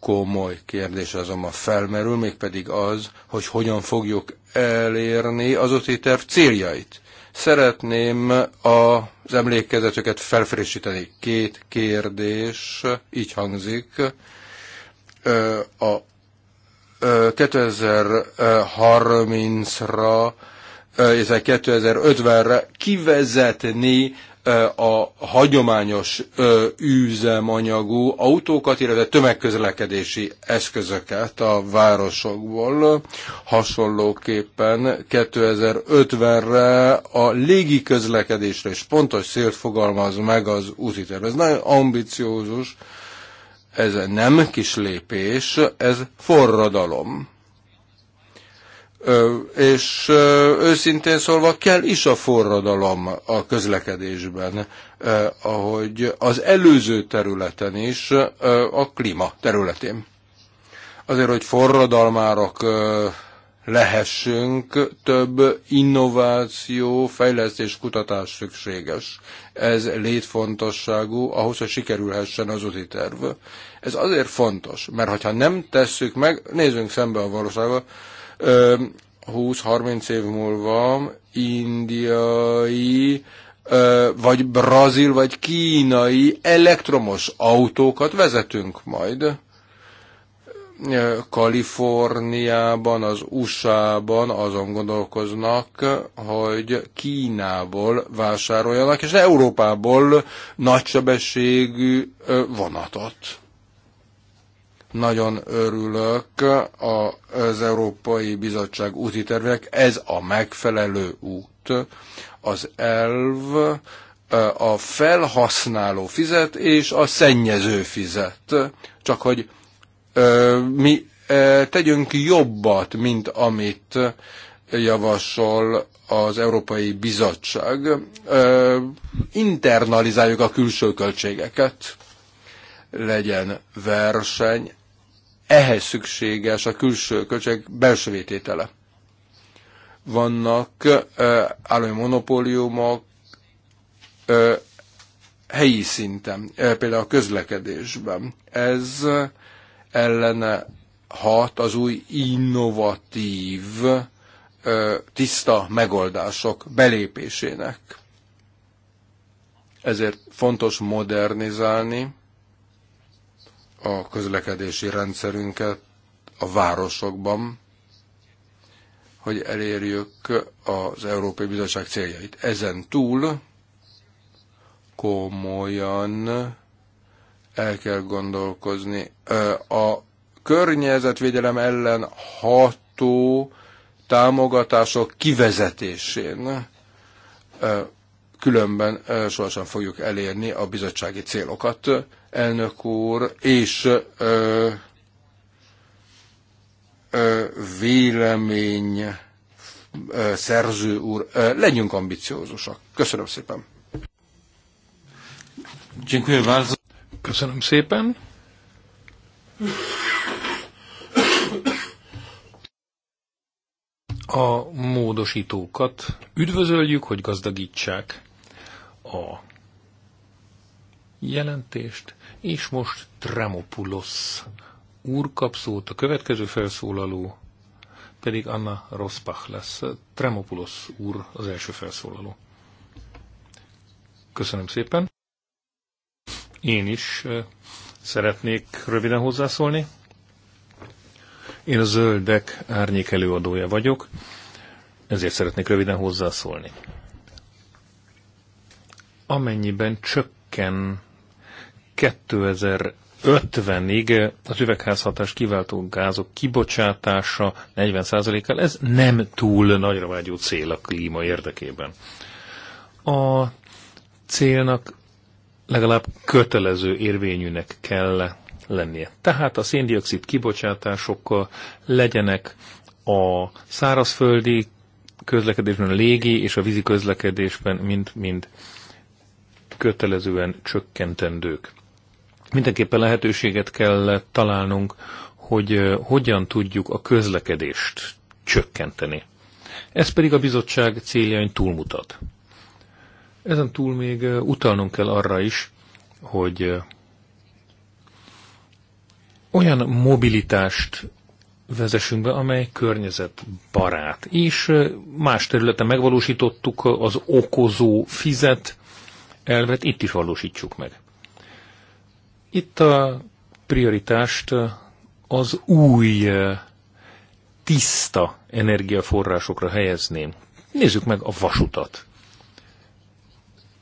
komoly kérdés azonban felmerül, mégpedig az, hogy hogyan fogjuk elérni az úti terv céljait. Szeretném az emlékezetüket felfrissíteni. Két kérdés így hangzik. A 2030-ra, illetve 2050-re kivezetni a hagyományos üzemanyagú autókat, illetve tömegközlekedési eszközöket a városokból. Hasonlóképpen 2050-re a légi közlekedésre is pontos szélt fogalmaz meg az úti terv. Ez nagyon ambiciózus, ez nem kis lépés, ez forradalom és őszintén szólva kell is a forradalom a közlekedésben, ahogy az előző területen is, a klíma területén. Azért, hogy forradalmárak lehessünk, több innováció, fejlesztés, kutatás szükséges. Ez létfontosságú ahhoz, hogy sikerülhessen az úti terv. Ez azért fontos, mert ha nem tesszük meg, nézzünk szembe a valósággal, 20-30 év múlva indiai, vagy brazil, vagy kínai elektromos autókat vezetünk majd. Kaliforniában, az USA-ban azon gondolkoznak, hogy Kínából vásároljanak, és Európából nagysebességű vonatot. Nagyon örülök az Európai Bizottság úti tervek. Ez a megfelelő út. Az elv a felhasználó fizet és a szennyező fizet. Csak hogy mi tegyünk jobbat, mint amit javasol az Európai Bizottság. Internalizáljuk a külső költségeket, legyen verseny ehhez szükséges a külső költségek belső vététele. Vannak állami monopóliumok helyi szinten, például a közlekedésben. Ez ellene hat az új innovatív, tiszta megoldások belépésének. Ezért fontos modernizálni a közlekedési rendszerünket a városokban, hogy elérjük az Európai Bizottság céljait. Ezen túl komolyan el kell gondolkozni a környezetvédelem ellen ható támogatások kivezetésén különben sohasem fogjuk elérni a bizottsági célokat. Elnök úr, és ö, ö, vélemény ö, szerző úr, ö, legyünk ambiciózusak. Köszönöm szépen. Köszönöm szépen. a módosítókat üdvözöljük, hogy gazdagítsák a jelentést, és most Tremopulos úr kap szót, a következő felszólaló pedig Anna Rosbach lesz. Tremopulos úr az első felszólaló. Köszönöm szépen. Én is eh, szeretnék röviden hozzászólni. Én a Zöldek árnyék előadója vagyok, ezért szeretnék röviden hozzászólni amennyiben csökken 2050-ig az üvegházhatás kiváltó gázok kibocsátása 40%-kal, ez nem túl nagyra vágyó cél a klíma érdekében. A célnak legalább kötelező érvényűnek kell lennie. Tehát a széndiokszid kibocsátásokkal legyenek a szárazföldi közlekedésben, a légi és a vízi közlekedésben mind-mind kötelezően csökkentendők. Mindenképpen lehetőséget kell találnunk, hogy hogyan tudjuk a közlekedést csökkenteni. Ez pedig a bizottság céljain túlmutat. Ezen túl még utalnunk kell arra is, hogy olyan mobilitást vezessünk be, amely környezetbarát. És más területen megvalósítottuk az okozó fizet elvet itt is valósítsuk meg. Itt a prioritást az új eh, tiszta energiaforrásokra helyezném. Nézzük meg a vasutat.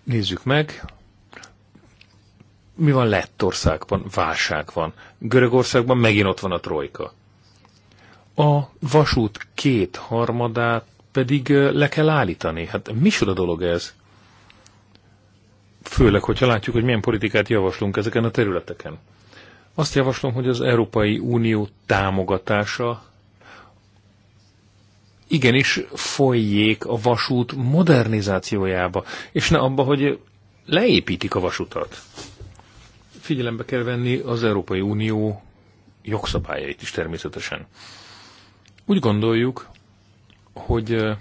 Nézzük meg, mi van Lettországban? Válság van. Görögországban megint ott van a trojka. A vasút két harmadát pedig eh, le kell állítani. Hát micsoda dolog ez? főleg, hogyha látjuk, hogy milyen politikát javaslunk ezeken a területeken. Azt javaslom, hogy az Európai Unió támogatása igenis folyjék a vasút modernizációjába, és ne abba, hogy leépítik a vasutat. Figyelembe kell venni az Európai Unió jogszabályait is természetesen. Úgy gondoljuk, hogy eh,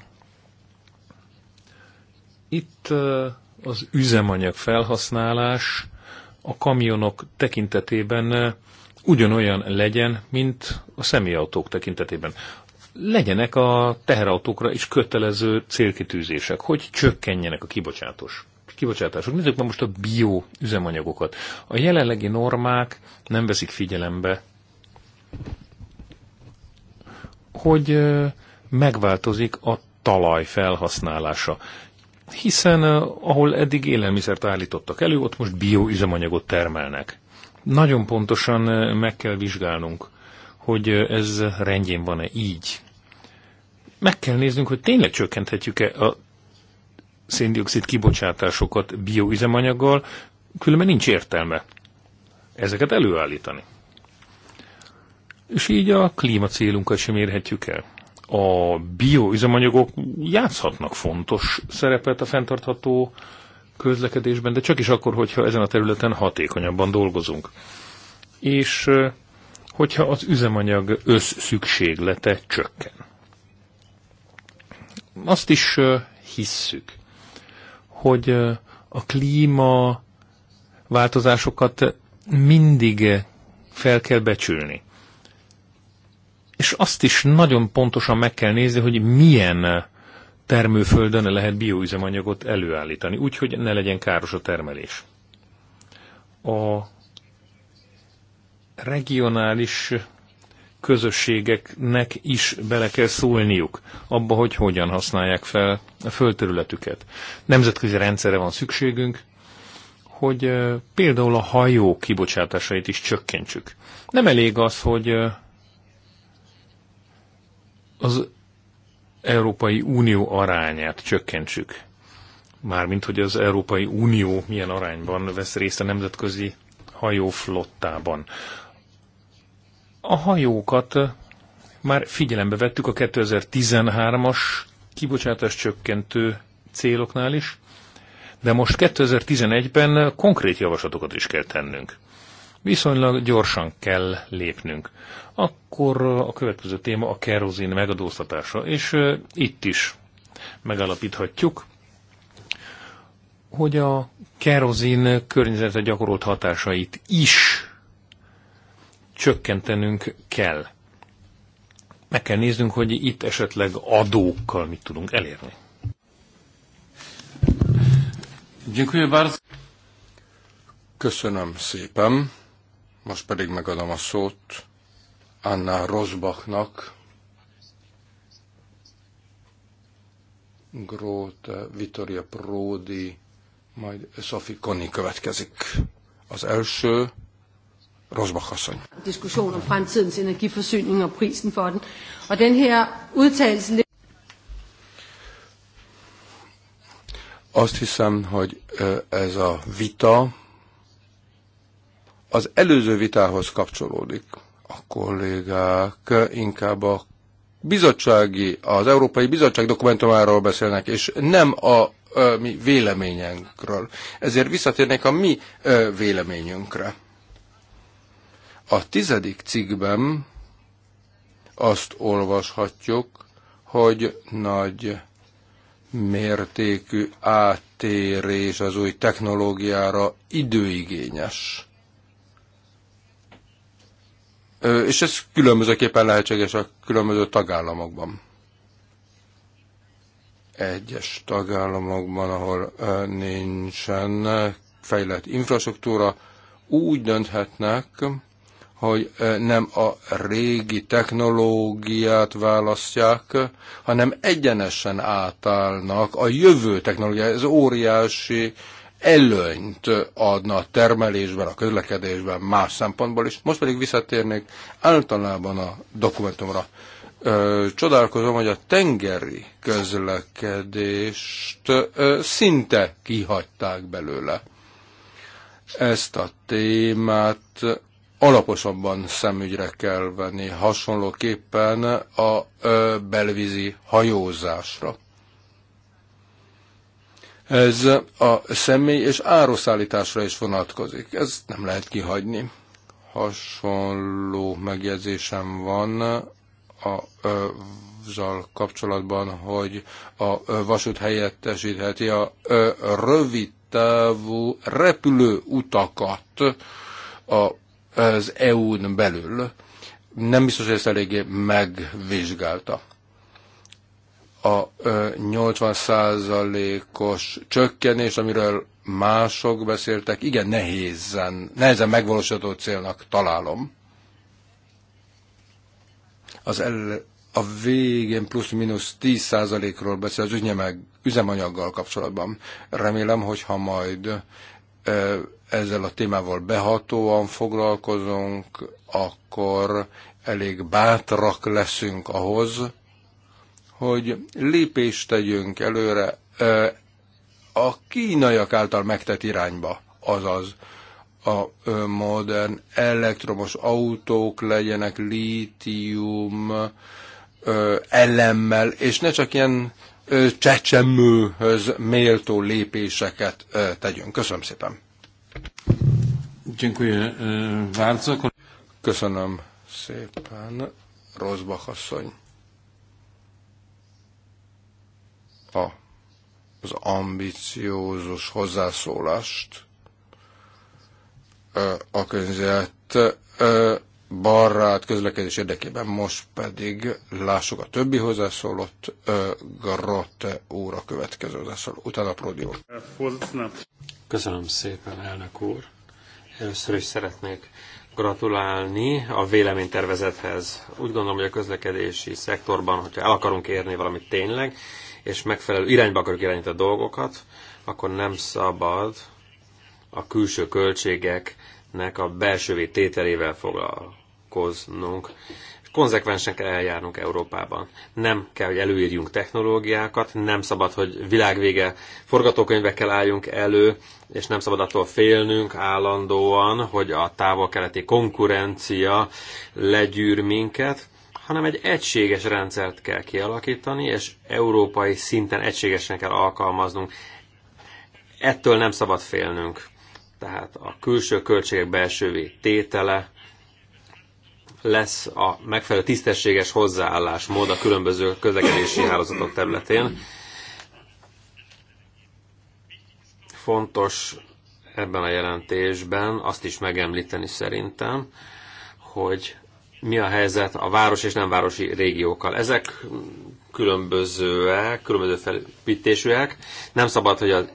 itt eh, az üzemanyag felhasználás a kamionok tekintetében eh, ugyanolyan legyen, mint a személyautók tekintetében. Legyenek a teherautókra is kötelező célkitűzések, hogy csökkenjenek a kibocsátós kibocsátások. Nézzük meg most a bio üzemanyagokat. A jelenlegi normák nem veszik figyelembe, hogy eh, megváltozik a talaj felhasználása hiszen ahol eddig élelmiszert állítottak elő, ott most bioüzemanyagot termelnek. Nagyon pontosan meg kell vizsgálnunk, hogy ez rendjén van-e így. Meg kell néznünk, hogy tényleg csökkenthetjük-e a széndiokszid kibocsátásokat bioüzemanyaggal, különben nincs értelme ezeket előállítani. És így a klímacélunkat sem érhetjük el a bioüzemanyagok játszhatnak fontos szerepet a fenntartható közlekedésben, de csak is akkor, hogyha ezen a területen hatékonyabban dolgozunk. És hogyha az üzemanyag összszükséglete csökken. Azt is hisszük, hogy a klíma változásokat mindig fel kell becsülni és azt is nagyon pontosan meg kell nézni, hogy milyen termőföldön lehet bioüzemanyagot előállítani, úgyhogy ne legyen káros a termelés. A regionális közösségeknek is bele kell szólniuk abba, hogy hogyan használják fel a földterületüket. Nemzetközi rendszerre van szükségünk, hogy például a hajó kibocsátásait is csökkentsük. Nem elég az, hogy az Európai Unió arányát csökkentsük. Mármint, hogy az Európai Unió milyen arányban vesz részt a nemzetközi hajóflottában. A hajókat már figyelembe vettük a 2013-as kibocsátás csökkentő céloknál is, de most 2011-ben konkrét javaslatokat is kell tennünk. Viszonylag gyorsan kell lépnünk. Akkor a következő téma a kerozin megadóztatása, és itt is megalapíthatjuk, hogy a kerozin környezetre gyakorolt hatásait is csökkentenünk kell. Meg kell néznünk, hogy itt esetleg adókkal mit tudunk elérni. Köszönöm szépen. Most pedig megadom a szót Anna Rosbachnak, Gróta, Vittoria Pródi, majd Sophie Koni következik. Az első Rosbach asszony. Diskussion om fremtidens energiforsyning og prisen for den. Og den her udtalelse azt hiszem, hogy ez a vita az előző vitához kapcsolódik. A kollégák inkább a bizottsági, az Európai Bizottság dokumentumáról beszélnek, és nem a ö, mi véleményünkről. Ezért visszatérnék a mi ö, véleményünkre. A tizedik cikkben azt olvashatjuk, hogy nagy mértékű áttérés az új technológiára időigényes és ez különbözőképpen lehetséges a különböző tagállamokban. Egyes tagállamokban, ahol nincsen fejlett infrastruktúra, úgy dönthetnek, hogy nem a régi technológiát választják, hanem egyenesen átállnak a jövő technológiája. Ez óriási előnyt adna a termelésben, a közlekedésben, más szempontból is. Most pedig visszatérnék általában a dokumentumra. csodálkozom, hogy a tengeri közlekedést szinte kihagyták belőle. Ezt a témát alaposabban szemügyre kell venni, hasonlóképpen a belvízi hajózásra ez a személy és áruszállításra is vonatkozik. Ez nem lehet kihagyni. Hasonló megjegyzésem van a ö, azzal kapcsolatban, hogy a vasút helyettesítheti a rövid távú repülőutakat az EU-n belül. Nem biztos, hogy ezt eléggé megvizsgálta a 80%-os csökkenés, amiről mások beszéltek, igen nehézen, nehezen megvalósítható célnak találom. Az el, a végén plusz-minusz 10%-ról beszél az ügyemeg, üzemanyaggal kapcsolatban. Remélem, hogy ha majd ezzel a témával behatóan foglalkozunk, akkor elég bátrak leszünk ahhoz, hogy lépést tegyünk előre a kínaiak által megtett irányba, azaz a modern elektromos autók legyenek lítium elemmel, és ne csak ilyen csecsemőhöz méltó lépéseket tegyünk. Köszönöm szépen. E, Köszönöm szépen, Rozbach asszony. a, az ambiciózus hozzászólást a között barát közlekedés érdekében. Most pedig lássuk a többi hozzászólott Grotte a következő hozzászóló. Utána pródió. Köszönöm szépen, elnök úr. Először is szeretnék gratulálni a véleménytervezethez. Úgy gondolom, hogy a közlekedési szektorban, hogyha el akarunk érni valamit tényleg, és megfelelő irányba akarjuk irányítani a dolgokat, akkor nem szabad a külső költségeknek a belsővé tételével foglalkoznunk. Konzekvensen kell eljárnunk Európában. Nem kell, hogy előírjunk technológiákat, nem szabad, hogy világvége forgatókönyvekkel álljunk elő, és nem szabad attól félnünk állandóan, hogy a távol-keleti konkurencia legyűr minket, hanem egy egységes rendszert kell kialakítani, és európai szinten egységesen kell alkalmaznunk. Ettől nem szabad félnünk. Tehát a külső költségek belsővé tétele lesz a megfelelő tisztességes mód a különböző közlekedési hálózatok területén. Fontos ebben a jelentésben azt is megemlíteni szerintem, hogy mi a helyzet a város és nem városi régiókkal. Ezek különbözőek, különböző felépítésűek. Nem szabad, hogy az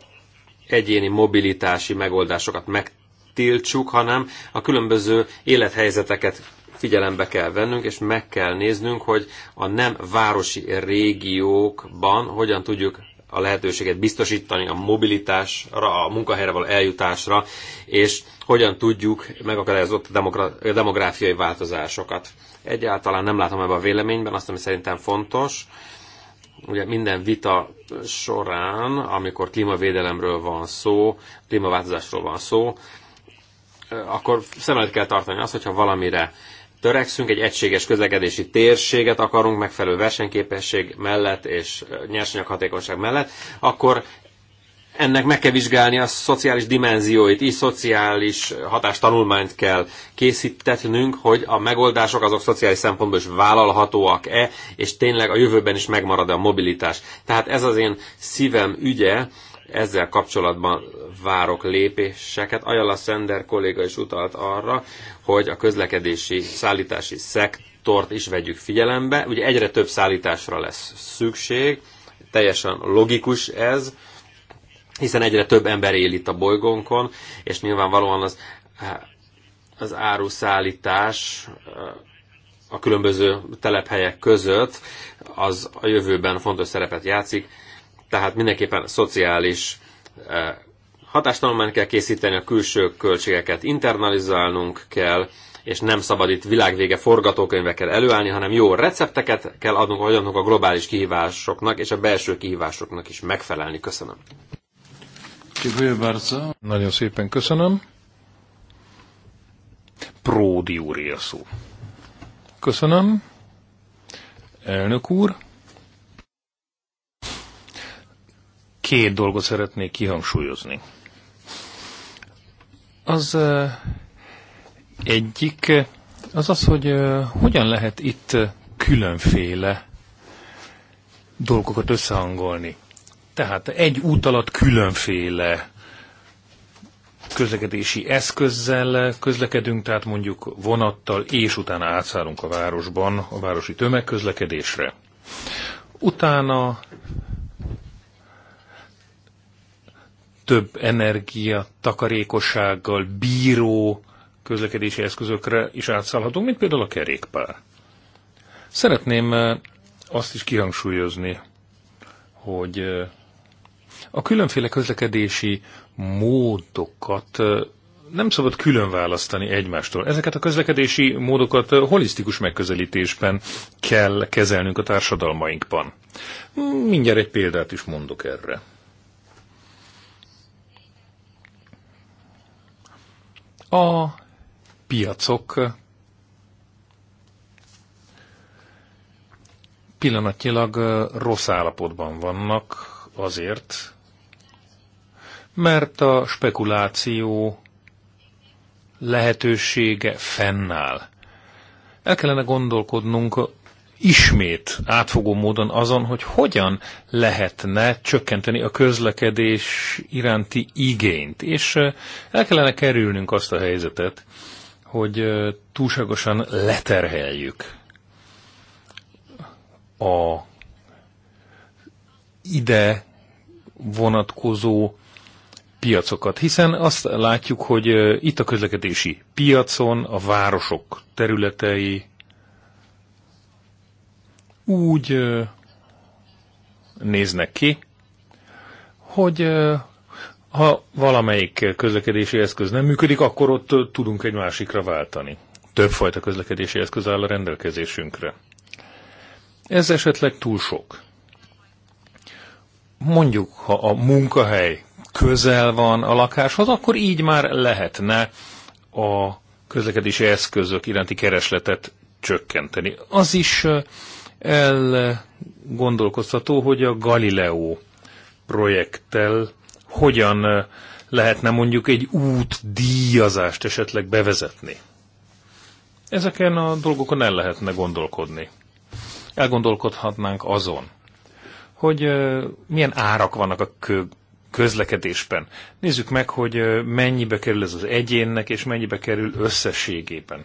egyéni mobilitási megoldásokat megtiltsuk, hanem a különböző élethelyzeteket figyelembe kell vennünk, és meg kell néznünk, hogy a nem városi régiókban hogyan tudjuk a lehetőséget biztosítani a mobilitásra, a munkahelyre való eljutásra, és hogyan tudjuk megakadályozni a demográfiai változásokat. Egyáltalán nem látom ebben a véleményben azt, ami szerintem fontos, ugye minden vita során, amikor klímavédelemről van szó, klímaváltozásról van szó, akkor szem előtt kell tartani azt, hogyha valamire törekszünk, egy egységes közlekedési térséget akarunk megfelelő versenyképesség mellett és nyersanyaghatékonyság mellett, akkor ennek meg kell vizsgálni a szociális dimenzióit, így szociális hatástanulmányt kell készítetnünk, hogy a megoldások azok szociális szempontból is vállalhatóak-e, és tényleg a jövőben is megmarad -e a mobilitás. Tehát ez az én szívem ügye, ezzel kapcsolatban várok lépéseket. Ajala Szender kolléga is utalt arra, hogy a közlekedési, szállítási szektort is vegyük figyelembe. Ugye egyre több szállításra lesz szükség, teljesen logikus ez, hiszen egyre több ember él itt a bolygónkon, és nyilvánvalóan az, az áruszállítás a különböző telephelyek között az a jövőben fontos szerepet játszik. Tehát mindenképpen szociális eh, hatástanulmányt kell készíteni, a külső költségeket internalizálnunk kell, és nem szabad itt világvége forgatókönyvekkel előállni, hanem jó recepteket kell adnunk, olyanok a globális kihívásoknak és a belső kihívásoknak is megfelelni. Köszönöm. Nagyon szépen köszönöm. Pródi úr szó. Köszönöm. Elnök úr. két dolgot szeretnék kihangsúlyozni. Az egyik az az, hogy hogyan lehet itt különféle dolgokat összehangolni. Tehát egy út alatt különféle közlekedési eszközzel közlekedünk, tehát mondjuk vonattal, és utána átszállunk a városban a városi tömegközlekedésre. Utána több energia takarékossággal bíró közlekedési eszközökre is átszállhatunk, mint például a kerékpár. Szeretném eh, azt is kihangsúlyozni, hogy eh, a különféle közlekedési módokat eh, nem szabad külön választani egymástól. Ezeket a közlekedési módokat holisztikus megközelítésben kell kezelnünk a társadalmainkban. Mindjárt egy példát is mondok erre. A piacok pillanatnyilag rossz állapotban vannak azért, mert a spekuláció lehetősége fennáll. El kellene gondolkodnunk ismét átfogó módon azon, hogy hogyan lehetne csökkenteni a közlekedés iránti igényt. És el kellene kerülnünk azt a helyzetet, hogy túlságosan leterheljük a ide vonatkozó piacokat, hiszen azt látjuk, hogy itt a közlekedési piacon a városok területei úgy néznek ki, hogy ha valamelyik közlekedési eszköz nem működik, akkor ott tudunk egy másikra váltani. Többfajta közlekedési eszköz áll a rendelkezésünkre. Ez esetleg túl sok. Mondjuk, ha a munkahely közel van a lakáshoz, akkor így már lehetne a közlekedési eszközök iránti keresletet csökkenteni. Az is elgondolkoztató, hogy a Galileo projekttel hogyan eh, lehetne mondjuk egy út díjazást esetleg bevezetni. Ezeken a dolgokon el lehetne gondolkodni. Elgondolkodhatnánk azon, hogy eh, milyen árak vannak a közlekedésben. Nézzük meg, hogy eh, mennyibe kerül ez az egyénnek, és mennyibe kerül összességében.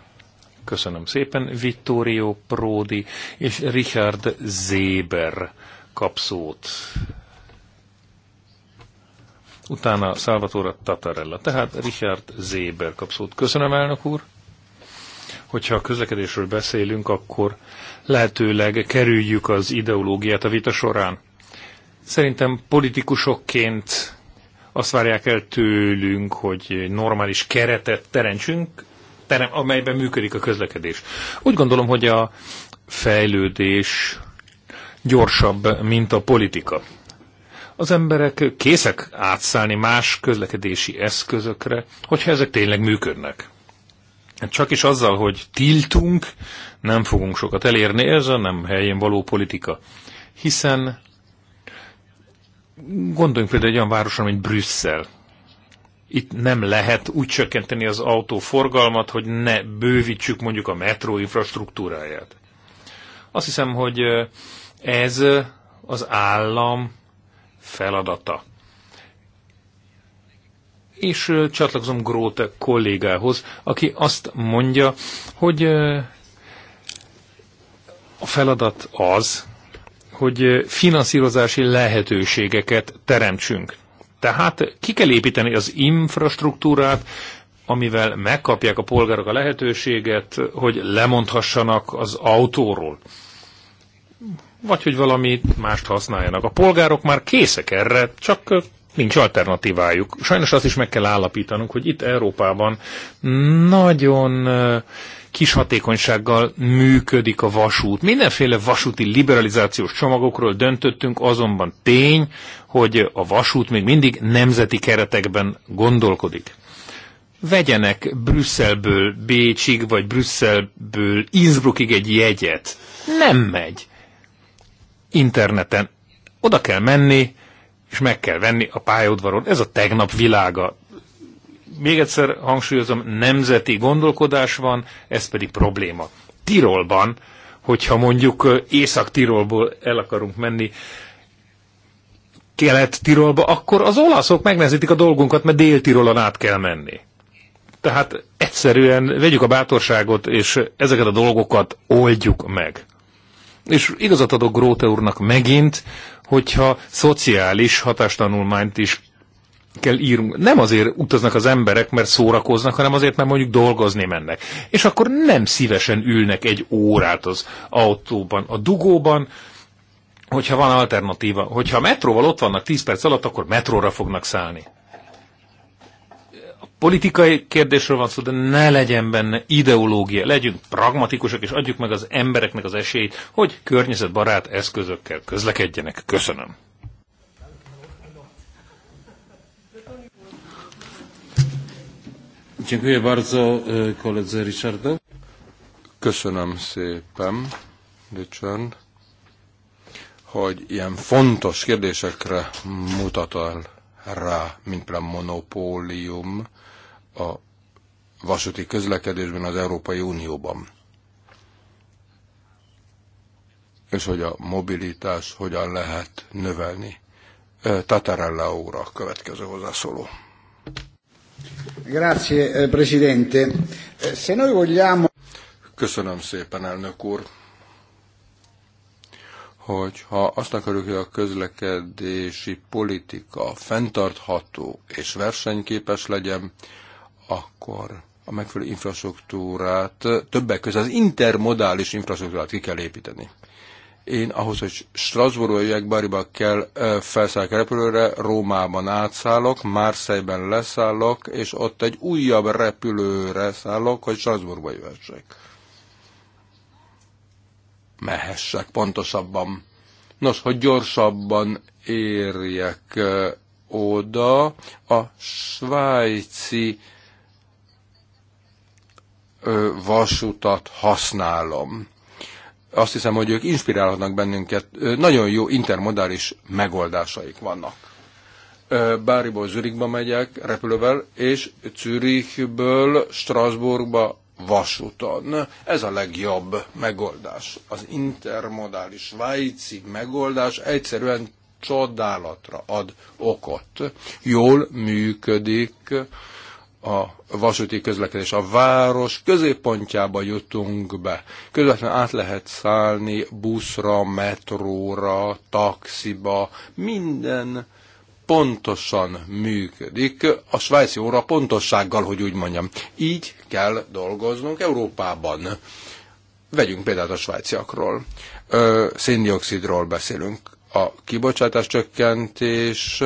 Köszönöm szépen. Vittorio Prodi és Richard Zéber kap szót. Utána Salvatore Tatarella. Tehát Richard Zéber kap szót. Köszönöm, elnök úr. Hogyha a közlekedésről beszélünk, akkor lehetőleg kerüljük az ideológiát a vita során. Szerintem politikusokként azt várják el tőlünk, hogy normális keretet teremtsünk, terem, amelyben működik a közlekedés. Úgy gondolom, hogy a fejlődés gyorsabb, mint a politika. Az emberek készek átszállni más közlekedési eszközökre, hogyha ezek tényleg működnek. Csak is azzal, hogy tiltunk, nem fogunk sokat elérni, ez a nem helyén való politika. Hiszen gondoljunk például egy olyan városra, mint Brüsszel itt nem lehet úgy csökkenteni az autóforgalmat, hogy ne bővítsük mondjuk a metró infrastruktúráját. Azt hiszem, hogy ez az állam feladata. És csatlakozom Grote kollégához, aki azt mondja, hogy a feladat az, hogy finanszírozási lehetőségeket teremtsünk. Tehát ki kell építeni az infrastruktúrát, amivel megkapják a polgárok a lehetőséget, hogy lemondhassanak az autóról. Vagy hogy valami mást használjanak. A polgárok már készek erre, csak nincs alternatívájuk. Sajnos azt is meg kell állapítanunk, hogy itt Európában nagyon kis hatékonysággal működik a vasút. Mindenféle vasúti liberalizációs csomagokról döntöttünk, azonban tény, hogy a vasút még mindig nemzeti keretekben gondolkodik. Vegyenek Brüsszelből Bécsig, vagy Brüsszelből Innsbruckig egy jegyet. Nem megy. Interneten oda kell menni, és meg kell venni a pályaudvaron. Ez a tegnap világa még egyszer hangsúlyozom, nemzeti gondolkodás van, ez pedig probléma. Tirolban, hogyha mondjuk Észak-Tirolból el akarunk menni Kelet-Tirolba, akkor az olaszok megnehezítik a dolgunkat, mert Dél-Tirolon át kell menni. Tehát egyszerűen vegyük a bátorságot, és ezeket a dolgokat oldjuk meg. És igazat adok Gróte úrnak megint, hogyha szociális hatástanulmányt is kell írunk. Nem azért utaznak az emberek, mert szórakoznak, hanem azért, mert mondjuk dolgozni mennek. És akkor nem szívesen ülnek egy órát az autóban, a dugóban, hogyha van alternatíva. Hogyha a metróval ott vannak 10 perc alatt, akkor metróra fognak szállni. A politikai kérdésről van szó, de ne legyen benne ideológia, legyünk pragmatikusak, és adjuk meg az embereknek az esélyt, hogy környezetbarát eszközökkel közlekedjenek. Köszönöm. Dziękuję bardzo e, koledze Richardowi. Köszönöm szépen, Richard, hogy ilyen fontos kérdésekre mutatol rá, mint például monopólium a vasúti közlekedésben az Európai Unióban. És hogy a mobilitás hogyan lehet növelni. E, Tatarella óra következő hozzászóló. Grazie, eh, Presidente. Eh, se noi vogliamo... Köszönöm szépen, elnök úr. Hogyha azt akarjuk, hogy a közlekedési politika fenntartható és versenyképes legyen, akkor a megfelelő infrastruktúrát, többek között az intermodális infrastruktúrát ki kell építeni. Én ahhoz, hogy Strasbourgba jöjjek, Bariba kell felszállok a repülőre, Rómában átszállok, Márszejben leszállok, és ott egy újabb repülőre szállok, hogy Strasbourgba jöhessek. Mehessek pontosabban. Nos, hogy gyorsabban érjek oda, a svájci vasútat használom. Azt hiszem, hogy ők inspirálhatnak bennünket. Nagyon jó intermodális megoldásaik vannak. Báriból Zürichbe megyek repülővel, és Zürichből Strasbourgba vasúton. Ez a legjobb megoldás. Az intermodális svájci megoldás egyszerűen csodálatra ad okot. Jól működik a vasúti közlekedés. A város középpontjába jutunk be. Közvetlenül át lehet szállni buszra, metróra, taxiba, minden pontosan működik, a svájci óra pontossággal, hogy úgy mondjam. Így kell dolgoznunk Európában. Vegyünk példát a svájciakról. széndiokszidról beszélünk. A kibocsátás csökkentés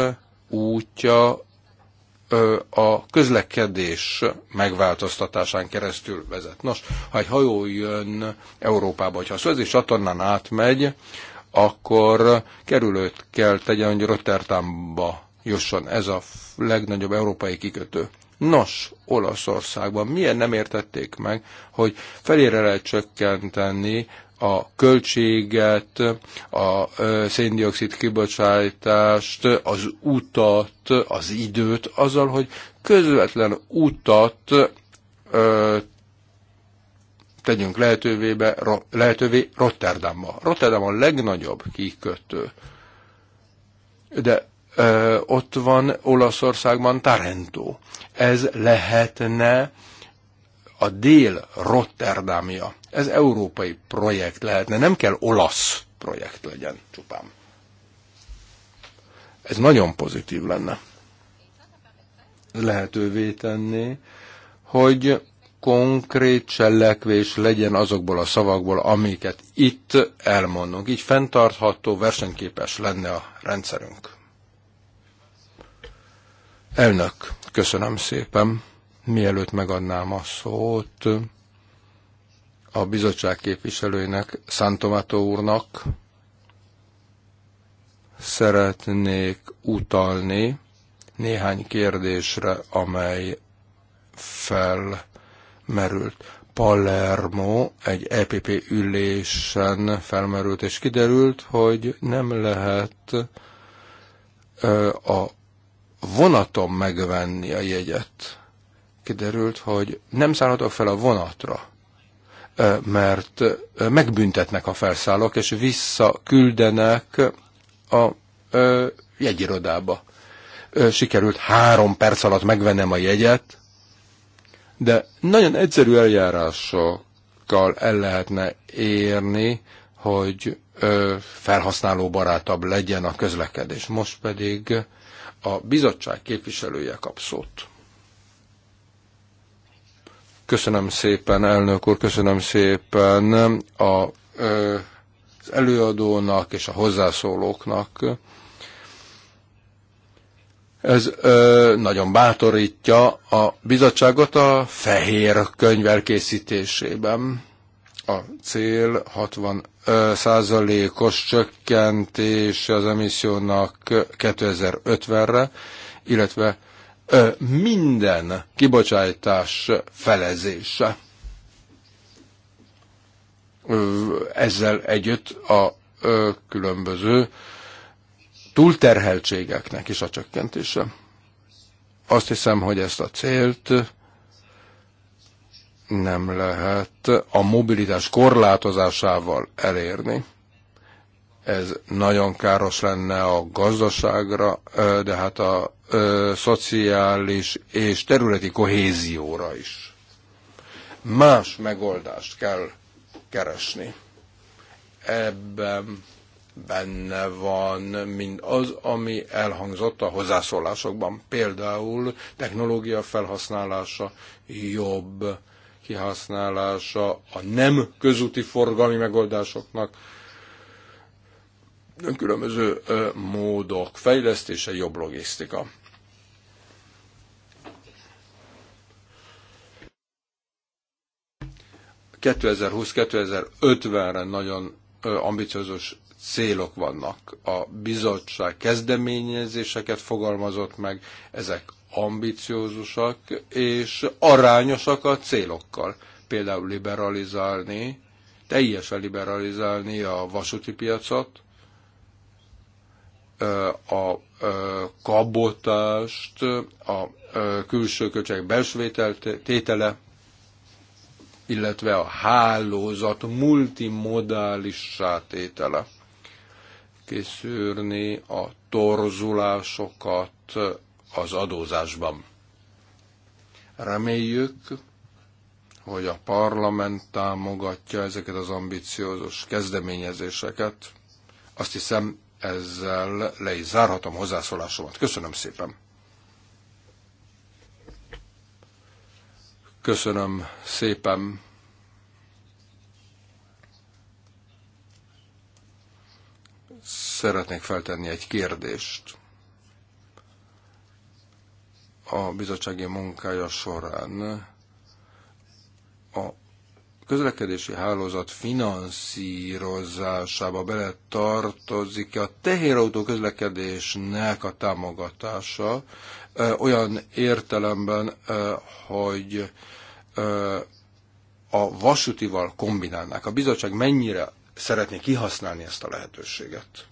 útja a közlekedés megváltoztatásán keresztül vezet. Nos, ha egy hajó jön Európába, hogyha a szövezés csatornán átmegy, akkor kerülőt kell tegyen, hogy Rotterdamba jusson ez a legnagyobb európai kikötő. Nos, Olaszországban milyen nem értették meg, hogy felére lehet csökkenteni a költséget, a széndiokszid kibocsátást, az utat, az időt, azzal, hogy közvetlen utat ö, tegyünk lehetővé, be, ro, lehetővé Rotterdamba. Rotterdam a legnagyobb kikötő. De ö, ott van Olaszországban Tarento. Ez lehetne a dél-Rotterdamia. Ez európai projekt lehetne, nem kell olasz projekt legyen csupán. Ez nagyon pozitív lenne. Lehetővé tenni, hogy konkrét cselekvés legyen azokból a szavakból, amiket itt elmondunk. Így fenntartható, versenyképes lenne a rendszerünk. Elnök, köszönöm szépen. Mielőtt megadnám a szót a bizottság képviselőinek, Szántomátó úrnak, szeretnék utalni néhány kérdésre, amely felmerült. Palermo egy EPP ülésen felmerült, és kiderült, hogy nem lehet a vonaton megvenni a jegyet kiderült, hogy nem szállhatok fel a vonatra, mert megbüntetnek, a felszállók és visszaküldenek a jegyirodába. Sikerült három perc alatt megvennem a jegyet, de nagyon egyszerű eljárásokkal el lehetne érni, hogy felhasználó barátabb legyen a közlekedés. Most pedig a bizottság képviselője kap szót. Köszönöm szépen, elnök úr, köszönöm szépen a, az előadónak és a hozzászólóknak. Ez ö, nagyon bátorítja a bizottságot a fehér könyv elkészítésében. A cél 60 ö, százalékos csökkentés az emissziónak 2050-re, illetve minden kibocsátás felezése. Ezzel együtt a különböző túlterheltségeknek is a csökkentése. Azt hiszem, hogy ezt a célt nem lehet a mobilitás korlátozásával elérni. Ez nagyon káros lenne a gazdaságra, de hát a szociális és területi kohézióra is. Más megoldást kell keresni. Ebben benne van mind az, ami elhangzott a hozzászólásokban, például technológia felhasználása, jobb kihasználása, a nem közúti forgalmi megoldásoknak, különböző módok fejlesztése, jobb logisztika. ...2020-2050-re nagyon ambiciózus célok vannak. A bizottság kezdeményezéseket fogalmazott meg, ezek ambiciózusak és arányosak a célokkal. Például liberalizálni, teljesen liberalizálni a vasúti piacot, a kabotást, a külső költségek belső tétele, illetve a hálózat multimodális tétele. Készülni a torzulásokat az adózásban. Reméljük, hogy a parlament támogatja ezeket az ambiciózus kezdeményezéseket. Azt hiszem, ezzel le is zárhatom hozzászólásomat. Köszönöm szépen! Köszönöm szépen! Szeretnék feltenni egy kérdést. A bizottsági munkája során közlekedési hálózat finanszírozásába bele tartozik a teherautó közlekedésnek a támogatása olyan értelemben, hogy a vasútival kombinálnák. A bizottság mennyire szeretné kihasználni ezt a lehetőséget?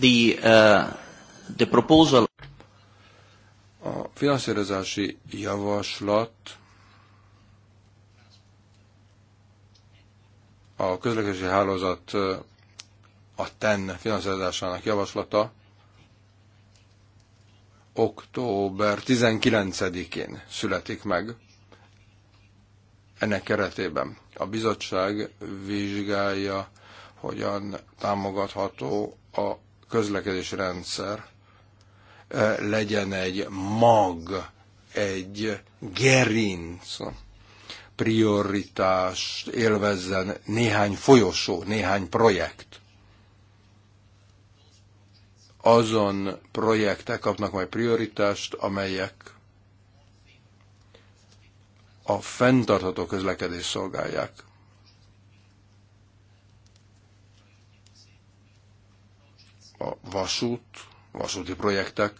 the, uh, the proposal. A finanszírozási javaslat a közlekedési hálózat uh, a TEN finanszírozásának javaslata október 19-én születik meg. Ennek keretében a bizottság vizsgálja, hogyan támogatható a közlekedési rendszer eh, legyen egy mag, egy gerinc prioritást élvezzen néhány folyosó, néhány projekt. Azon projektek kapnak majd prioritást, amelyek a fenntartható közlekedés szolgálják. a vasút, vasúti projektek,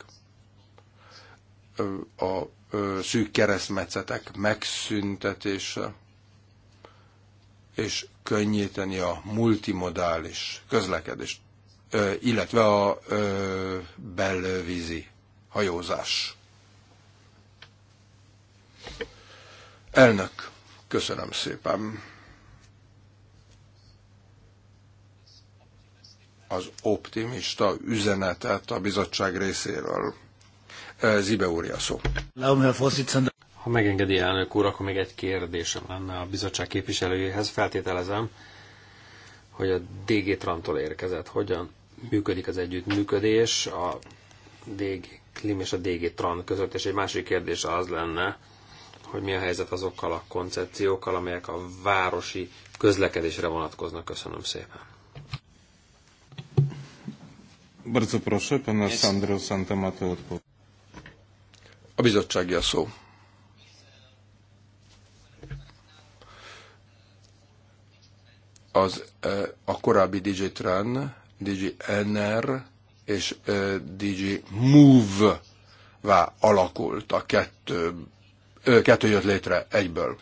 a szűk keresztmetszetek megszüntetése, és könnyíteni a multimodális közlekedést, illetve a belvízi hajózás. Elnök, köszönöm szépen. az optimista üzenetet a bizottság részéről. Zibe úr, szó. Ha megengedi elnök úr, akkor még egy kérdésem lenne a bizottság képviselőjéhez. Feltételezem, hogy a DG Trantól érkezett. Hogyan működik az együttműködés a DG Klim és a DG Tran között? És egy másik kérdés az lenne, hogy mi a helyzet azokkal a koncepciókkal, amelyek a városi közlekedésre vonatkoznak. Köszönöm szépen. Bardzo proszę, pana Sandro Santamato odpowiedź. A bizottsági a szó. Az, e, a korábbi DJ Tran, DJ NR és e, DJ Move vá alakult. A kettő, kettő jött létre egyből.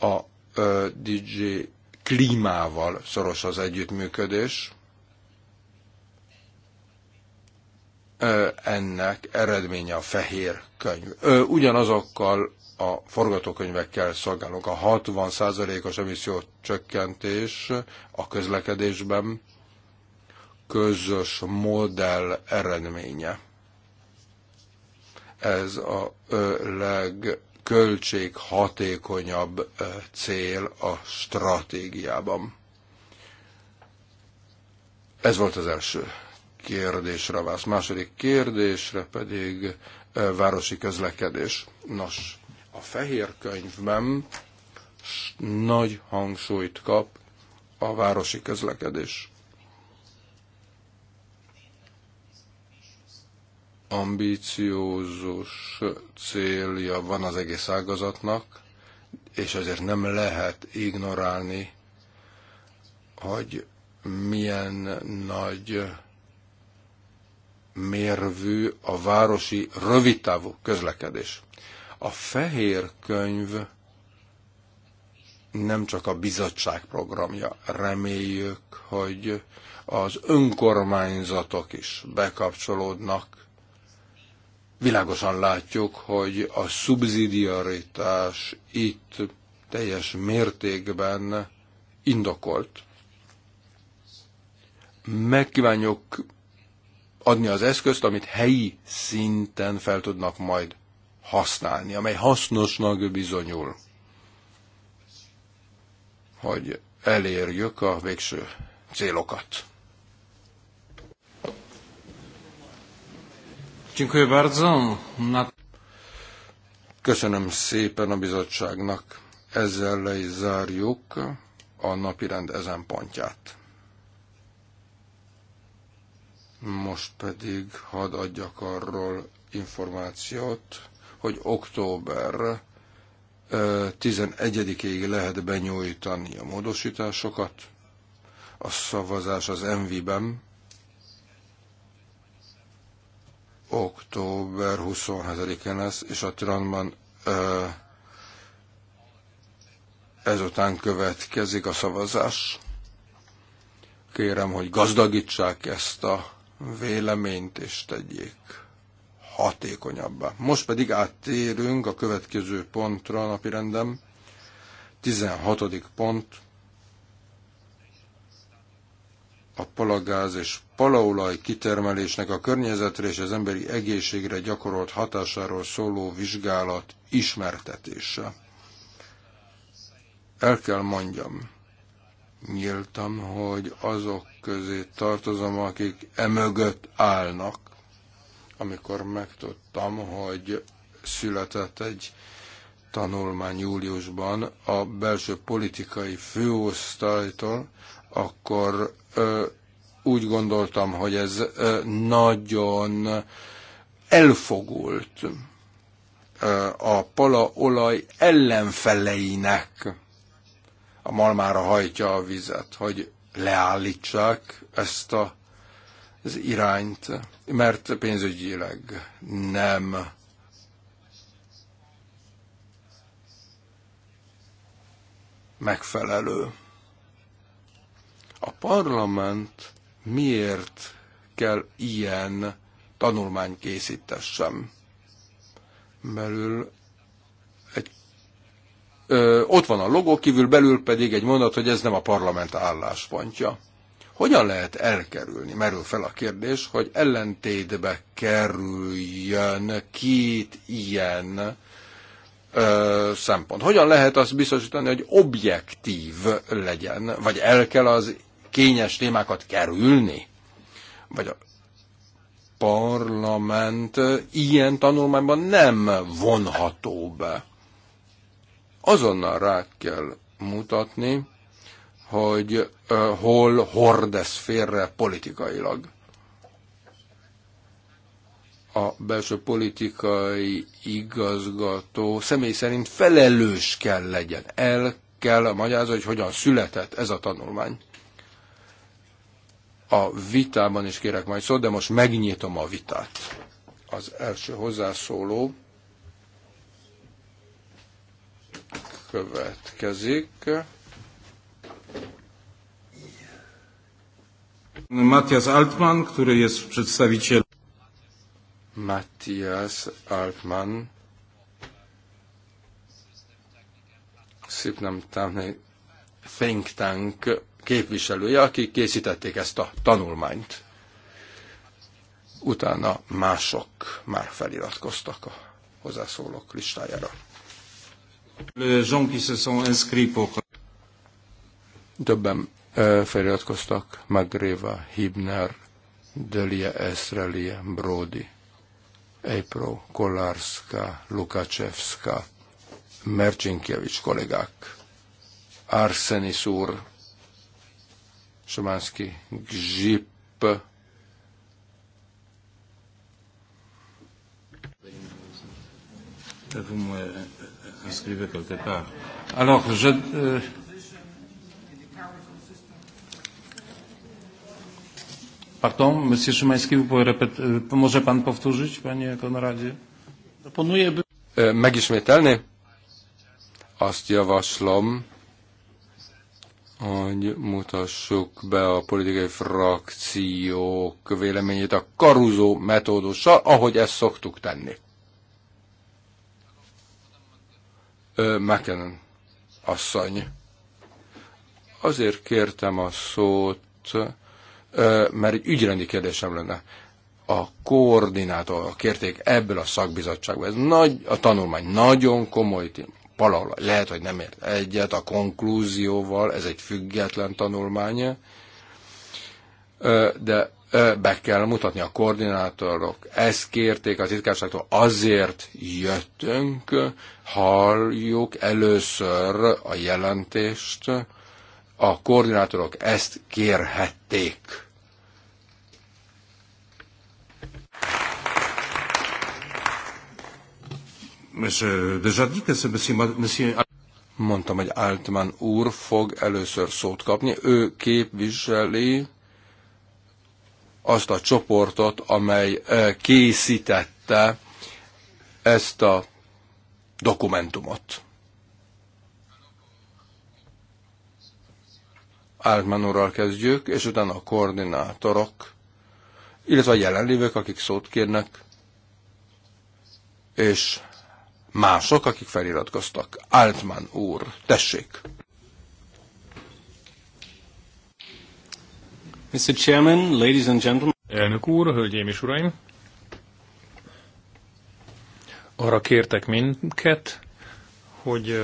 A e, DJ klímával szoros az együttműködés ennek eredménye a fehér könyv. Ugyanazokkal a forgatókönyvekkel szolgálunk. A 60%-os emisszió csökkentés a közlekedésben közös modell eredménye. Ez a legköltséghatékonyabb cél a stratégiában. Ez volt az első kérdésre válasz. Második kérdésre pedig városi közlekedés. Nos, a fehér könyvben nagy hangsúlyt kap a városi közlekedés. Ambíciózus célja van az egész ágazatnak, és azért nem lehet ignorálni, hogy milyen nagy mérvű a városi rövidtávú közlekedés. A fehér könyv nem csak a bizottság programja. Reméljük, hogy az önkormányzatok is bekapcsolódnak. Világosan látjuk, hogy a szubszidiaritás itt teljes mértékben indokolt. Megkívánjuk adni az eszközt, amit helyi szinten fel tudnak majd használni, amely hasznosnak bizonyul, hogy elérjük a végső célokat. Köszönöm szépen a bizottságnak. Ezzel le is zárjuk a napirend ezen pontját. Most pedig hadd adjak arról információt, hogy október 11-ig lehet benyújtani a módosításokat. A szavazás az MV-ben október 27-én lesz, és a Tranban ezután következik a szavazás. Kérem, hogy gazdagítsák ezt a véleményt is tegyék hatékonyabbá. Most pedig áttérünk a következő pontra a napirendem. 16. pont a palagáz és palaolaj kitermelésnek a környezetre és az emberi egészségre gyakorolt hatásáról szóló vizsgálat ismertetése. El kell mondjam, nyíltam, hogy azok közé tartozom, akik emögött állnak. Amikor megtudtam, hogy született egy tanulmány júliusban a belső politikai főosztálytól, akkor ö, úgy gondoltam, hogy ez ö, nagyon elfogult ö, a palaolaj ellenfeleinek a malmára hajtja a vizet, hogy leállítsák ezt a, az irányt, mert pénzügyileg nem megfelelő. A parlament miért kell ilyen tanulmány készítessem? Belül ö, ott van a logó, kívül belül pedig egy mondat, hogy ez nem a parlament álláspontja. Hogyan lehet elkerülni, merül fel a kérdés, hogy ellentétbe kerüljön két ilyen ö, szempont. Hogyan lehet azt biztosítani, hogy objektív legyen, vagy el kell az kényes témákat kerülni? Vagy a parlament ilyen tanulmányban nem vonható be azonnal rá kell mutatni, hogy hol hordesz félre politikailag. A belső politikai igazgató személy szerint felelős kell legyen. El kell magyarázni, hogy hogyan született ez a tanulmány. A vitában is kérek majd szót, de most megnyitom a vitát. Az első hozzászóló következik. Matthias Altman, który jest przedstawicielem. Matthias Altman. Szép nem think tank képviselője, akik készítették ezt a tanulmányt. Utána mások már feliratkoztak a hozzászólók listájára. Többen feliratkoztak, Magréva, Hibner, Delia Estrelia, Brody, April, Kolarska, Lukacevska, Mercinkiewicz kollégák, Arsenis úr, Sománszki, Gzsip, Tehát, inscrivait quelque part. E, Alors, je. Euh, Pardon, Monsieur Szymański, vous pouvez répéter, może Pan powtórzyć, Panie Konradzie? Proponuję, e, Megismételni? Azt javaslom, hogy mutassuk be a politikai frakciók véleményét a karuzó metódussal, ahogy ezt szoktuk tenni. McKinnon asszony. Azért kértem a szót, mert egy ügyrendi kérdésem lenne. A koordinátor kérték ebből a szakbizottságból. Ez nagy, a tanulmány nagyon komoly tém. Palala, lehet, hogy nem ért egyet a konklúzióval, ez egy független tanulmány, de be kell mutatni a koordinátorok. Ezt kérték az titkárságtól, azért jöttünk, halljuk először a jelentést, a koordinátorok ezt kérhették. Mondtam, hogy Altman úr fog először szót kapni. Ő képviseli azt a csoportot, amely készítette ezt a dokumentumot. Altman úrral kezdjük, és utána a koordinátorok, illetve a jelenlévők, akik szót kérnek, és mások, akik feliratkoztak. Altman úr, tessék! Mr. Chairman, ladies and gentlemen. Elnök úr, hölgyeim és uraim! Arra kértek minket, hogy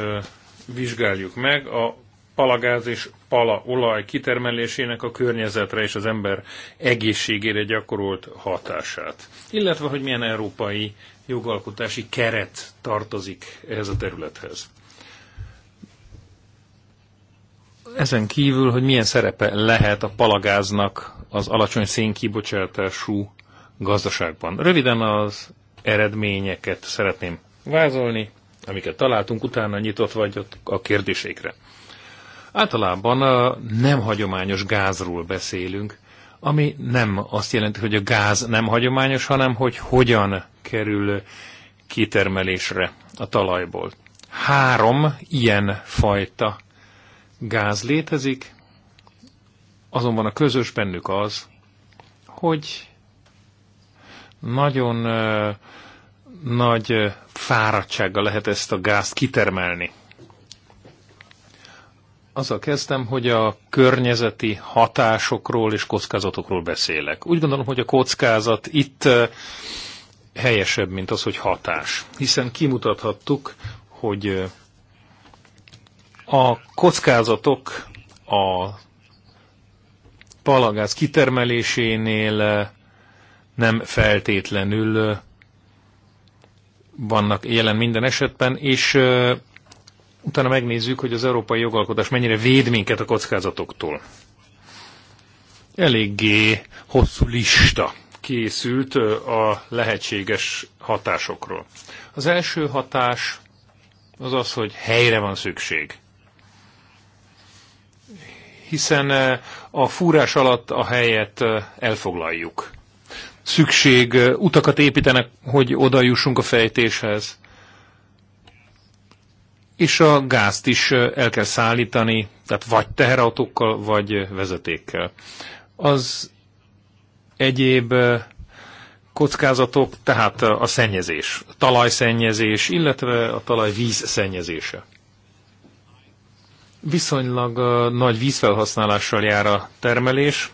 vizsgáljuk meg a palagáz és olaj kitermelésének a környezetre és az ember egészségére gyakorolt hatását. Illetve, hogy milyen európai jogalkotási keret tartozik ehhez a területhez. ezen kívül, hogy milyen szerepe lehet a palagáznak az alacsony szénkibocsátású gazdaságban. Röviden az eredményeket szeretném vázolni, amiket találtunk, utána nyitott vagyok a kérdésekre. Általában a nem hagyományos gázról beszélünk, ami nem azt jelenti, hogy a gáz nem hagyományos, hanem hogy hogyan kerül kitermelésre a talajból. Három ilyen fajta gáz létezik, azonban a közös bennük az, hogy nagyon ö, nagy uh, fáradtsággal lehet ezt a gázt kitermelni. Azzal kezdtem, hogy a környezeti hatásokról és kockázatokról beszélek. Úgy gondolom, hogy a kockázat itt ö, helyesebb, mint az, hogy hatás. Hiszen kimutathattuk, hogy a kockázatok a palagáz kitermelésénél eh, nem feltétlenül eh, vannak jelen minden esetben, és eh, utána megnézzük, hogy az európai jogalkotás mennyire véd minket a kockázatoktól. Eléggé hosszú lista készült a lehetséges hatásokról. Az első hatás az az, hogy helyre van szükség hiszen eh, a fúrás alatt a helyet eh, elfoglaljuk. Szükség, eh, utakat építenek, hogy oda jussunk a fejtéshez. És a gázt is el kell szállítani, tehát vagy teherautókkal, vagy vezetékkel. Az egyéb kockázatok, tehát a szennyezés, a talajszennyezés, illetve a talajvíz szennyezése. Viszonylag nagy vízfelhasználással jár a termelés,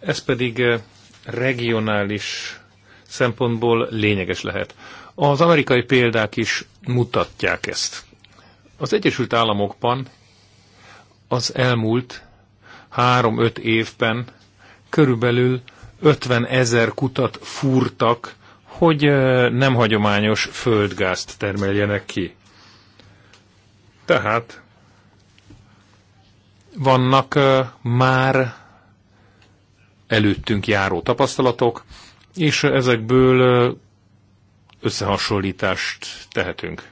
ez pedig regionális szempontból lényeges lehet. Az amerikai példák is mutatják ezt. Az Egyesült Államokban az elmúlt három-öt évben körülbelül 50 ezer kutat fúrtak, hogy nem hagyományos földgázt termeljenek ki. Tehát vannak már előttünk járó tapasztalatok, és ezekből összehasonlítást tehetünk.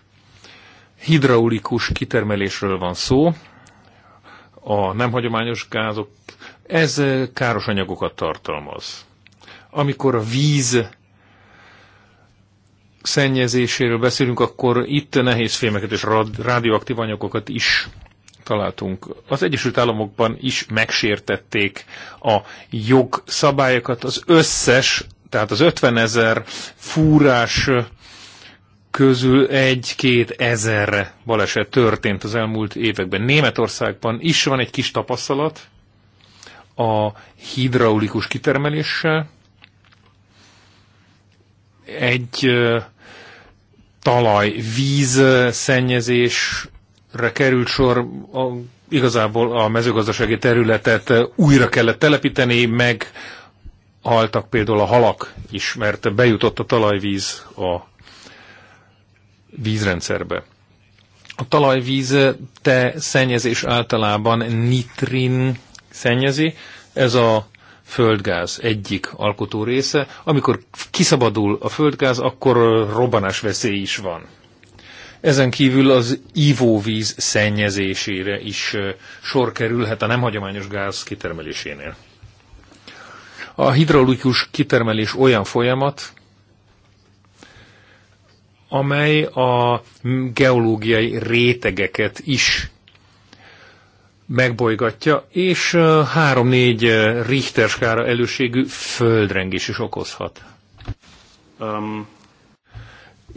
Hidraulikus kitermelésről van szó, a nem hagyományos gázok, ez káros anyagokat tartalmaz. Amikor a víz szennyezéséről beszélünk, akkor itt nehéz fémeket és radioaktív anyagokat is találtunk. Az Egyesült Államokban is megsértették a jogszabályokat, az összes, tehát az 50 ezer fúrás közül egy-két ezerre baleset történt az elmúlt években. Németországban is van egy kis tapasztalat a hidraulikus kitermeléssel. Egy talaj, víz szennyezés re került sor, a, igazából a mezőgazdasági területet e, újra kellett telepíteni, meg haltak például a halak is, mert bejutott a talajvíz a vízrendszerbe. A talajvíz e, te szennyezés általában nitrin szennyezi, ez a földgáz egyik alkotó része. Amikor kiszabadul a földgáz, akkor e, robbanás veszély is van. Ezen kívül az ivóvíz szennyezésére is sor kerülhet a nem hagyományos gáz kitermelésénél. A hidraulikus kitermelés olyan folyamat, amely a geológiai rétegeket is megbolygatja, és 3-4 Richter skára előségű földrengés is okozhat. Um.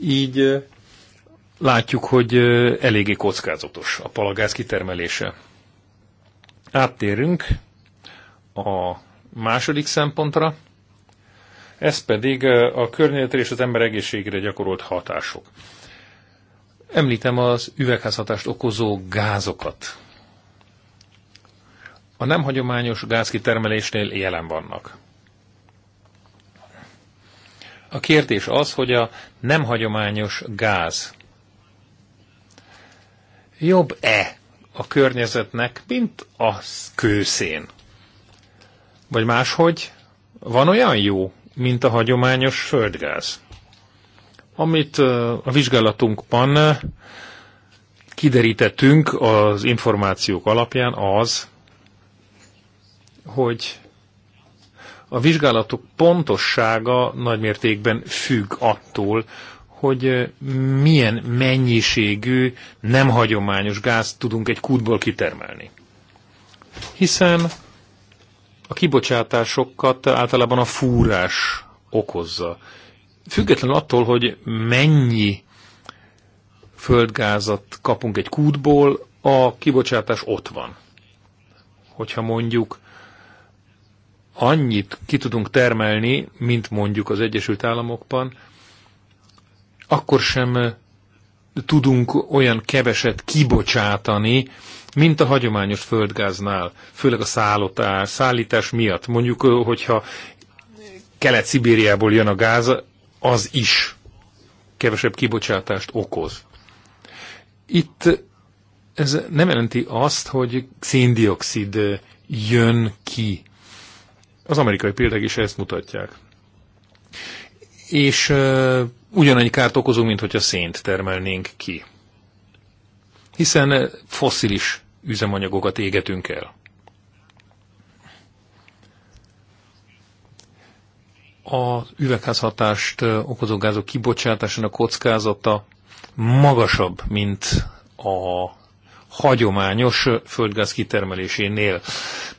Így látjuk, hogy eléggé kockázatos a palagáz kitermelése. Áttérünk a második szempontra, ez pedig a környezetre és az ember egészségére gyakorolt hatások. Említem az üvegházhatást okozó gázokat. A nem hagyományos gázkitermelésnél jelen vannak. A kérdés az, hogy a nem hagyományos gáz jobb-e a környezetnek, mint a kőszén? Vagy máshogy, van olyan jó, mint a hagyományos földgáz? Amit a vizsgálatunkban kiderítettünk az információk alapján az, hogy a vizsgálatok pontossága nagymértékben függ attól, hogy milyen mennyiségű nem hagyományos gázt tudunk egy kútból kitermelni. Hiszen a kibocsátásokat általában a fúrás okozza. Függetlenül attól, hogy mennyi földgázat kapunk egy kútból, a kibocsátás ott van. Hogyha mondjuk annyit ki tudunk termelni, mint mondjuk az Egyesült Államokban, akkor sem tudunk olyan keveset kibocsátani, mint a hagyományos földgáznál, főleg a szállotás, szállítás miatt. Mondjuk, hogyha Kelet-Szibériából jön a gáz, az is kevesebb kibocsátást okoz. Itt ez nem jelenti azt, hogy széndiokszid jön ki. Az amerikai példák is ezt mutatják. És ugyanannyi kárt okozunk, mint hogyha szént termelnénk ki. Hiszen fosszilis üzemanyagokat égetünk el. A üvegházhatást okozó gázok kibocsátásának kockázata magasabb, mint a hagyományos földgáz kitermelésénél.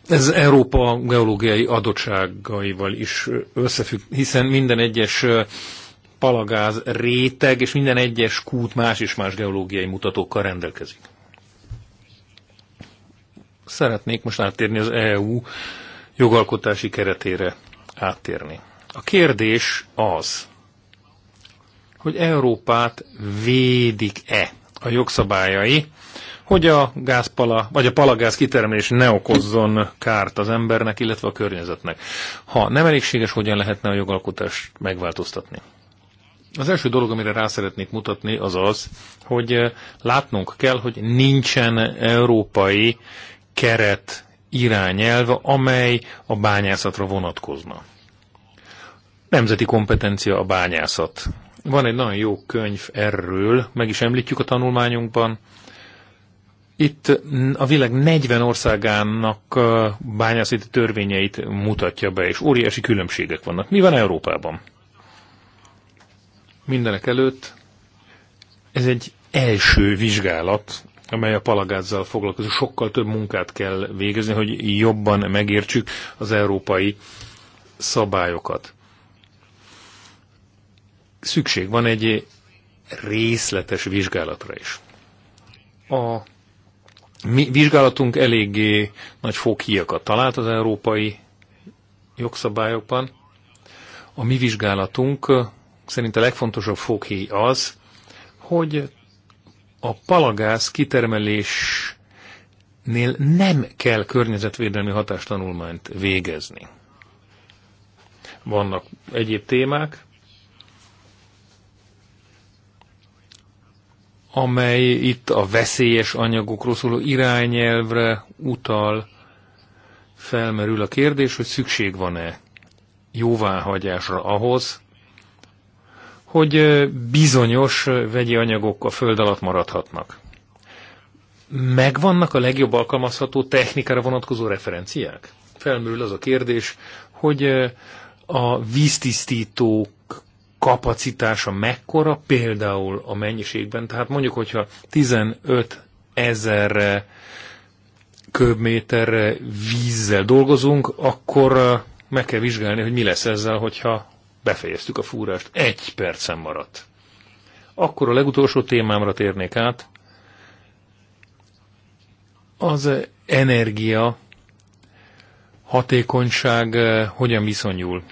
Ez Európa geológiai adottságaival is összefügg, hiszen minden egyes palagáz réteg, és minden egyes kút más és más geológiai mutatókkal rendelkezik. Szeretnék most áttérni az EU jogalkotási keretére áttérni. A kérdés az, hogy Európát védik-e a jogszabályai, hogy a gázpala, vagy a palagáz kitermelés ne okozzon kárt az embernek, illetve a környezetnek. Ha nem elégséges, hogyan lehetne a jogalkotást megváltoztatni? Az első dolog, amire rá szeretnék mutatni, az az, hogy eh, látnunk kell, hogy nincsen európai keret irányelv, amely a bányászatra vonatkozna. Nemzeti kompetencia a bányászat. Van egy nagyon jó könyv erről, meg is említjük a tanulmányunkban. Itt a világ 40 országának eh, bányászati törvényeit mutatja be, és óriási különbségek vannak. Mi van Európában? Mindenek előtt ez egy első vizsgálat, amely a palagázzal foglalkozó. Sokkal több munkát kell végezni, hogy jobban megértsük az európai szabályokat. Szükség van egy részletes vizsgálatra is. A mi vizsgálatunk eléggé nagy fokhíjakat talált az európai jogszabályokban. A mi vizsgálatunk szerint a legfontosabb fókhéj az, hogy a palagáz kitermelésnél nem kell környezetvédelmi hatástanulmányt végezni. Vannak egyéb témák, amely itt a veszélyes anyagokról szóló irányelvre utal, felmerül a kérdés, hogy szükség van-e jóváhagyásra ahhoz, hogy bizonyos vegyi anyagok a föld alatt maradhatnak. Megvannak a legjobb alkalmazható technikára vonatkozó referenciák? Felmerül az a kérdés, hogy a víztisztítók kapacitása mekkora, például a mennyiségben. Tehát mondjuk, hogyha 15 ezer köbméter vízzel dolgozunk, akkor meg kell vizsgálni, hogy mi lesz ezzel, hogyha befejeztük a fúrást, egy percen maradt. Akkor a legutolsó témámra térnék át, az energia hatékonyság eh, hogyan viszonyul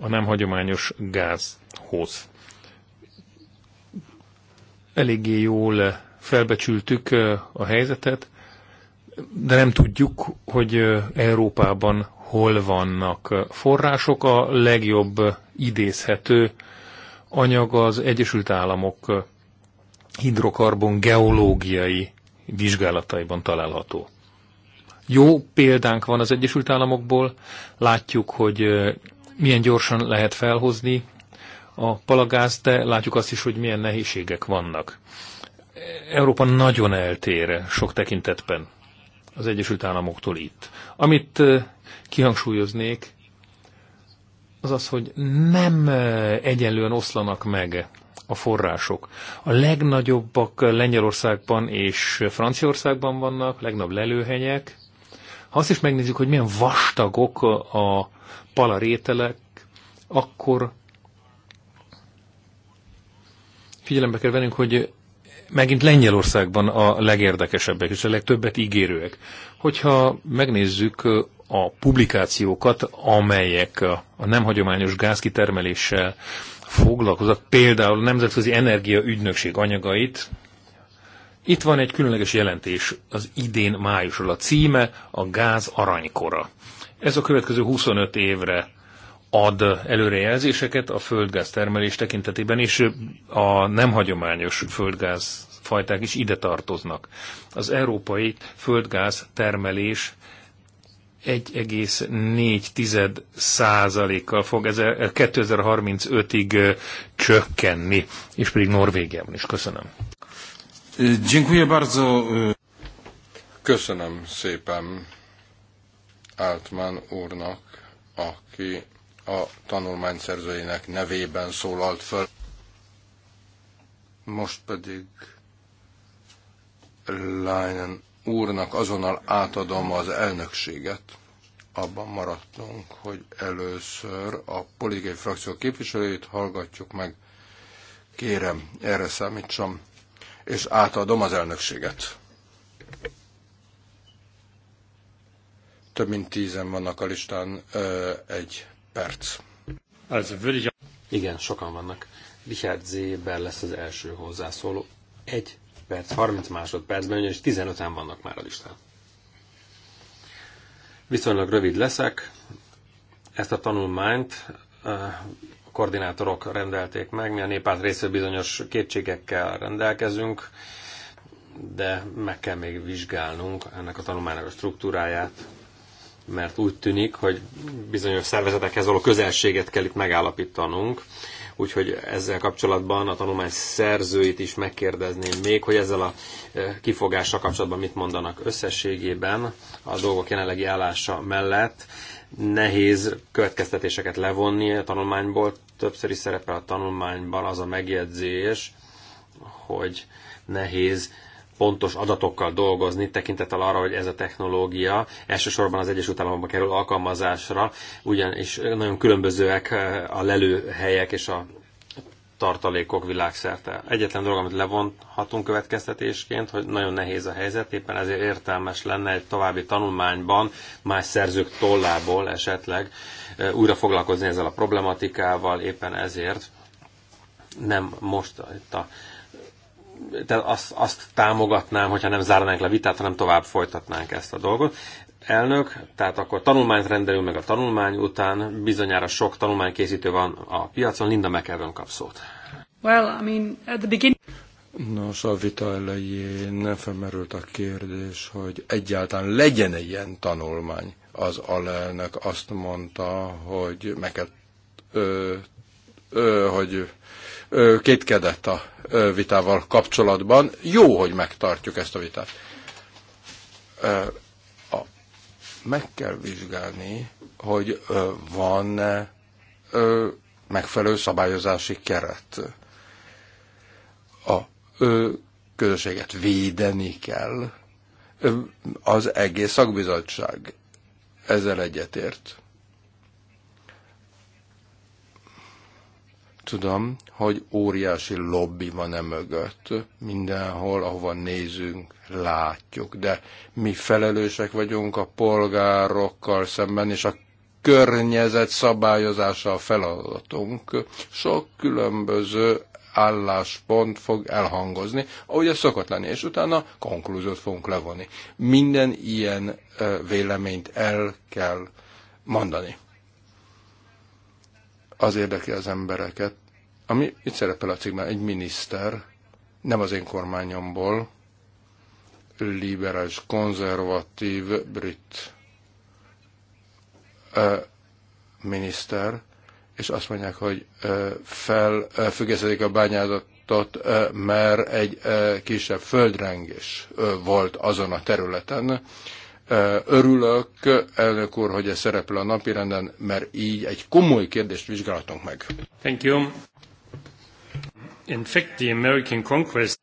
a nem hagyományos gázhoz. Eléggé jól eh, felbecsültük eh, a helyzetet, de nem tudjuk, hogy Európában hol vannak források, a legjobb idézhető anyag az Egyesült Államok hidrokarbon geológiai vizsgálataiban található. Jó példánk van az Egyesült Államokból, látjuk, hogy milyen gyorsan lehet felhozni a palagázt, de látjuk azt is, hogy milyen nehézségek vannak. Európa nagyon eltér sok tekintetben az Egyesült Államoktól itt. Amit kihangsúlyoznék, az az, hogy nem eh, egyenlően oszlanak meg a források. A legnagyobbak Lengyelországban és Franciaországban vannak, legnagyobb lelőhelyek. Ha azt is megnézzük, hogy milyen vastagok a palarételek, akkor figyelembe kell vennünk, hogy megint Lengyelországban a legérdekesebbek és a legtöbbet ígérőek. Hogyha megnézzük eh, a publikációkat, amelyek a nem hagyományos gázkitermeléssel foglalkoznak, például a Nemzetközi Energia Ügynökség anyagait. Itt van egy különleges jelentés az idén májusról. A címe a gáz aranykora. Ez a következő 25 évre ad előrejelzéseket a földgáz termelés tekintetében, és a nem hagyományos földgáz fajták is ide tartoznak. Az európai földgáz termelés 1,4 százalékkal fog ez 2035-ig csökkenni, és pedig Norvégiában is. Köszönöm. Dziękuję bardzo. Köszönöm szépen Altman úrnak, aki a tanulmány szerzőinek nevében szólalt föl. Most pedig Leinen úrnak azonnal átadom az elnökséget. Abban maradtunk, hogy először a politikai frakció képviselőit hallgatjuk meg. Kérem, erre számítsam, és átadom az elnökséget. Több mint tízen vannak a listán, egy perc. Igen, sokan vannak. Richard Zéber lesz az első hozzászóló. Egy perc, 30 másodpercben, ugyanis 15-en vannak már a listán. Viszonylag rövid leszek. Ezt a tanulmányt a koordinátorok rendelték meg, mi a népát részéről bizonyos kétségekkel rendelkezünk, de meg kell még vizsgálnunk ennek a tanulmánynak a struktúráját, mert úgy tűnik, hogy bizonyos szervezetekhez való közelséget kell itt megállapítanunk úgyhogy ezzel kapcsolatban a tanulmány szerzőit is megkérdezném még, hogy ezzel a e, kifogással kapcsolatban mit mondanak összességében a dolgok jelenlegi állása mellett. Nehéz következtetéseket levonni a tanulmányból. Többször is szerepel a tanulmányban az a megjegyzés, hogy nehéz pontos adatokkal dolgozni, tekintettel arra, hogy ez a technológia elsősorban az Egyesült Államokban kerül alkalmazásra, ugyanis nagyon különbözőek eh, a lelőhelyek és a tartalékok világszerte. Egyetlen dolog, amit levonhatunk következtetésként, hogy nagyon nehéz a helyzet, éppen ezért értelmes lenne egy további tanulmányban más szerzők tollából esetleg eh, újra foglalkozni ezzel a problematikával, éppen ezért nem most itt a de azt, azt támogatnám, hogyha nem zárnánk le vitát, hanem tovább folytatnánk ezt a dolgot. Elnök, tehát akkor tanulmányt rendelünk meg a tanulmány után, bizonyára sok tanulmánykészítő van a piacon, Linda McEwen kap szót. Well, I mean, at the beginning... Nos, a vita elején nem felmerült a kérdés, hogy egyáltalán legyen -e ilyen tanulmány. Az alelnök azt mondta, hogy meg kell, ö, ö, hogy kétkedett a vitával kapcsolatban. Jó, hogy megtartjuk ezt a vitát. Meg kell vizsgálni, hogy van -e megfelelő szabályozási keret. A közösséget védeni kell. Az egész szakbizottság ezzel egyetért. Tudom, hogy óriási lobby van e mögött. Mindenhol, ahova nézünk, látjuk. De mi felelősek vagyunk a polgárokkal szemben, és a környezet szabályozása a feladatunk. Sok különböző álláspont fog elhangozni, ahogy ez szokott lenni, és utána konklúziót fogunk levonni. Minden ilyen véleményt el kell mondani az érdekli az embereket, ami itt szerepel a cikkben, egy miniszter, nem az én kormányomból, liberális, konzervatív brit ö, miniszter, és azt mondják, hogy felfüggesztedik a bányázatot, mert egy kisebb földrengés volt azon a területen, Örülök, elnök úr, hogy ez szerepel a napirenden, mert így egy komoly kérdést vizsgálhatunk meg. Thank you. In fact, the American Congress...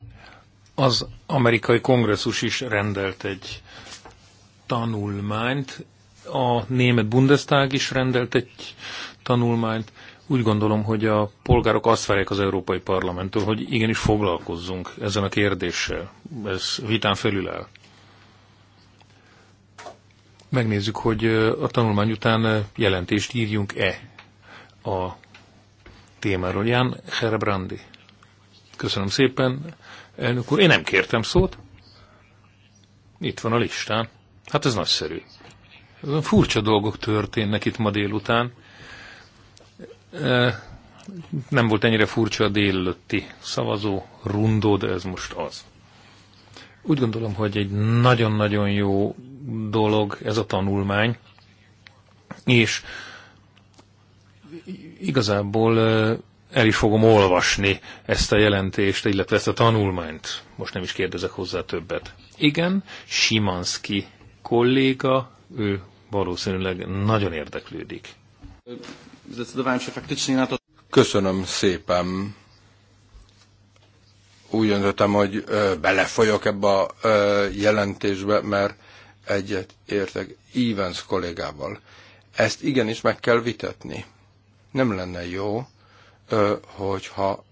Az amerikai kongresszus is rendelt egy tanulmányt, a német Bundestag is rendelt egy tanulmányt. Úgy gondolom, hogy a polgárok azt várják az Európai Parlamenttől, hogy igenis foglalkozzunk ezen a kérdéssel. Ez vitán felül áll megnézzük, hogy a tanulmány után jelentést írjunk-e a témáról. Ján Herbrandi. Köszönöm szépen, elnök úr. Én nem kértem szót. Itt van a listán. Hát ez nagyszerű. Furcsa dolgok történnek itt ma délután. Nem volt ennyire furcsa a délelőtti szavazó rundó, de ez most az. Úgy gondolom, hogy egy nagyon-nagyon jó dolog, ez a tanulmány, és igazából el is fogom olvasni ezt a jelentést, illetve ezt a tanulmányt. Most nem is kérdezek hozzá többet. Igen, Simanski kolléga, ő valószínűleg nagyon érdeklődik. Köszönöm szépen. Úgy döntöttem, hogy belefolyok ebbe a jelentésbe, mert Egyet értek Evans kollégával. Ezt igenis meg kell vitatni. Nem lenne jó, hogyha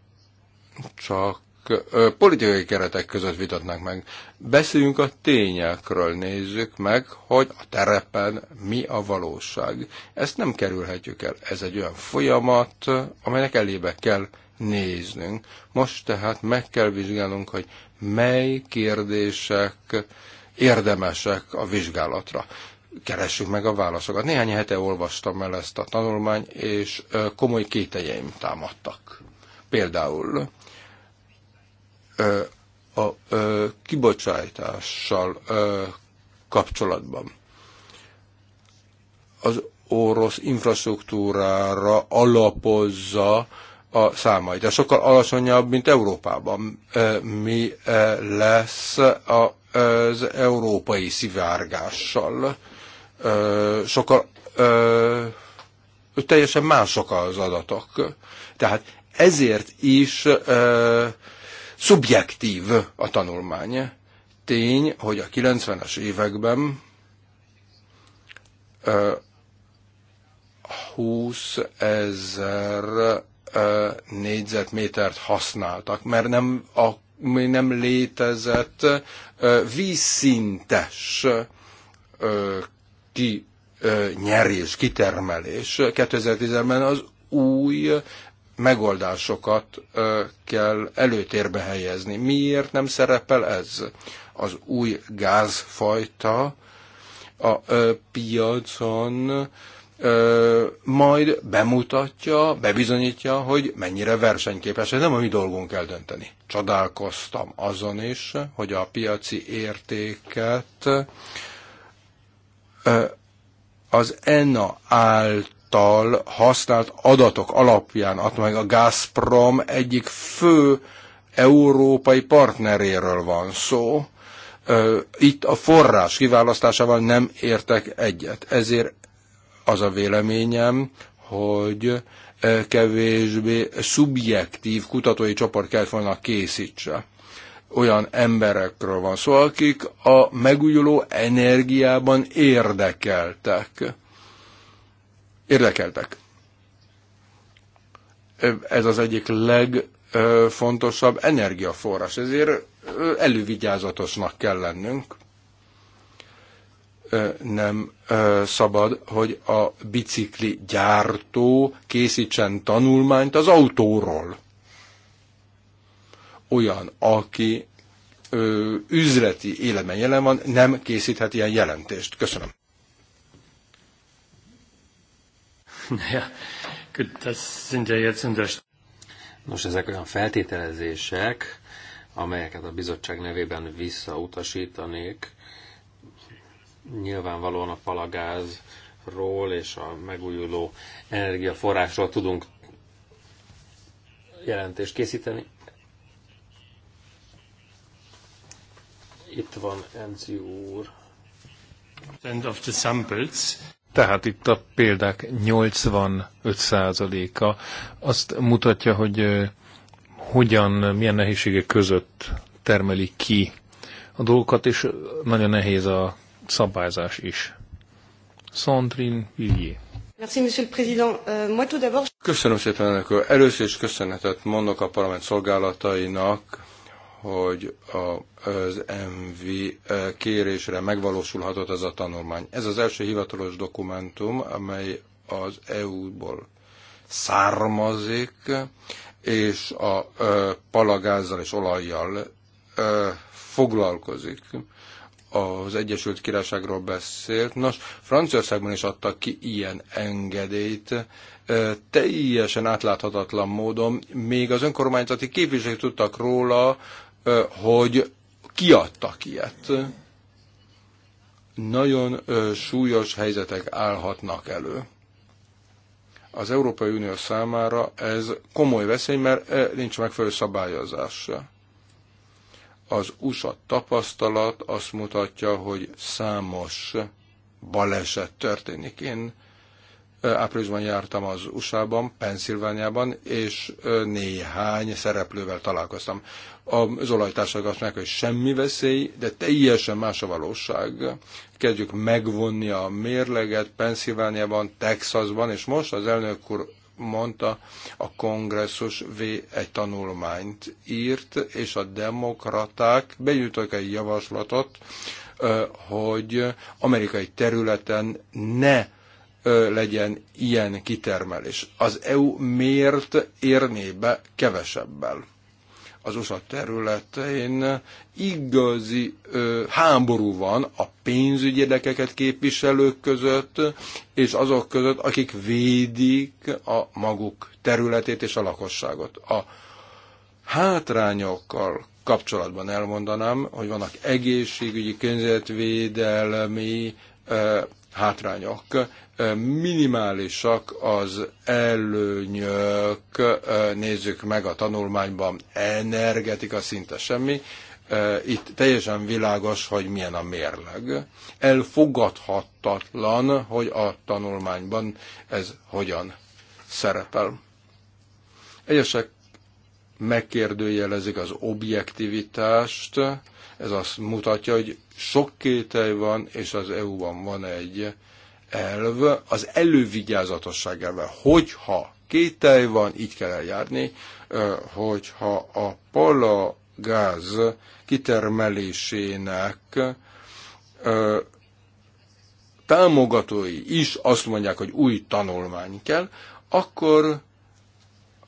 csak politikai keretek között vitatnánk meg. Beszéljünk a tényekről, nézzük meg, hogy a terepen mi a valóság. Ezt nem kerülhetjük el. Ez egy olyan folyamat, amelynek elébe kell néznünk. Most tehát meg kell vizsgálnunk, hogy mely kérdések érdemesek a vizsgálatra. Keressük meg a válaszokat. Néhány hete olvastam el ezt a tanulmányt, és komoly kételjeim támadtak. Például a kibocsátással kapcsolatban. Az orosz infrastruktúrára alapozza a számait. De sokkal alacsonyabb, mint Európában. Mi lesz a az európai szivárgással. Sokkal teljesen mások az adatok. Tehát ezért is szubjektív a tanulmány. Tény, hogy a 90-es években 20 ezer négyzetmétert használtak, mert nem a még nem létezett vízszintes ki nyerés, kitermelés. 2010-ben az új megoldásokat kell előtérbe helyezni. Miért nem szerepel ez? Az új gázfajta a piacon majd bemutatja, bebizonyítja, hogy mennyire versenyképes. Ez nem a mi dolgunk eldönteni. Csodálkoztam azon is, hogy a piaci értéket az ENA által használt adatok alapján adta meg a Gazprom egyik fő európai partneréről van szó. Itt a forrás kiválasztásával nem értek egyet, ezért az a véleményem, hogy e, kevésbé szubjektív kutatói csoport kellett volna készítse. Olyan emberekről van szó, akik a megújuló energiában érdekeltek. Érdekeltek. E, ez az egyik legfontosabb energiaforrás, ezért e, elővigyázatosnak kell lennünk nem szabad, hogy a bicikli gyártó készítsen tanulmányt az autóról. Olyan, aki üzleti életben jelen van, nem készíthet ilyen jelentést. Köszönöm. Naja, <laughs> Nos, ezek olyan feltételezések, amelyeket a bizottság nevében visszautasítanék Nyilvánvalóan a palagázról és a megújuló energiaforrásról tudunk jelentést készíteni. Itt van Enzi úr. End of the samples. Tehát itt a példák 85%-a azt mutatja, hogy hogyan, milyen nehézségek között termelik ki a dolgokat, és nagyon nehéz a szabályzás is. Sandrine Villiers. Euh, Köszönöm szépen, önök. Először is köszönetet mondok a parlament szolgálatainak, hogy az MV eh, kérésre megvalósulhatott ez a tanulmány. Ez az első hivatalos dokumentum, amely az EU-ból származik, és a eh, palagázzal és olajjal eh, foglalkozik az Egyesült Királyságról beszélt. Nos, Franciaországban is adtak ki ilyen engedélyt, teljesen átláthatatlan módon, még az önkormányzati képviselők tudtak róla, hogy kiadtak ilyet. Nagyon súlyos helyzetek állhatnak elő. Az Európai Unió számára ez komoly veszély, mert nincs megfelelő szabályozása. Az USA tapasztalat azt mutatja, hogy számos baleset történik. Én áprilisban jártam az USA-ban, Pennsylvániában, és néhány szereplővel találkoztam. Az olajtársak azt mondják, hogy semmi veszély, de teljesen más a valóság. Kezdjük megvonni a mérleget Pennsylvániában, Texasban, és most az elnök úr mondta, a kongresszus V egy tanulmányt írt, és a demokraták benyújtottak egy javaslatot, hogy amerikai területen ne legyen ilyen kitermelés. Az EU miért érné be kevesebbel? az USA területein igazi ö, háború van a pénzügyi érdekeket képviselők között, és azok között, akik védik a maguk területét és a lakosságot. A hátrányokkal kapcsolatban elmondanám, hogy vannak egészségügyi, környezetvédelmi, hátrányok minimálisak az előnyök, nézzük meg a tanulmányban, energetika szinte semmi, itt teljesen világos, hogy milyen a mérleg. Elfogadhatatlan, hogy a tanulmányban ez hogyan szerepel. Egyesek megkérdőjelezik az objektivitást, ez azt mutatja, hogy sok kételj van, és az EU-ban van egy elv az elővigyázatosság elve. Hogyha kételj van, így kell eljárni, hogyha a palagáz kitermelésének támogatói is azt mondják, hogy új tanulmány kell, akkor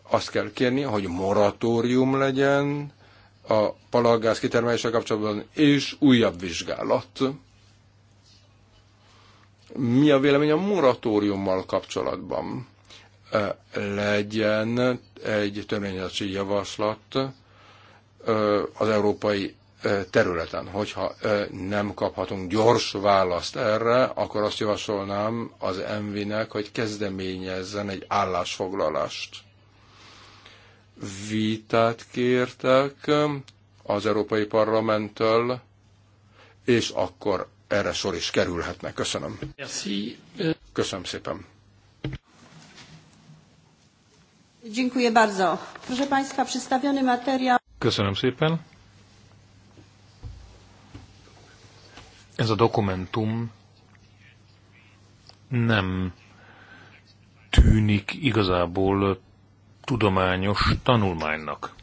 azt kell kérni, hogy moratórium legyen, a palagáz kitermelése kapcsolatban, és újabb vizsgálat. Mi a vélemény a moratóriummal kapcsolatban? Legyen egy törvényezési javaslat az európai területen. Hogyha nem kaphatunk gyors választ erre, akkor azt javasolnám az MV-nek, hogy kezdeményezzen egy állásfoglalást vitát kértek az Európai Parlamenttől, és akkor erre sor is kerülhetnek. Köszönöm. Köszönöm szépen. Dziękuję bardzo. Proszę Państwa, przedstawiony materiał. Köszönöm szépen. Ez a dokumentum nem tűnik igazából tudományos tanulmánynak,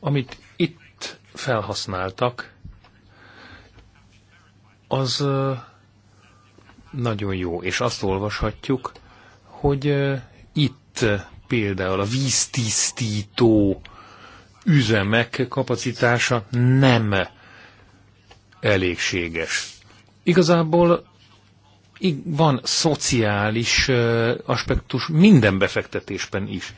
amit itt felhasználtak, az nagyon jó, és azt olvashatjuk, hogy itt például a víztisztító üzemek kapacitása nem elégséges. Igazából van szociális aspektus minden befektetésben is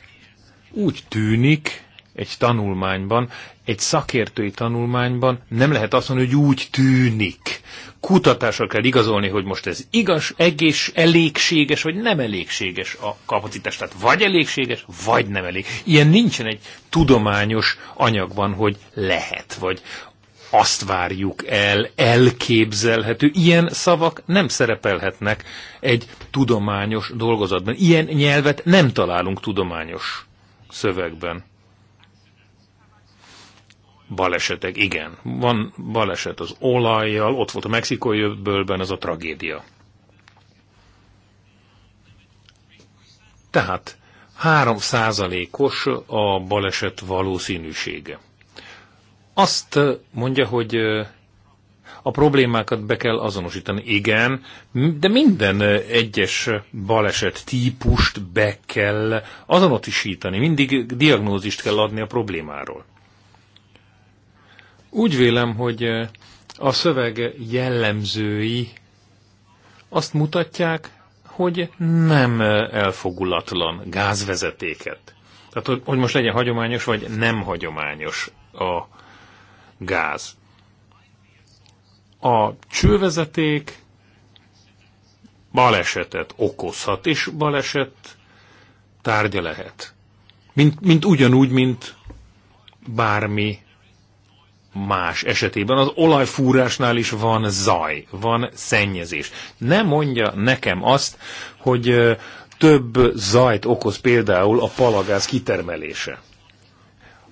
úgy tűnik egy tanulmányban, egy szakértői tanulmányban nem lehet azt mondani, hogy úgy tűnik. Kutatásra kell igazolni, hogy most ez igaz, egész, elégséges, vagy nem elégséges a kapacitás. Tehát vagy elégséges, vagy nem elég. Ilyen nincsen egy tudományos anyagban, hogy lehet, vagy azt várjuk el, elképzelhető. Ilyen szavak nem szerepelhetnek egy tudományos dolgozatban. Ilyen nyelvet nem találunk tudományos szövegben. Balesetek, igen. Van baleset az olajjal, ott volt a mexikói jövőbölben, ez a tragédia. Tehát 3%-os a baleset valószínűsége. Azt mondja, hogy a problémákat be kell azonosítani. Igen, de minden egyes baleset típust be kell azonosítani. Mindig diagnózist kell adni a problémáról. Úgy vélem, hogy a szöveg jellemzői azt mutatják, hogy nem elfogulatlan gázvezetéket. Tehát, hogy most legyen hagyományos, vagy nem hagyományos a gáz a csővezeték balesetet okozhat, és baleset tárgya lehet. Mint, mint ugyanúgy, mint bármi más esetében. Az olajfúrásnál is van zaj, van szennyezés. Ne mondja nekem azt, hogy több zajt okoz például a palagáz kitermelése.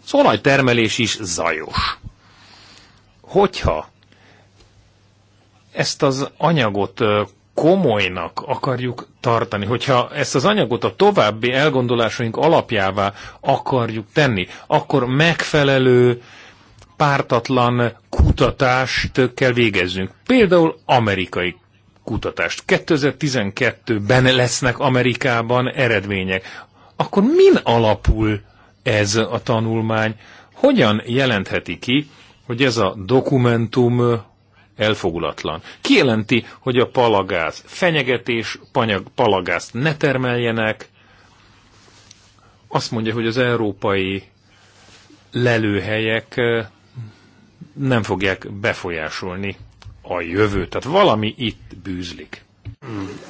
Az olajtermelés is zajos. Hogyha ezt az anyagot komolynak akarjuk tartani, hogyha ezt az anyagot a további elgondolásaink alapjává akarjuk tenni, akkor megfelelő pártatlan kutatást kell végezzünk. Például amerikai kutatást. 2012-ben lesznek Amerikában eredmények. Akkor min alapul ez a tanulmány? Hogyan jelentheti ki, hogy ez a dokumentum elfogulatlan. Kijelenti, hogy a palagáz fenyegetés, panyag, palagázt ne termeljenek. Azt mondja, hogy az európai lelőhelyek nem fogják befolyásolni a jövőt. Tehát valami itt bűzlik.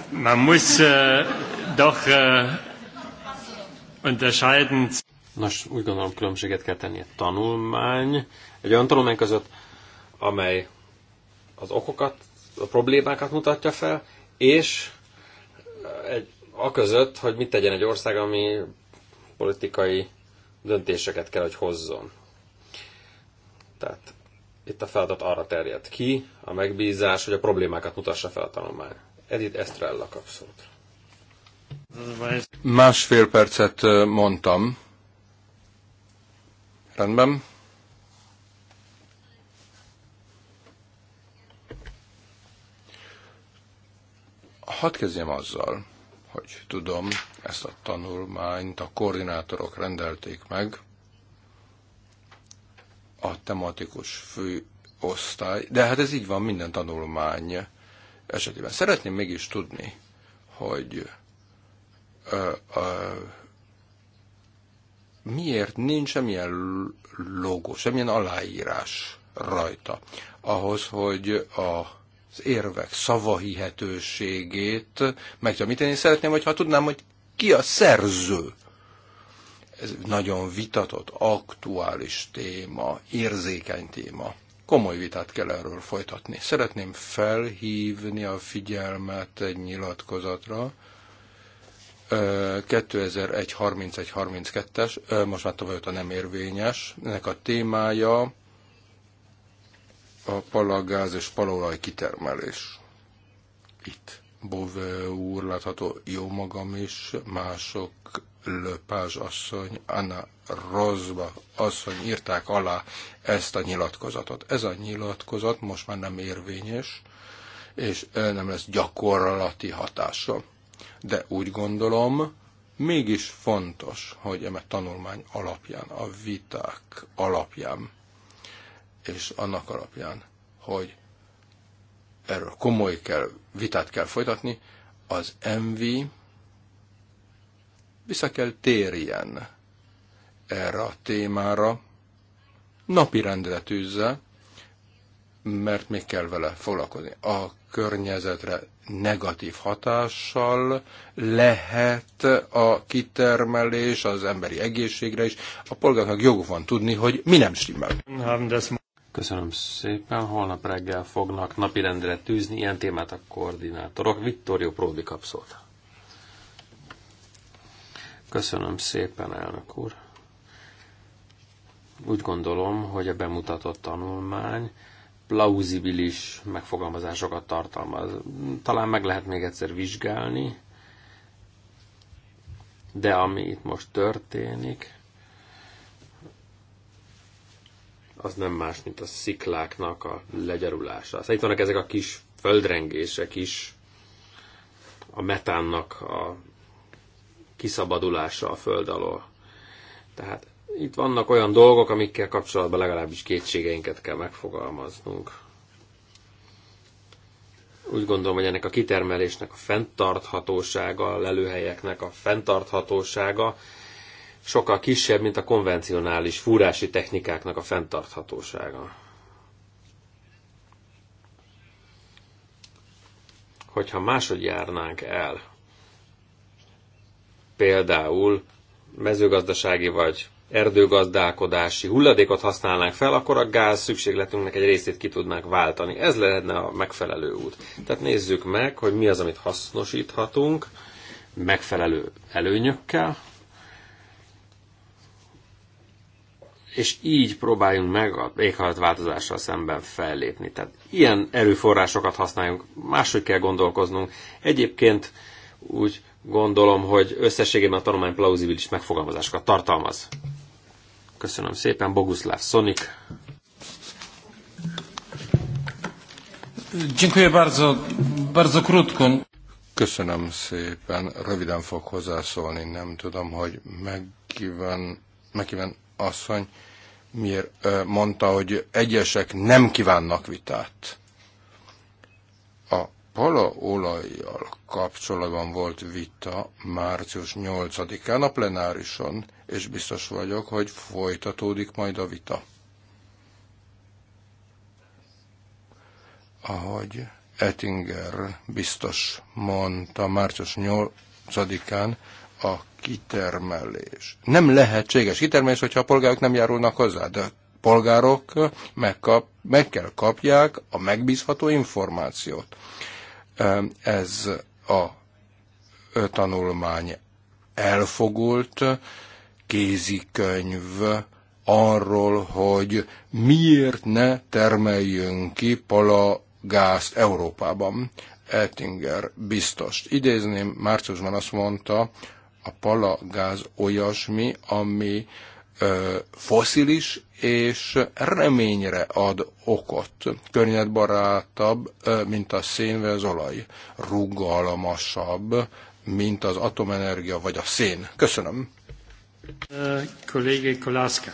Man muss doch unterscheiden. Nos, úgy gondolom különbséget kell tenni a tanulmány, egy olyan tanulmány között, amely az okokat, a problémákat mutatja fel, és eh, egy, a között, hogy mit tegyen egy ország, ami politikai döntéseket kell, hogy hozzon. Tehát itt a feladat arra terjed ki, a megbízás, hogy a problémákat mutassa fel a tanulmány. Edith Estrella kapszót. Másfél percet eh, mondtam. Rendben. Hadd kezdjem azzal, hogy tudom, ezt a tanulmányt a koordinátorok rendelték meg, a tematikus fő osztály. de hát ez így van minden tanulmány esetében. Szeretném mégis tudni, hogy ö, ö, miért nincs semmilyen logó, semmilyen aláírás rajta ahhoz, hogy a az érvek szavahihetőségét meg tudom én Szeretném, hogyha tudnám, hogy ki a szerző. Ez nagyon vitatott, aktuális téma, érzékeny téma. Komoly vitát kell erről folytatni. Szeretném felhívni a figyelmet egy nyilatkozatra, 2001-31-32-es, most már tovább a nem érvényes. Ennek a témája a palagáz és palolaj kitermelés. Itt Bove úr látható, jó magam is, mások Löpázs asszony, Anna Rozba asszony írták alá ezt a nyilatkozatot. Ez a nyilatkozat most már nem érvényes, és nem lesz gyakorlati hatása. De úgy gondolom, mégis fontos, hogy eme tanulmány alapján, a viták alapján és annak alapján, hogy erről komoly kell, vitát kell folytatni, az MV vissza kell térjen erre a témára, napi rendre tűzze, mert még kell vele foglalkozni. A környezetre negatív hatással lehet a kitermelés az emberi egészségre is. A polgárnak jog van tudni, hogy mi nem stimmel. Köszönöm szépen. Holnap reggel fognak napirendre tűzni ilyen témát a koordinátorok. Vittorio Pródi kap Köszönöm szépen, elnök úr. Úgy gondolom, hogy a bemutatott tanulmány plauzibilis megfogalmazásokat tartalmaz. Talán meg lehet még egyszer vizsgálni, de ami itt most történik, az nem más, mint a szikláknak a legyarulása. Szerintem szóval vannak ezek a kis földrengések is, a metánnak a kiszabadulása a föld alól. Tehát itt vannak olyan dolgok, amikkel kapcsolatban legalábbis kétségeinket kell megfogalmaznunk. Úgy gondolom, hogy ennek a kitermelésnek a fenntarthatósága, a lelőhelyeknek a fenntarthatósága sokkal kisebb, mint a konvencionális fúrási technikáknak a fenntarthatósága. Hogyha máshogy járnánk el, például mezőgazdasági vagy erdőgazdálkodási hulladékot használnánk fel, akkor a gáz szükségletünknek egy részét ki tudnánk váltani. Ez lehetne a megfelelő út. Tehát nézzük meg, hogy mi az, amit hasznosíthatunk megfelelő előnyökkel, és így próbáljunk meg a változással szemben fellépni. Tehát ilyen erőforrásokat használjunk, máshogy kell gondolkoznunk. Egyébként úgy gondolom, hogy összességében a tanulmány plauzibilis megfogalmazásokat tartalmaz. Köszönöm szépen, Boguslav Sonik. Dziękuję bardzo, bardzo krótko. Köszönöm szépen, röviden fog hozzászólni, nem tudom, hogy megkíván, megkíván asszony miért mondta, hogy egyesek nem kívánnak vitát. A palaolajjal kapcsolatban volt vita március 8-án a plenárison, és biztos vagyok, hogy folytatódik majd a vita. Ahogy Ettinger biztos mondta március 8-án, a kitermelés. Nem lehetséges kitermelés, hogyha a polgárok nem járulnak hozzá, de a polgárok megkap, meg kell kapják a megbízható információt. Ez a tanulmány elfogult kézikönyv arról, hogy miért ne termeljünk ki palagázt Európában. Ettinger biztos. Idézném, márciusban azt mondta, a palagáz olyasmi, ami ö, foszilis és reményre ad okot. Környezetbarátabb, mint a szén vagy az olaj. Rugalmasabb, mint az atomenergia vagy a szén. Köszönöm. Kollégé Kolászka.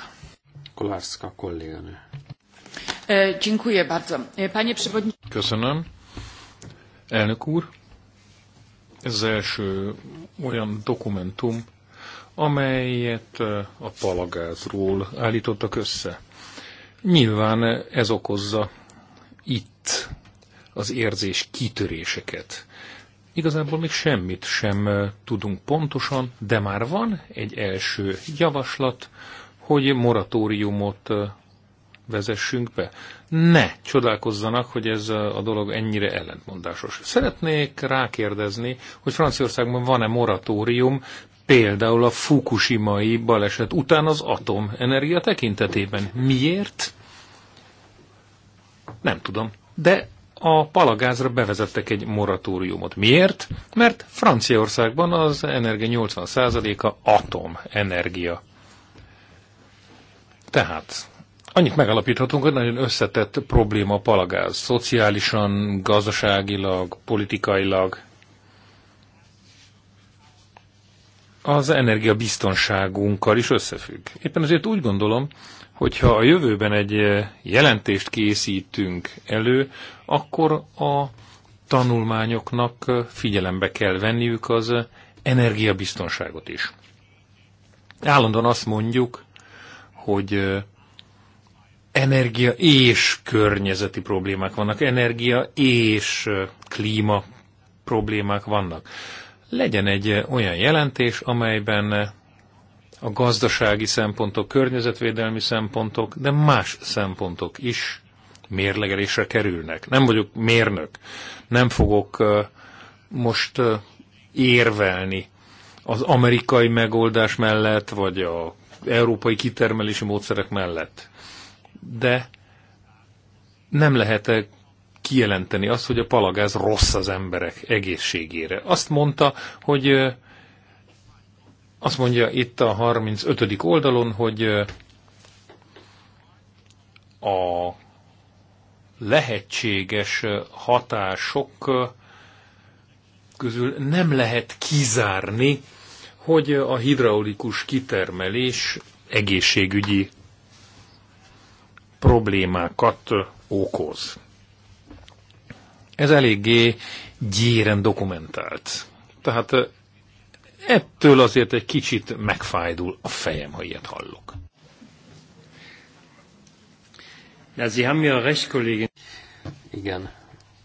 Kolászka kolléganő. Köszönöm. Elnök úr. Ez az első olyan dokumentum, amelyet a palagázról állítottak össze. Nyilván ez okozza itt az érzés kitöréseket. Igazából még semmit sem tudunk pontosan, de már van egy első javaslat, hogy moratóriumot vezessünk be ne csodálkozzanak, hogy ez a dolog ennyire ellentmondásos. Szeretnék rákérdezni, hogy Franciaországban van-e moratórium például a fukushimai baleset után az atomenergia tekintetében. Miért? Nem tudom. De a palagázra bevezettek egy moratóriumot. Miért? Mert Franciaországban az energia 80%-a atomenergia. Tehát Annyit megalapíthatunk, hogy nagyon összetett probléma a palagáz. Szociálisan, gazdaságilag, politikailag. Az energiabiztonságunkkal is összefügg. Éppen azért úgy gondolom, hogyha a jövőben egy eh, jelentést készítünk elő, akkor a tanulmányoknak eh, figyelembe kell venniük az eh, energiabiztonságot is. Állandóan azt mondjuk, hogy energia és környezeti problémák vannak, energia és klíma problémák vannak. Legyen egy olyan jelentés, amelyben a gazdasági szempontok, környezetvédelmi szempontok, de más szempontok is mérlegelésre kerülnek. Nem vagyok mérnök, nem fogok most érvelni az amerikai megoldás mellett, vagy a európai kitermelési módszerek mellett de nem lehet -e kijelenteni azt, hogy a palagáz rossz az emberek egészségére. Azt mondta, hogy azt mondja itt a 35. oldalon, hogy a lehetséges hatások közül nem lehet kizárni, hogy a hidraulikus kitermelés egészségügyi problémákat okoz. Ez eléggé gyéren dokumentált. Tehát eh, ettől azért egy kicsit megfájdul a fejem, ha ilyet hallok. Na Sie haben ja recht, Kollégin. Igen,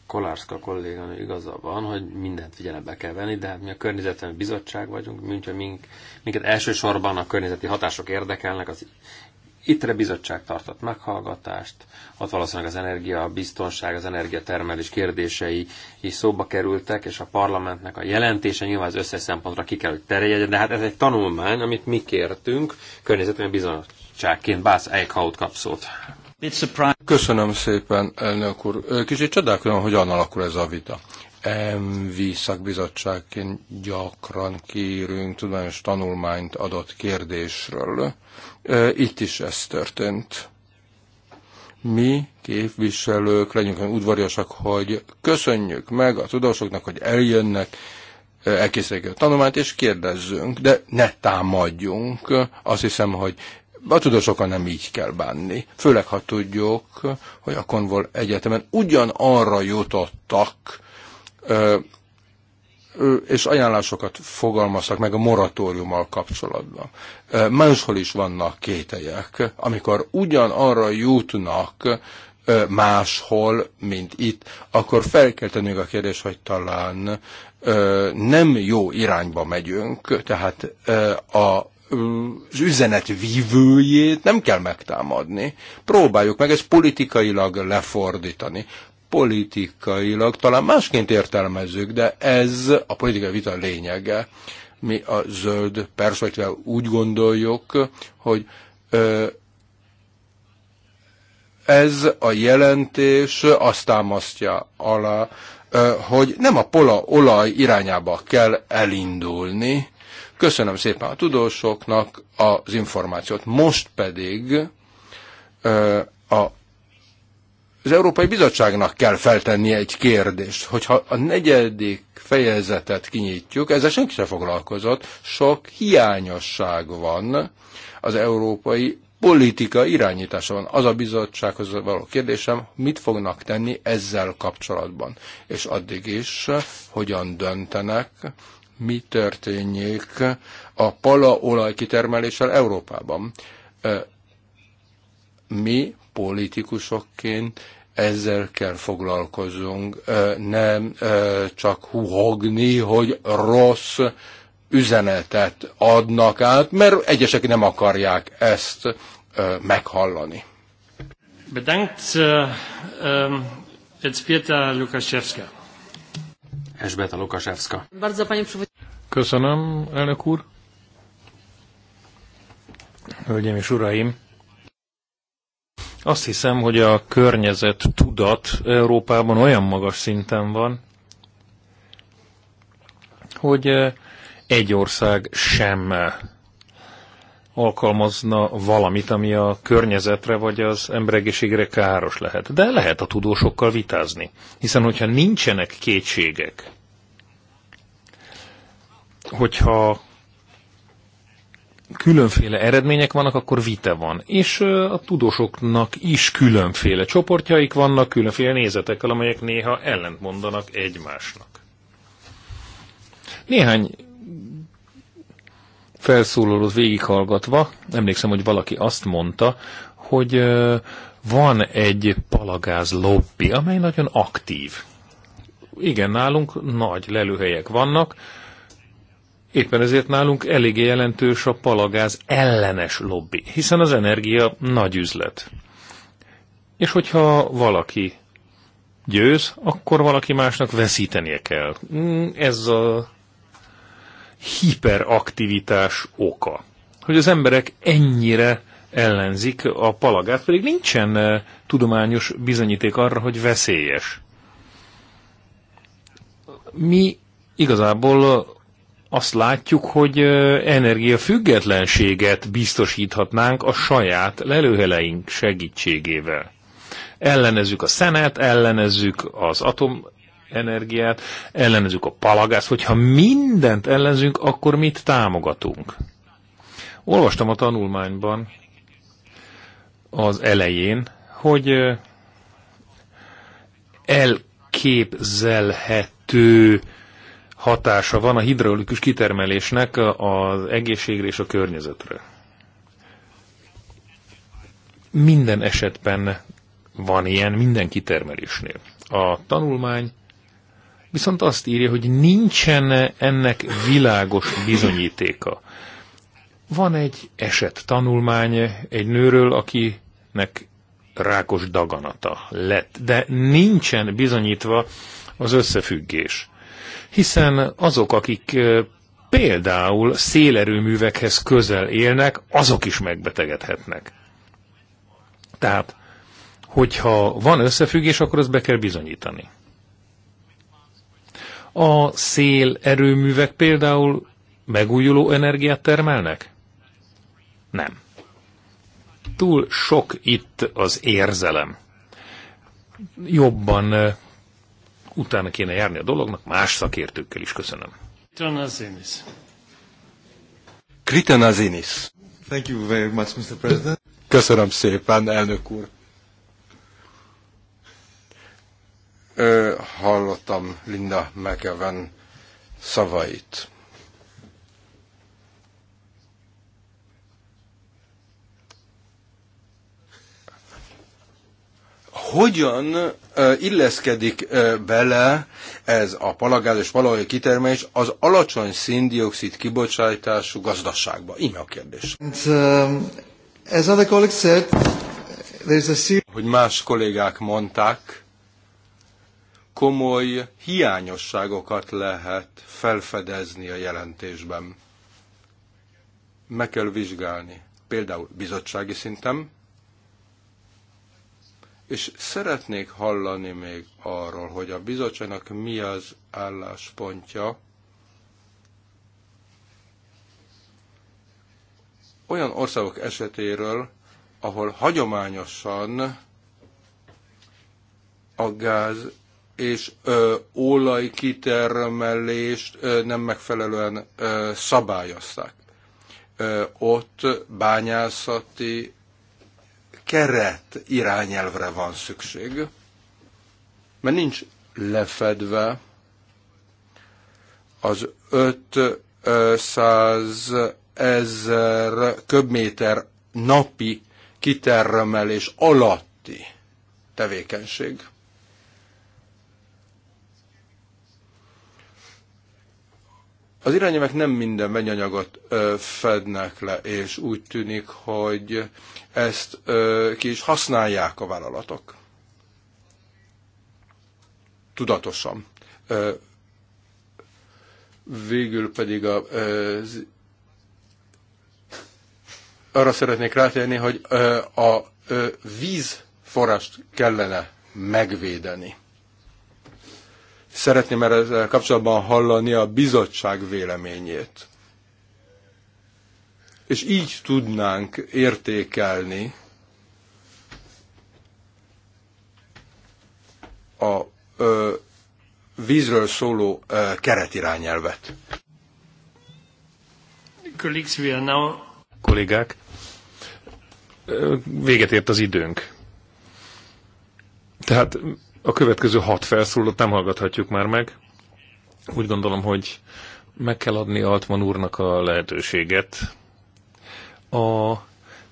Kolárszka kolléganő igaza van, hogy mindent figyelembe kell venni, de hát mi a környezetben bizottság vagyunk, mint hogy mink, minket elsősorban a környezeti hatások érdekelnek, az ITRE bizottság tartott meghallgatást, ott valószínűleg az energia, a biztonság, az energiatermelés kérdései is szóba kerültek, és a parlamentnek a jelentése nyilván az összes szempontra ki kell, hogy terjedjen, de hát ez egy tanulmány, amit mi kértünk, környezetben bizottságként Bász Eichhout kap szót. Köszönöm szépen, elnök úr. Kicsit csodálkozom, hogy annál alakul ez a vita. MV szakbizottságként gyakran kérünk tudományos tanulmányt adott kérdésről. Itt is ez történt. Mi képviselők legyünk olyan udvariasak, hogy köszönjük meg a tudósoknak, hogy eljönnek, elkészítik a tanulmányt, és kérdezzünk, de ne támadjunk. Azt hiszem, hogy a tudósokkal nem így kell bánni. Főleg, ha tudjuk, hogy a Konvol Egyetemen ugyanarra jutottak, és ajánlásokat fogalmaztak meg a moratóriummal kapcsolatban. Máshol is vannak kételyek, amikor ugyanarra jutnak máshol, mint itt, akkor fel kell tennünk a kérdést, hogy talán nem jó irányba megyünk, tehát a az üzenet vívőjét nem kell megtámadni. Próbáljuk meg ezt politikailag lefordítani politikailag talán másként értelmezzük, de ez a politikai vita lényege. Mi a zöld perspektívával úgy gondoljuk, hogy ö, ez a jelentés azt támasztja alá, ö, hogy nem a pola olaj irányába kell elindulni. Köszönöm szépen a tudósoknak az információt. Most pedig ö, a az Európai Bizottságnak kell feltenni egy kérdést, hogyha a negyedik fejezetet kinyitjuk, ezzel senki sem foglalkozott, sok hiányosság van az európai politika irányítása van. Az a bizottsághoz való kérdésem, mit fognak tenni ezzel kapcsolatban, és addig is hogyan döntenek, mi történjék a palaolaj kitermeléssel Európában. Mi politikusokként ezzel kell foglalkozunk, nem csak huhogni, hogy rossz üzenetet adnak át, mert egyesek nem akarják ezt meghallani. Bedankt, Edzpieta Lukaszewska. Elzbieta Lukaszewska. Bardzo panie Köszönöm, elnök úr. Hölgyeim és uraim, azt hiszem, hogy a környezet tudat Európában olyan magas szinten van, hogy eh, egy ország sem eh, alkalmazna valamit, ami a környezetre vagy az emberegészségre káros lehet. De lehet a tudósokkal vitázni. Hiszen, hogyha nincsenek kétségek, hogyha különféle eredmények vannak, akkor vita van. És a tudósoknak is különféle csoportjaik vannak, különféle nézetekkel, amelyek néha ellentmondanak egymásnak. Néhány felszólalót végighallgatva, emlékszem, hogy valaki azt mondta, hogy van egy palagáz lobby, amely nagyon aktív. Igen, nálunk nagy lelőhelyek vannak, Éppen ezért nálunk eléggé jelentős a palagáz ellenes lobby, hiszen az energia nagy üzlet. És hogyha valaki győz, akkor valaki másnak veszítenie kell. Ez a hiperaktivitás oka. Hogy az emberek ennyire ellenzik a palagát, pedig nincsen eh, tudományos bizonyíték arra, hogy veszélyes. Mi igazából azt látjuk, hogy energiafüggetlenséget biztosíthatnánk a saját lelőheleink segítségével. Ellenezzük a szenet, ellenezzük az atomenergiát, ellenezzük a palagázt, hogyha mindent ellenzünk, akkor mit támogatunk? Olvastam a tanulmányban az elején, hogy elképzelhető hatása van a hidraulikus kitermelésnek az egészségre és a környezetre. Minden esetben van ilyen, minden kitermelésnél. A tanulmány viszont azt írja, hogy nincsen ennek világos bizonyítéka. Van egy eset tanulmány egy nőről, akinek rákos daganata lett, de nincsen bizonyítva az összefüggés hiszen azok, akik például szélerőművekhez közel élnek, azok is megbetegedhetnek. Tehát, hogyha van összefüggés, akkor ezt be kell bizonyítani. A szélerőművek például megújuló energiát termelnek? Nem. Túl sok itt az érzelem. Jobban utána kéne járni a dolognak, más szakértőkkel is köszönöm. Kritenazinis. Kritenazinis. Thank you very much, Mr. President. Köszönöm szépen, elnök úr. Ö, hallottam Linda McEwen szavait. hogyan illeszkedik bele ez a palagáz és palagaj kitermelés az alacsony szindioxid kibocsátású gazdaságba? Íme a kérdés. And, um, other colleagues said, there's a series... Hogy más kollégák mondták, komoly hiányosságokat lehet felfedezni a jelentésben. Meg kell vizsgálni. Például bizottsági szinten, és szeretnék hallani még arról, hogy a bizottságnak mi az álláspontja olyan országok esetéről, ahol hagyományosan a gáz és ö, olaj kitermelést ö, nem megfelelően ö, szabályozták. Ö, ott bányászati keret irányelvre van szükség, mert nincs lefedve az 500 ezer köbméter napi kitermelés alatti tevékenység. Az irányelvek nem minden mennyanyagot fednek le, és úgy tűnik, hogy ezt ki is használják a vállalatok. Tudatosan. Végül pedig az arra szeretnék rátérni, hogy a vízforrást kellene megvédeni. Szeretném ezzel kapcsolatban hallani a bizottság véleményét. És így tudnánk értékelni a ö, vízről szóló ö, keretirányelvet. Kollégák, véget ért az időnk. Tehát a következő hat felszólót nem hallgathatjuk már meg. Úgy gondolom, hogy meg kell adni Altman úrnak a lehetőséget. A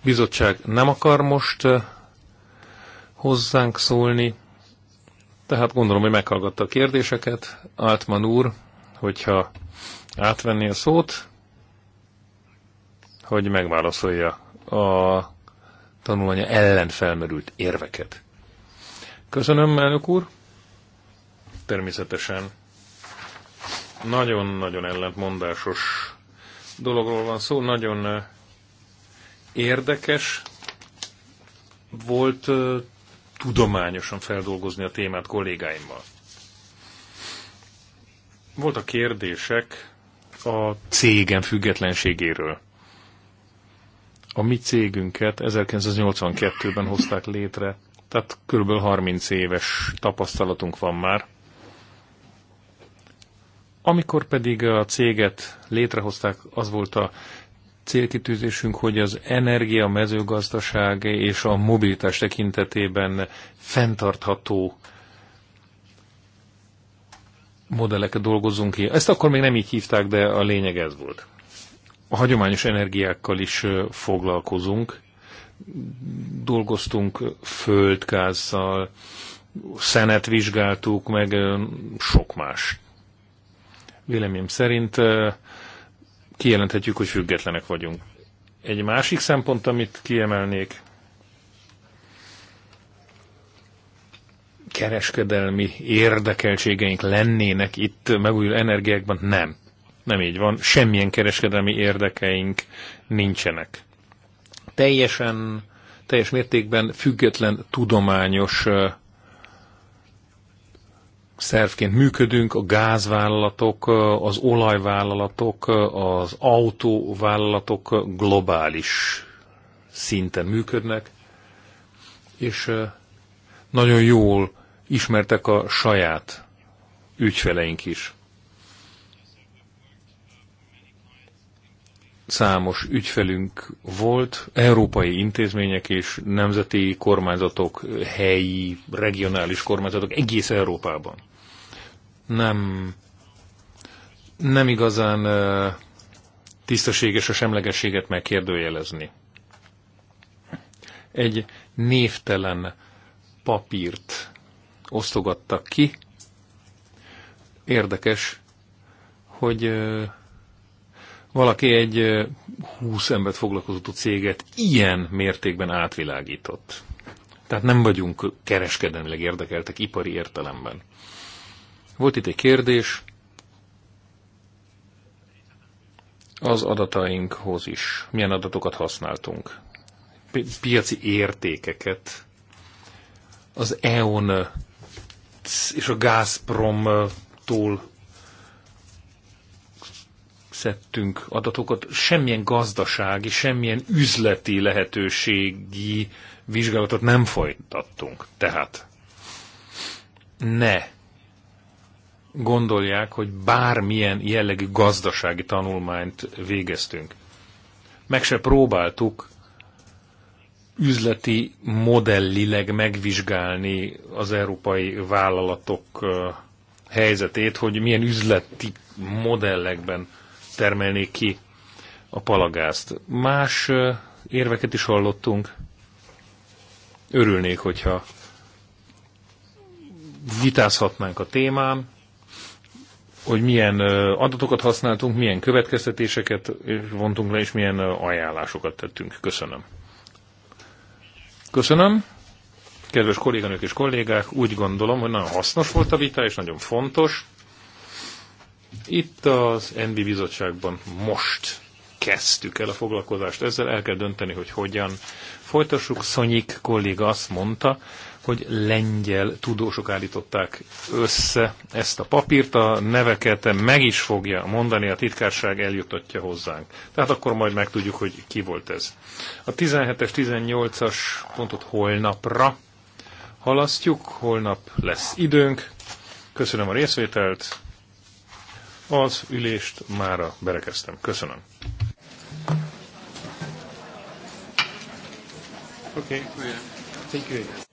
bizottság nem akar most eh, hozzánk szólni, tehát gondolom, hogy meghallgatta a kérdéseket. Altman úr, hogyha átvenné a szót, hogy megválaszolja a tanulmánya ellen felmerült érveket. Köszönöm, elnök úr. Természetesen nagyon-nagyon ellentmondásos dologról van szó, nagyon eh, érdekes volt eh, tudományosan feldolgozni a témát kollégáimmal. Voltak kérdések a cégen függetlenségéről. A mi cégünket 1982-ben hozták létre, tehát körülbelül 30 éves tapasztalatunk van már. Amikor pedig a céget létrehozták, az volt a célkitűzésünk, hogy az energia, mezőgazdaság és a mobilitás tekintetében fenntartható modelleket dolgozunk ki. Ezt akkor még nem így hívták, de a lényeg ez volt. A hagyományos energiákkal is foglalkozunk, dolgoztunk földgázzal, szenet vizsgáltuk, meg sok más. Véleményem szerint kijelenthetjük, hogy függetlenek vagyunk. Egy másik szempont, amit kiemelnék, kereskedelmi érdekeltségeink lennének itt megújuló energiákban, nem. Nem így van, semmilyen kereskedelmi érdekeink nincsenek teljesen, teljes mértékben független tudományos szervként működünk, a gázvállalatok, az olajvállalatok, az autóvállalatok globális szinten működnek, és nagyon jól ismertek a saját ügyfeleink is. számos ügyfelünk volt, európai intézmények és nemzeti kormányzatok, helyi, regionális kormányzatok egész Európában. Nem, nem igazán tisztességes a semlegességet megkérdőjelezni. Egy névtelen papírt osztogattak ki. Érdekes, hogy valaki egy 20 embert foglalkozott céget ilyen mértékben átvilágított. Tehát nem vagyunk kereskedelmileg érdekeltek ipari értelemben. Volt itt egy kérdés az adatainkhoz is. Milyen adatokat használtunk? Piaci értékeket. Az EON és a Gazprom-tól szedtünk adatokat, semmilyen gazdasági, semmilyen üzleti lehetőségi vizsgálatot nem folytattunk. Tehát ne gondolják, hogy bármilyen jellegű gazdasági tanulmányt végeztünk. Meg se próbáltuk üzleti modellileg megvizsgálni az európai vállalatok helyzetét, hogy milyen üzleti modellekben termelnék ki a palagázt. Más érveket is hallottunk. Örülnék, hogyha vitázhatnánk a témán, hogy milyen adatokat használtunk, milyen következtetéseket vontunk le, és milyen ajánlásokat tettünk. Köszönöm. Köszönöm. Kedves kolléganők és kollégák, úgy gondolom, hogy nagyon hasznos volt a vita, és nagyon fontos. Itt az NB bizottságban most kezdtük el a foglalkozást ezzel, el kell dönteni, hogy hogyan folytassuk. Szonyik kolléga azt mondta, hogy lengyel tudósok állították össze ezt a papírt, a neveket meg is fogja mondani, a titkárság eljutatja hozzánk. Tehát akkor majd megtudjuk, hogy ki volt ez. A 17-es, 18-as pontot holnapra halasztjuk, holnap lesz időnk. Köszönöm a részvételt, az ülést mára berekeztem. Köszönöm. Okay. Thank you.